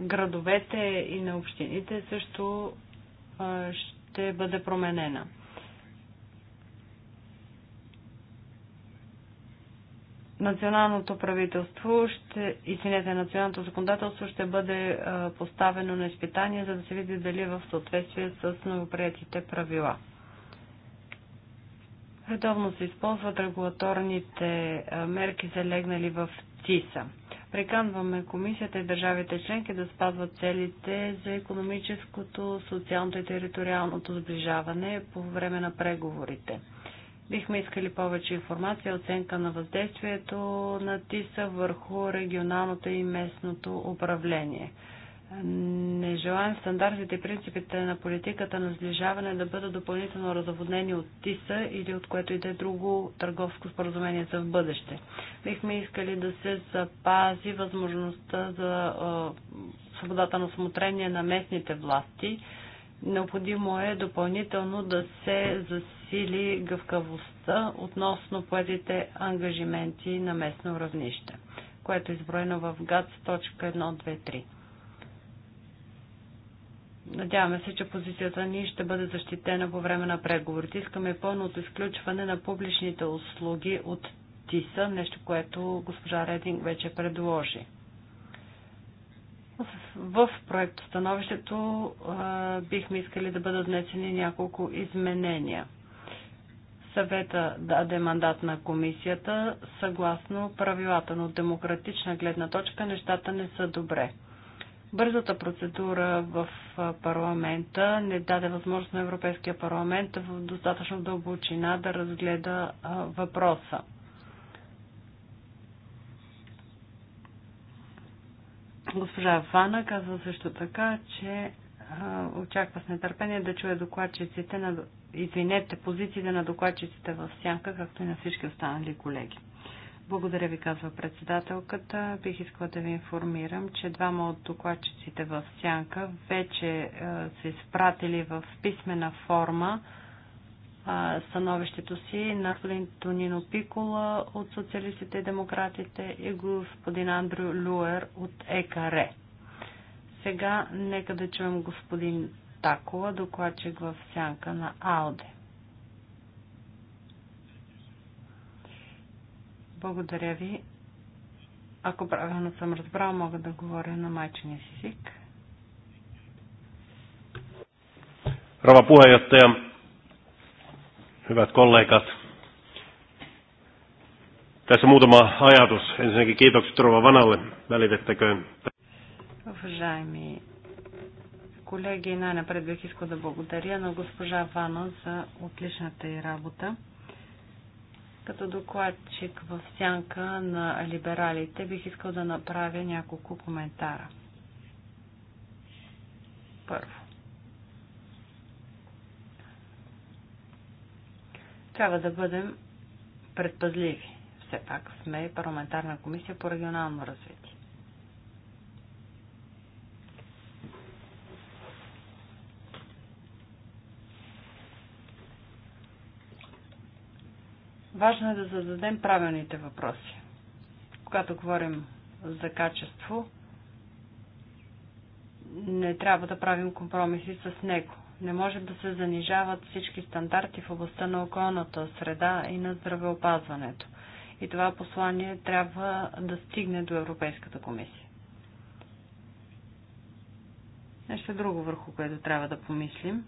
градовете и на общините също а, ще бъде променена. националното правителство ще, синете националното законодателство ще бъде а, поставено на изпитание, за да се види дали е в съответствие с новоприятите правила. Редовно се използват регулаторните мерки, залегнали в ТИСА. Приканваме комисията и държавите членки да спазват целите за економическото, социалното и териториалното сближаване по време на преговорите. Бихме искали повече информация, оценка на въздействието на ТИСА върху регионалното и местното управление нежелаем стандартите и принципите на политиката на сближаване да бъдат допълнително разводнени от ТИСА или от което и да е друго търговско споразумение за в бъдеще. Бихме искали да се запази възможността за свободата на осмотрение на местните власти. Необходимо е допълнително да се засили гъвкавостта относно поетите ангажименти на местно равнище, което е изброено в ГАЦ.123. точка Надяваме се, че позицията ни ще бъде защитена по време на преговорите. Искаме пълното изключване на публичните услуги от ТИСА, нещо, което госпожа Рединг вече предложи. В проект становището бихме искали да бъдат внесени няколко изменения. Съвета даде мандат на комисията, съгласно правилата, но от демократична гледна точка нещата не са добре. Бързата процедура в парламента не даде възможност на Европейския парламент в достатъчно дълбочина да разгледа въпроса. Госпожа Фана казва също така, че очаква с нетърпение да чуе докладчиците на, извинете, позициите на докладчиците в сянка, както и на всички останали колеги. Благодаря ви, казва председателката. Бих искала да ви информирам, че двама от докладчиците в Сянка вече е, са изпратили в писмена форма е, становището си на господин Тонино Пикола от Социалистите и Демократите и господин Андрю Люер от ЕКАРЕ. Сега нека да чуем господин Такова, докладчик в сянка на АЛДЕ. Благодаря ви. Ако правилно съм разбрал, мога да говоря на майчиния си език.
Rova puheenjohtaja, hyvät kollegat. Tässä muutama ajatus. Ensinnäkin kiitokset Rova Vanalle. Välitettäköön.
Уважаеми колеги, най-напред бих искал да благодаря на госпожа Вано за отличната й работа. Като докладчик в сянка на либералите бих искал да направя няколко коментара. Първо. Трябва да бъдем предпазливи. Все пак сме парламентарна комисия по регионално развитие. Важно е да зададем правилните въпроси. Когато говорим за качество, не трябва да правим компромиси с него. Не може да се занижават всички стандарти в областта на околната среда и на здравеопазването. И това послание трябва да стигне до Европейската комисия. Нещо друго върху което трябва да помислим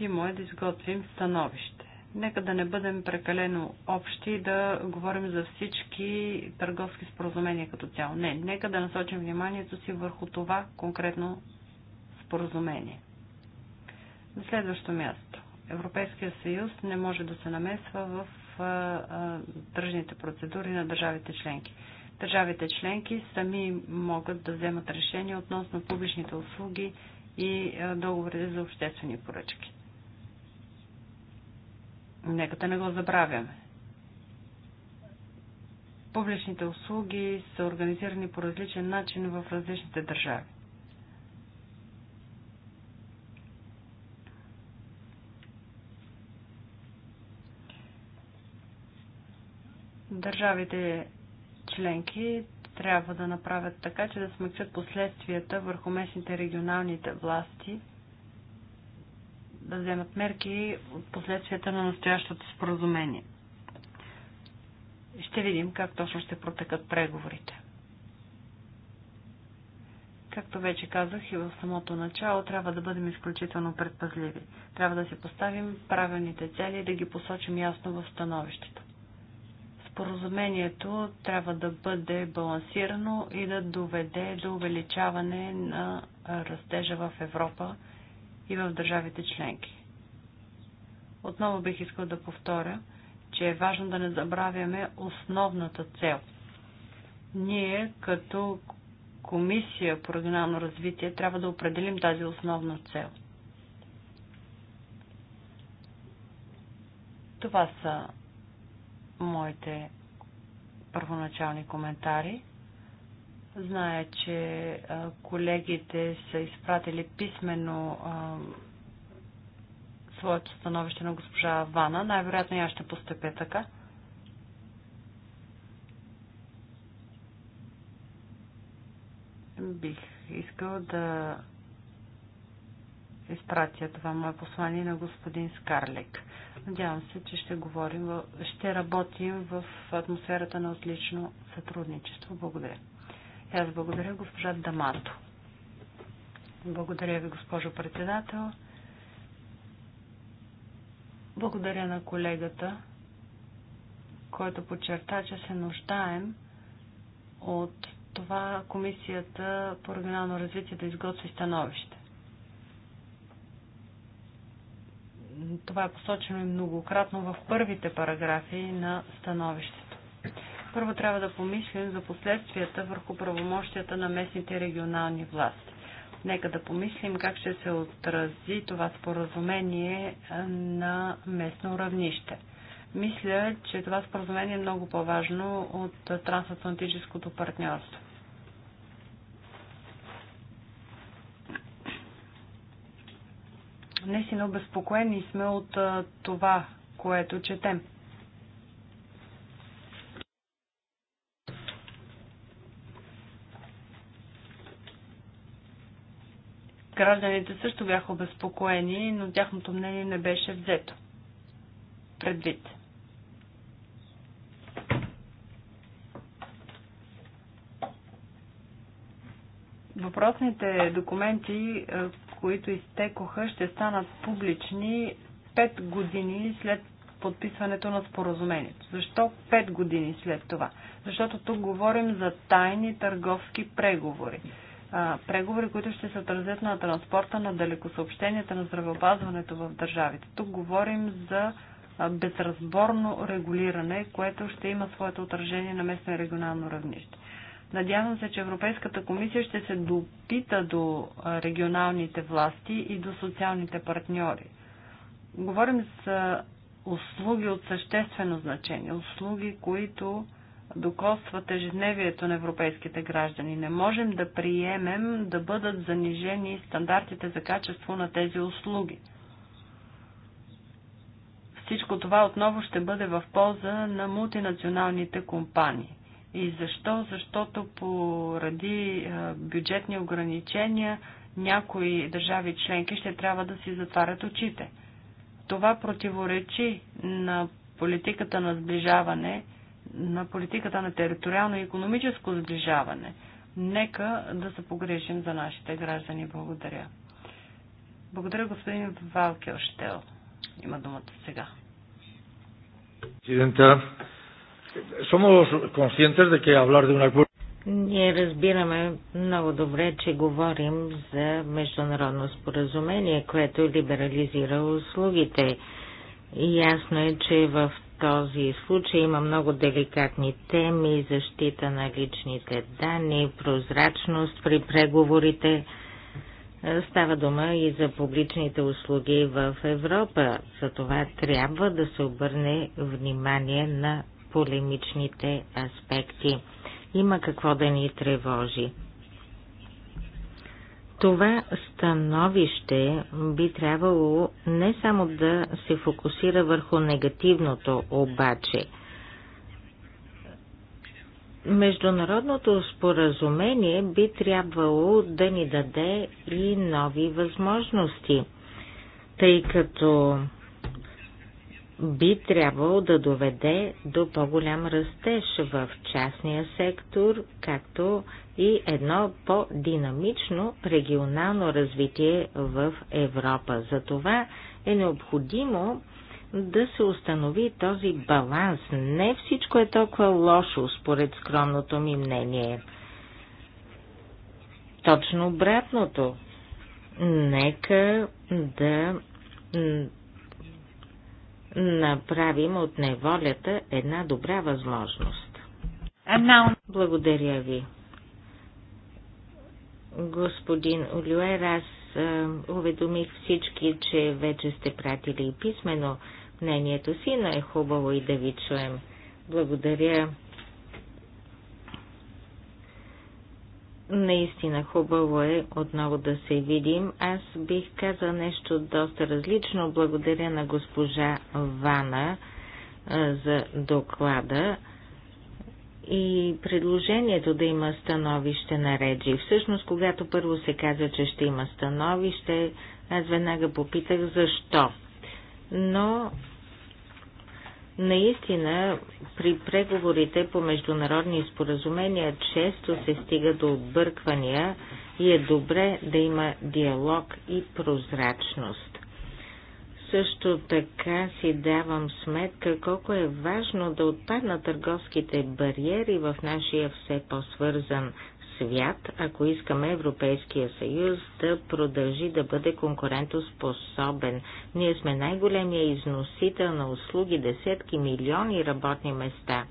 необходимо е да изготвим становище. Нека да не бъдем прекалено общи и да говорим за всички търговски споразумения като цяло. Не, нека да насочим вниманието си върху това конкретно споразумение. На следващо място. Европейския съюз не може да се намесва в тръжните процедури на държавите членки. Държавите членки сами могат да вземат решение относно публичните услуги и договорите за обществени поръчки. Нека да не го забравяме. Публичните услуги са организирани по различен начин в различните държави. Държавите членки трябва да направят така, че да смъкчат последствията върху местните регионалните власти – да вземат мерки от последствията на настоящото споразумение. Ще видим как точно ще протекат преговорите. Както вече казах и в самото начало, трябва да бъдем изключително предпазливи. Трябва да си поставим правилните цели и да ги посочим ясно в становището. Споразумението трябва да бъде балансирано и да доведе до увеличаване на растежа в Европа и в държавите членки. Отново бих искал да повторя, че е важно да не забравяме основната цел. Ние като Комисия по регионално развитие трябва да определим тази основна цел. Това са моите първоначални коментари. Зная, че колегите са изпратили писменно своето становище на госпожа Вана. Най-вероятно я ще постъпя така. Бих искал да изпратя това мое послание на господин Скарлек. Надявам се, че ще, говорим, ще работим в атмосферата на отлично сътрудничество. Благодаря аз благодаря госпожа Дамато. Благодаря ви, госпожо председател. Благодаря на колегата, който подчерта, че се нуждаем от това Комисията по регионално развитие да изготви становище. Това е посочено и многократно в първите параграфи на становището. Първо трябва да помислим за последствията върху правомощията на местните регионални власти. Нека да помислим как ще се отрази това споразумение на местно равнище. Мисля, че това споразумение е много по-важно от трансатлантическото партньорство. Наистина обезпокоени сме от това, което четем. Гражданите също бяха обезпокоени, но тяхното мнение не беше взето предвид. Въпросните документи, е, които изтекоха, ще станат публични 5 години след подписването на споразумението. Защо 5 години след това? Защото тук говорим за тайни търговски преговори преговори, които ще се отразят на транспорта, на далекосъобщенията, на здравеопазването в държавите. Тук говорим за безразборно регулиране, което ще има своето отражение на местно и регионално равнище. Надявам се, че Европейската комисия ще се допита до регионалните власти и до социалните партньори. Говорим за услуги от съществено значение, услуги, които докосват ежедневието на европейските граждани. Не можем да приемем да бъдат занижени стандартите за качество на тези услуги. Всичко това отново ще бъде в полза на мултинационалните компании. И защо? Защото поради бюджетни ограничения някои държави членки ще трябва да си затварят очите. Това противоречи на политиката на сближаване – на политиката на териториално и економическо сближаване. Нека да се погрежим за нашите граждани. Благодаря. Благодаря, господин Валкелштел. Има думата сега.
Президента, somos conscientes de que hablar de
ние разбираме много добре, че говорим за международно споразумение, което либерализира услугите. Ясно е, че в този случай има много деликатни теми, защита на личните данни, прозрачност при преговорите. Е, става дума и за публичните услуги в Европа. За това трябва да се обърне внимание на полемичните аспекти. Има какво да ни тревожи. Това становище би трябвало не само да се фокусира върху негативното, обаче. Международното споразумение би трябвало да ни даде и нови възможности, тъй като би трябвало да доведе до по-голям растеж в частния сектор, както и едно по-динамично регионално развитие в Европа. За това е необходимо да се установи този баланс. Не всичко е толкова лошо, според скромното ми мнение. Точно обратното. Нека да направим от неволята една добра възможност. Now... Благодаря ви. Господин Олюер, аз уведомих всички, че вече сте пратили и писмено мнението си, но е хубаво и да ви чуем. Благодаря Наистина хубаво е отново да се видим. Аз бих казал нещо доста различно. Благодаря на госпожа Вана за доклада и предложението да има становище на Реджи. Всъщност, когато първо се каза, че ще има становище, аз веднага попитах защо. Но Наистина, при преговорите по международни споразумения често се стига до обърквания и е добре да има диалог и прозрачност. Също така си давам сметка колко е важно да отпаднат търговските бариери в нашия все по-свързан свят, ако искаме Европейския съюз да продължи да бъде конкурентоспособен. Ние сме най-големия износител на услуги, десетки милиони работни места.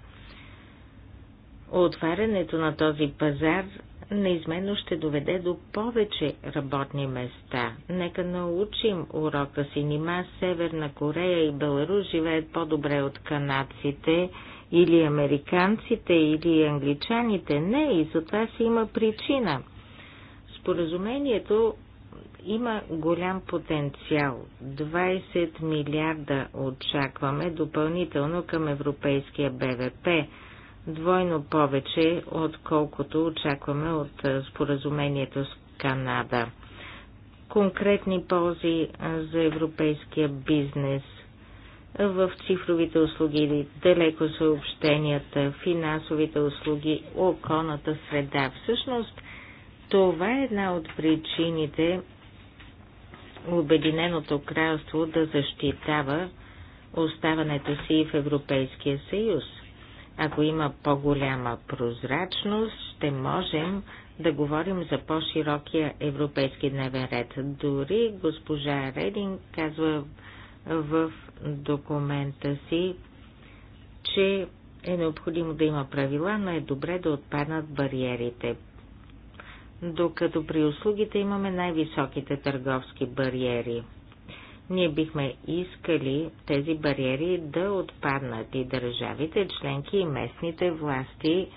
Отварянето на този пазар неизменно ще доведе до повече работни места. Нека научим урока си. Нима Северна Корея и Беларус живеят по-добре от канадците или американците, или англичаните. Не, и за това си има причина. Споразумението има голям потенциал. 20 милиарда очакваме допълнително към европейския БВП. Двойно повече, отколкото очакваме от споразумението с Канада. Конкретни ползи за европейския бизнес – в цифровите услуги далеко съобщенията, финансовите услуги, околната среда. Всъщност, това е една от причините Обединеното кралство да защитава оставането си в Европейския съюз. Ако има по-голяма прозрачност, ще можем да говорим за по-широкия европейски дневен ред. Дори госпожа Редин казва в документа си, че е необходимо да има правила, но е добре да отпаднат бариерите. Докато при услугите имаме най-високите търговски бариери. Ние бихме искали тези бариери да отпаднат и държавите, членки и местните власти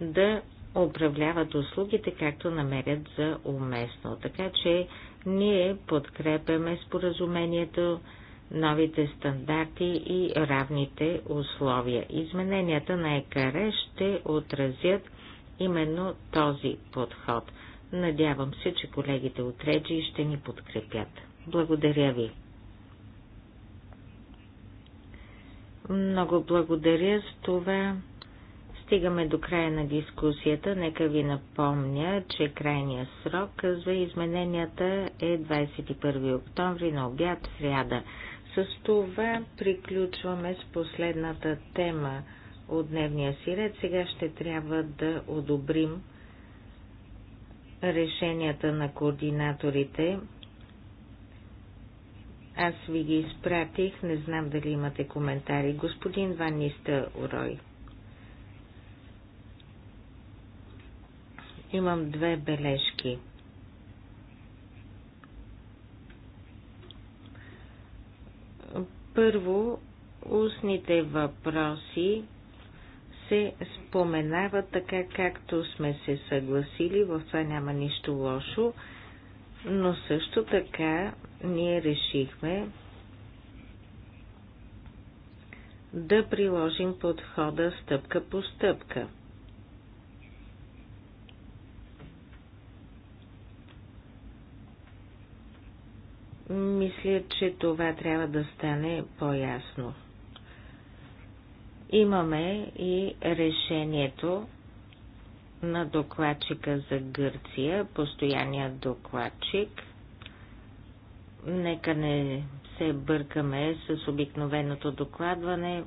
да управляват услугите както намерят за уместно. Така че ние подкрепяме споразумението новите стандарти и равните условия. Измененията на ЕКР ще отразят именно този подход. Надявам се, че колегите от Реджи ще ни подкрепят. Благодаря ви. Много благодаря с това. Стигаме до края на дискусията. Нека ви напомня, че крайният срок за измененията е 21 октомври на обяд сряда. С това приключваме с последната тема от дневния си ред. Сега ще трябва да одобрим решенията на координаторите. Аз ви ги изпратих, не знам дали имате коментари. Господин Ваниста Урой. Имам две бележки. Първо, устните въпроси се споменават така, както сме се съгласили, в това няма нищо лошо, но също така ние решихме да приложим подхода стъпка по стъпка – Мисля, че това трябва да стане по-ясно. Имаме и решението на докладчика за Гърция, постоянния докладчик. Нека не се бъркаме с обикновеното докладване.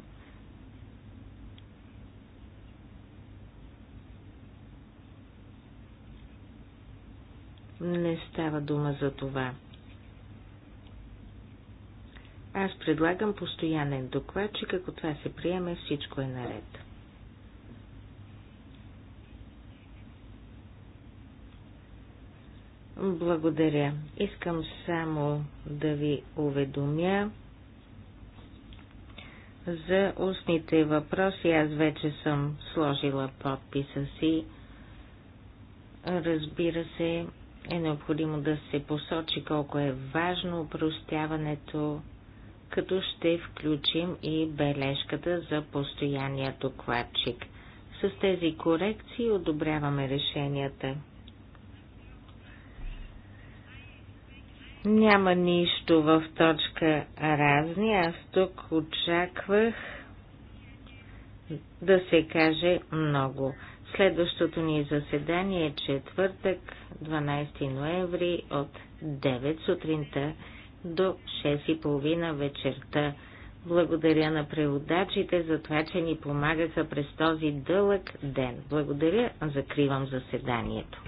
Не става дума за това. Аз предлагам постоянен докладчик, ако това се приеме, всичко е наред. Благодаря. Искам само да ви уведомя за устните въпроси. Аз вече съм сложила подписа си. Разбира се, е необходимо да се посочи колко е важно упростяването като ще включим и бележката за постоянния докладчик. С тези корекции одобряваме решенията. Няма нищо в точка разни. Аз тук очаквах да се каже много. Следващото ни заседание е четвъртък, 12 ноември от 9 сутринта до 6.30 вечерта. Благодаря на преводачите за това, че ни помагаха през този дълъг ден. Благодаря, закривам заседанието.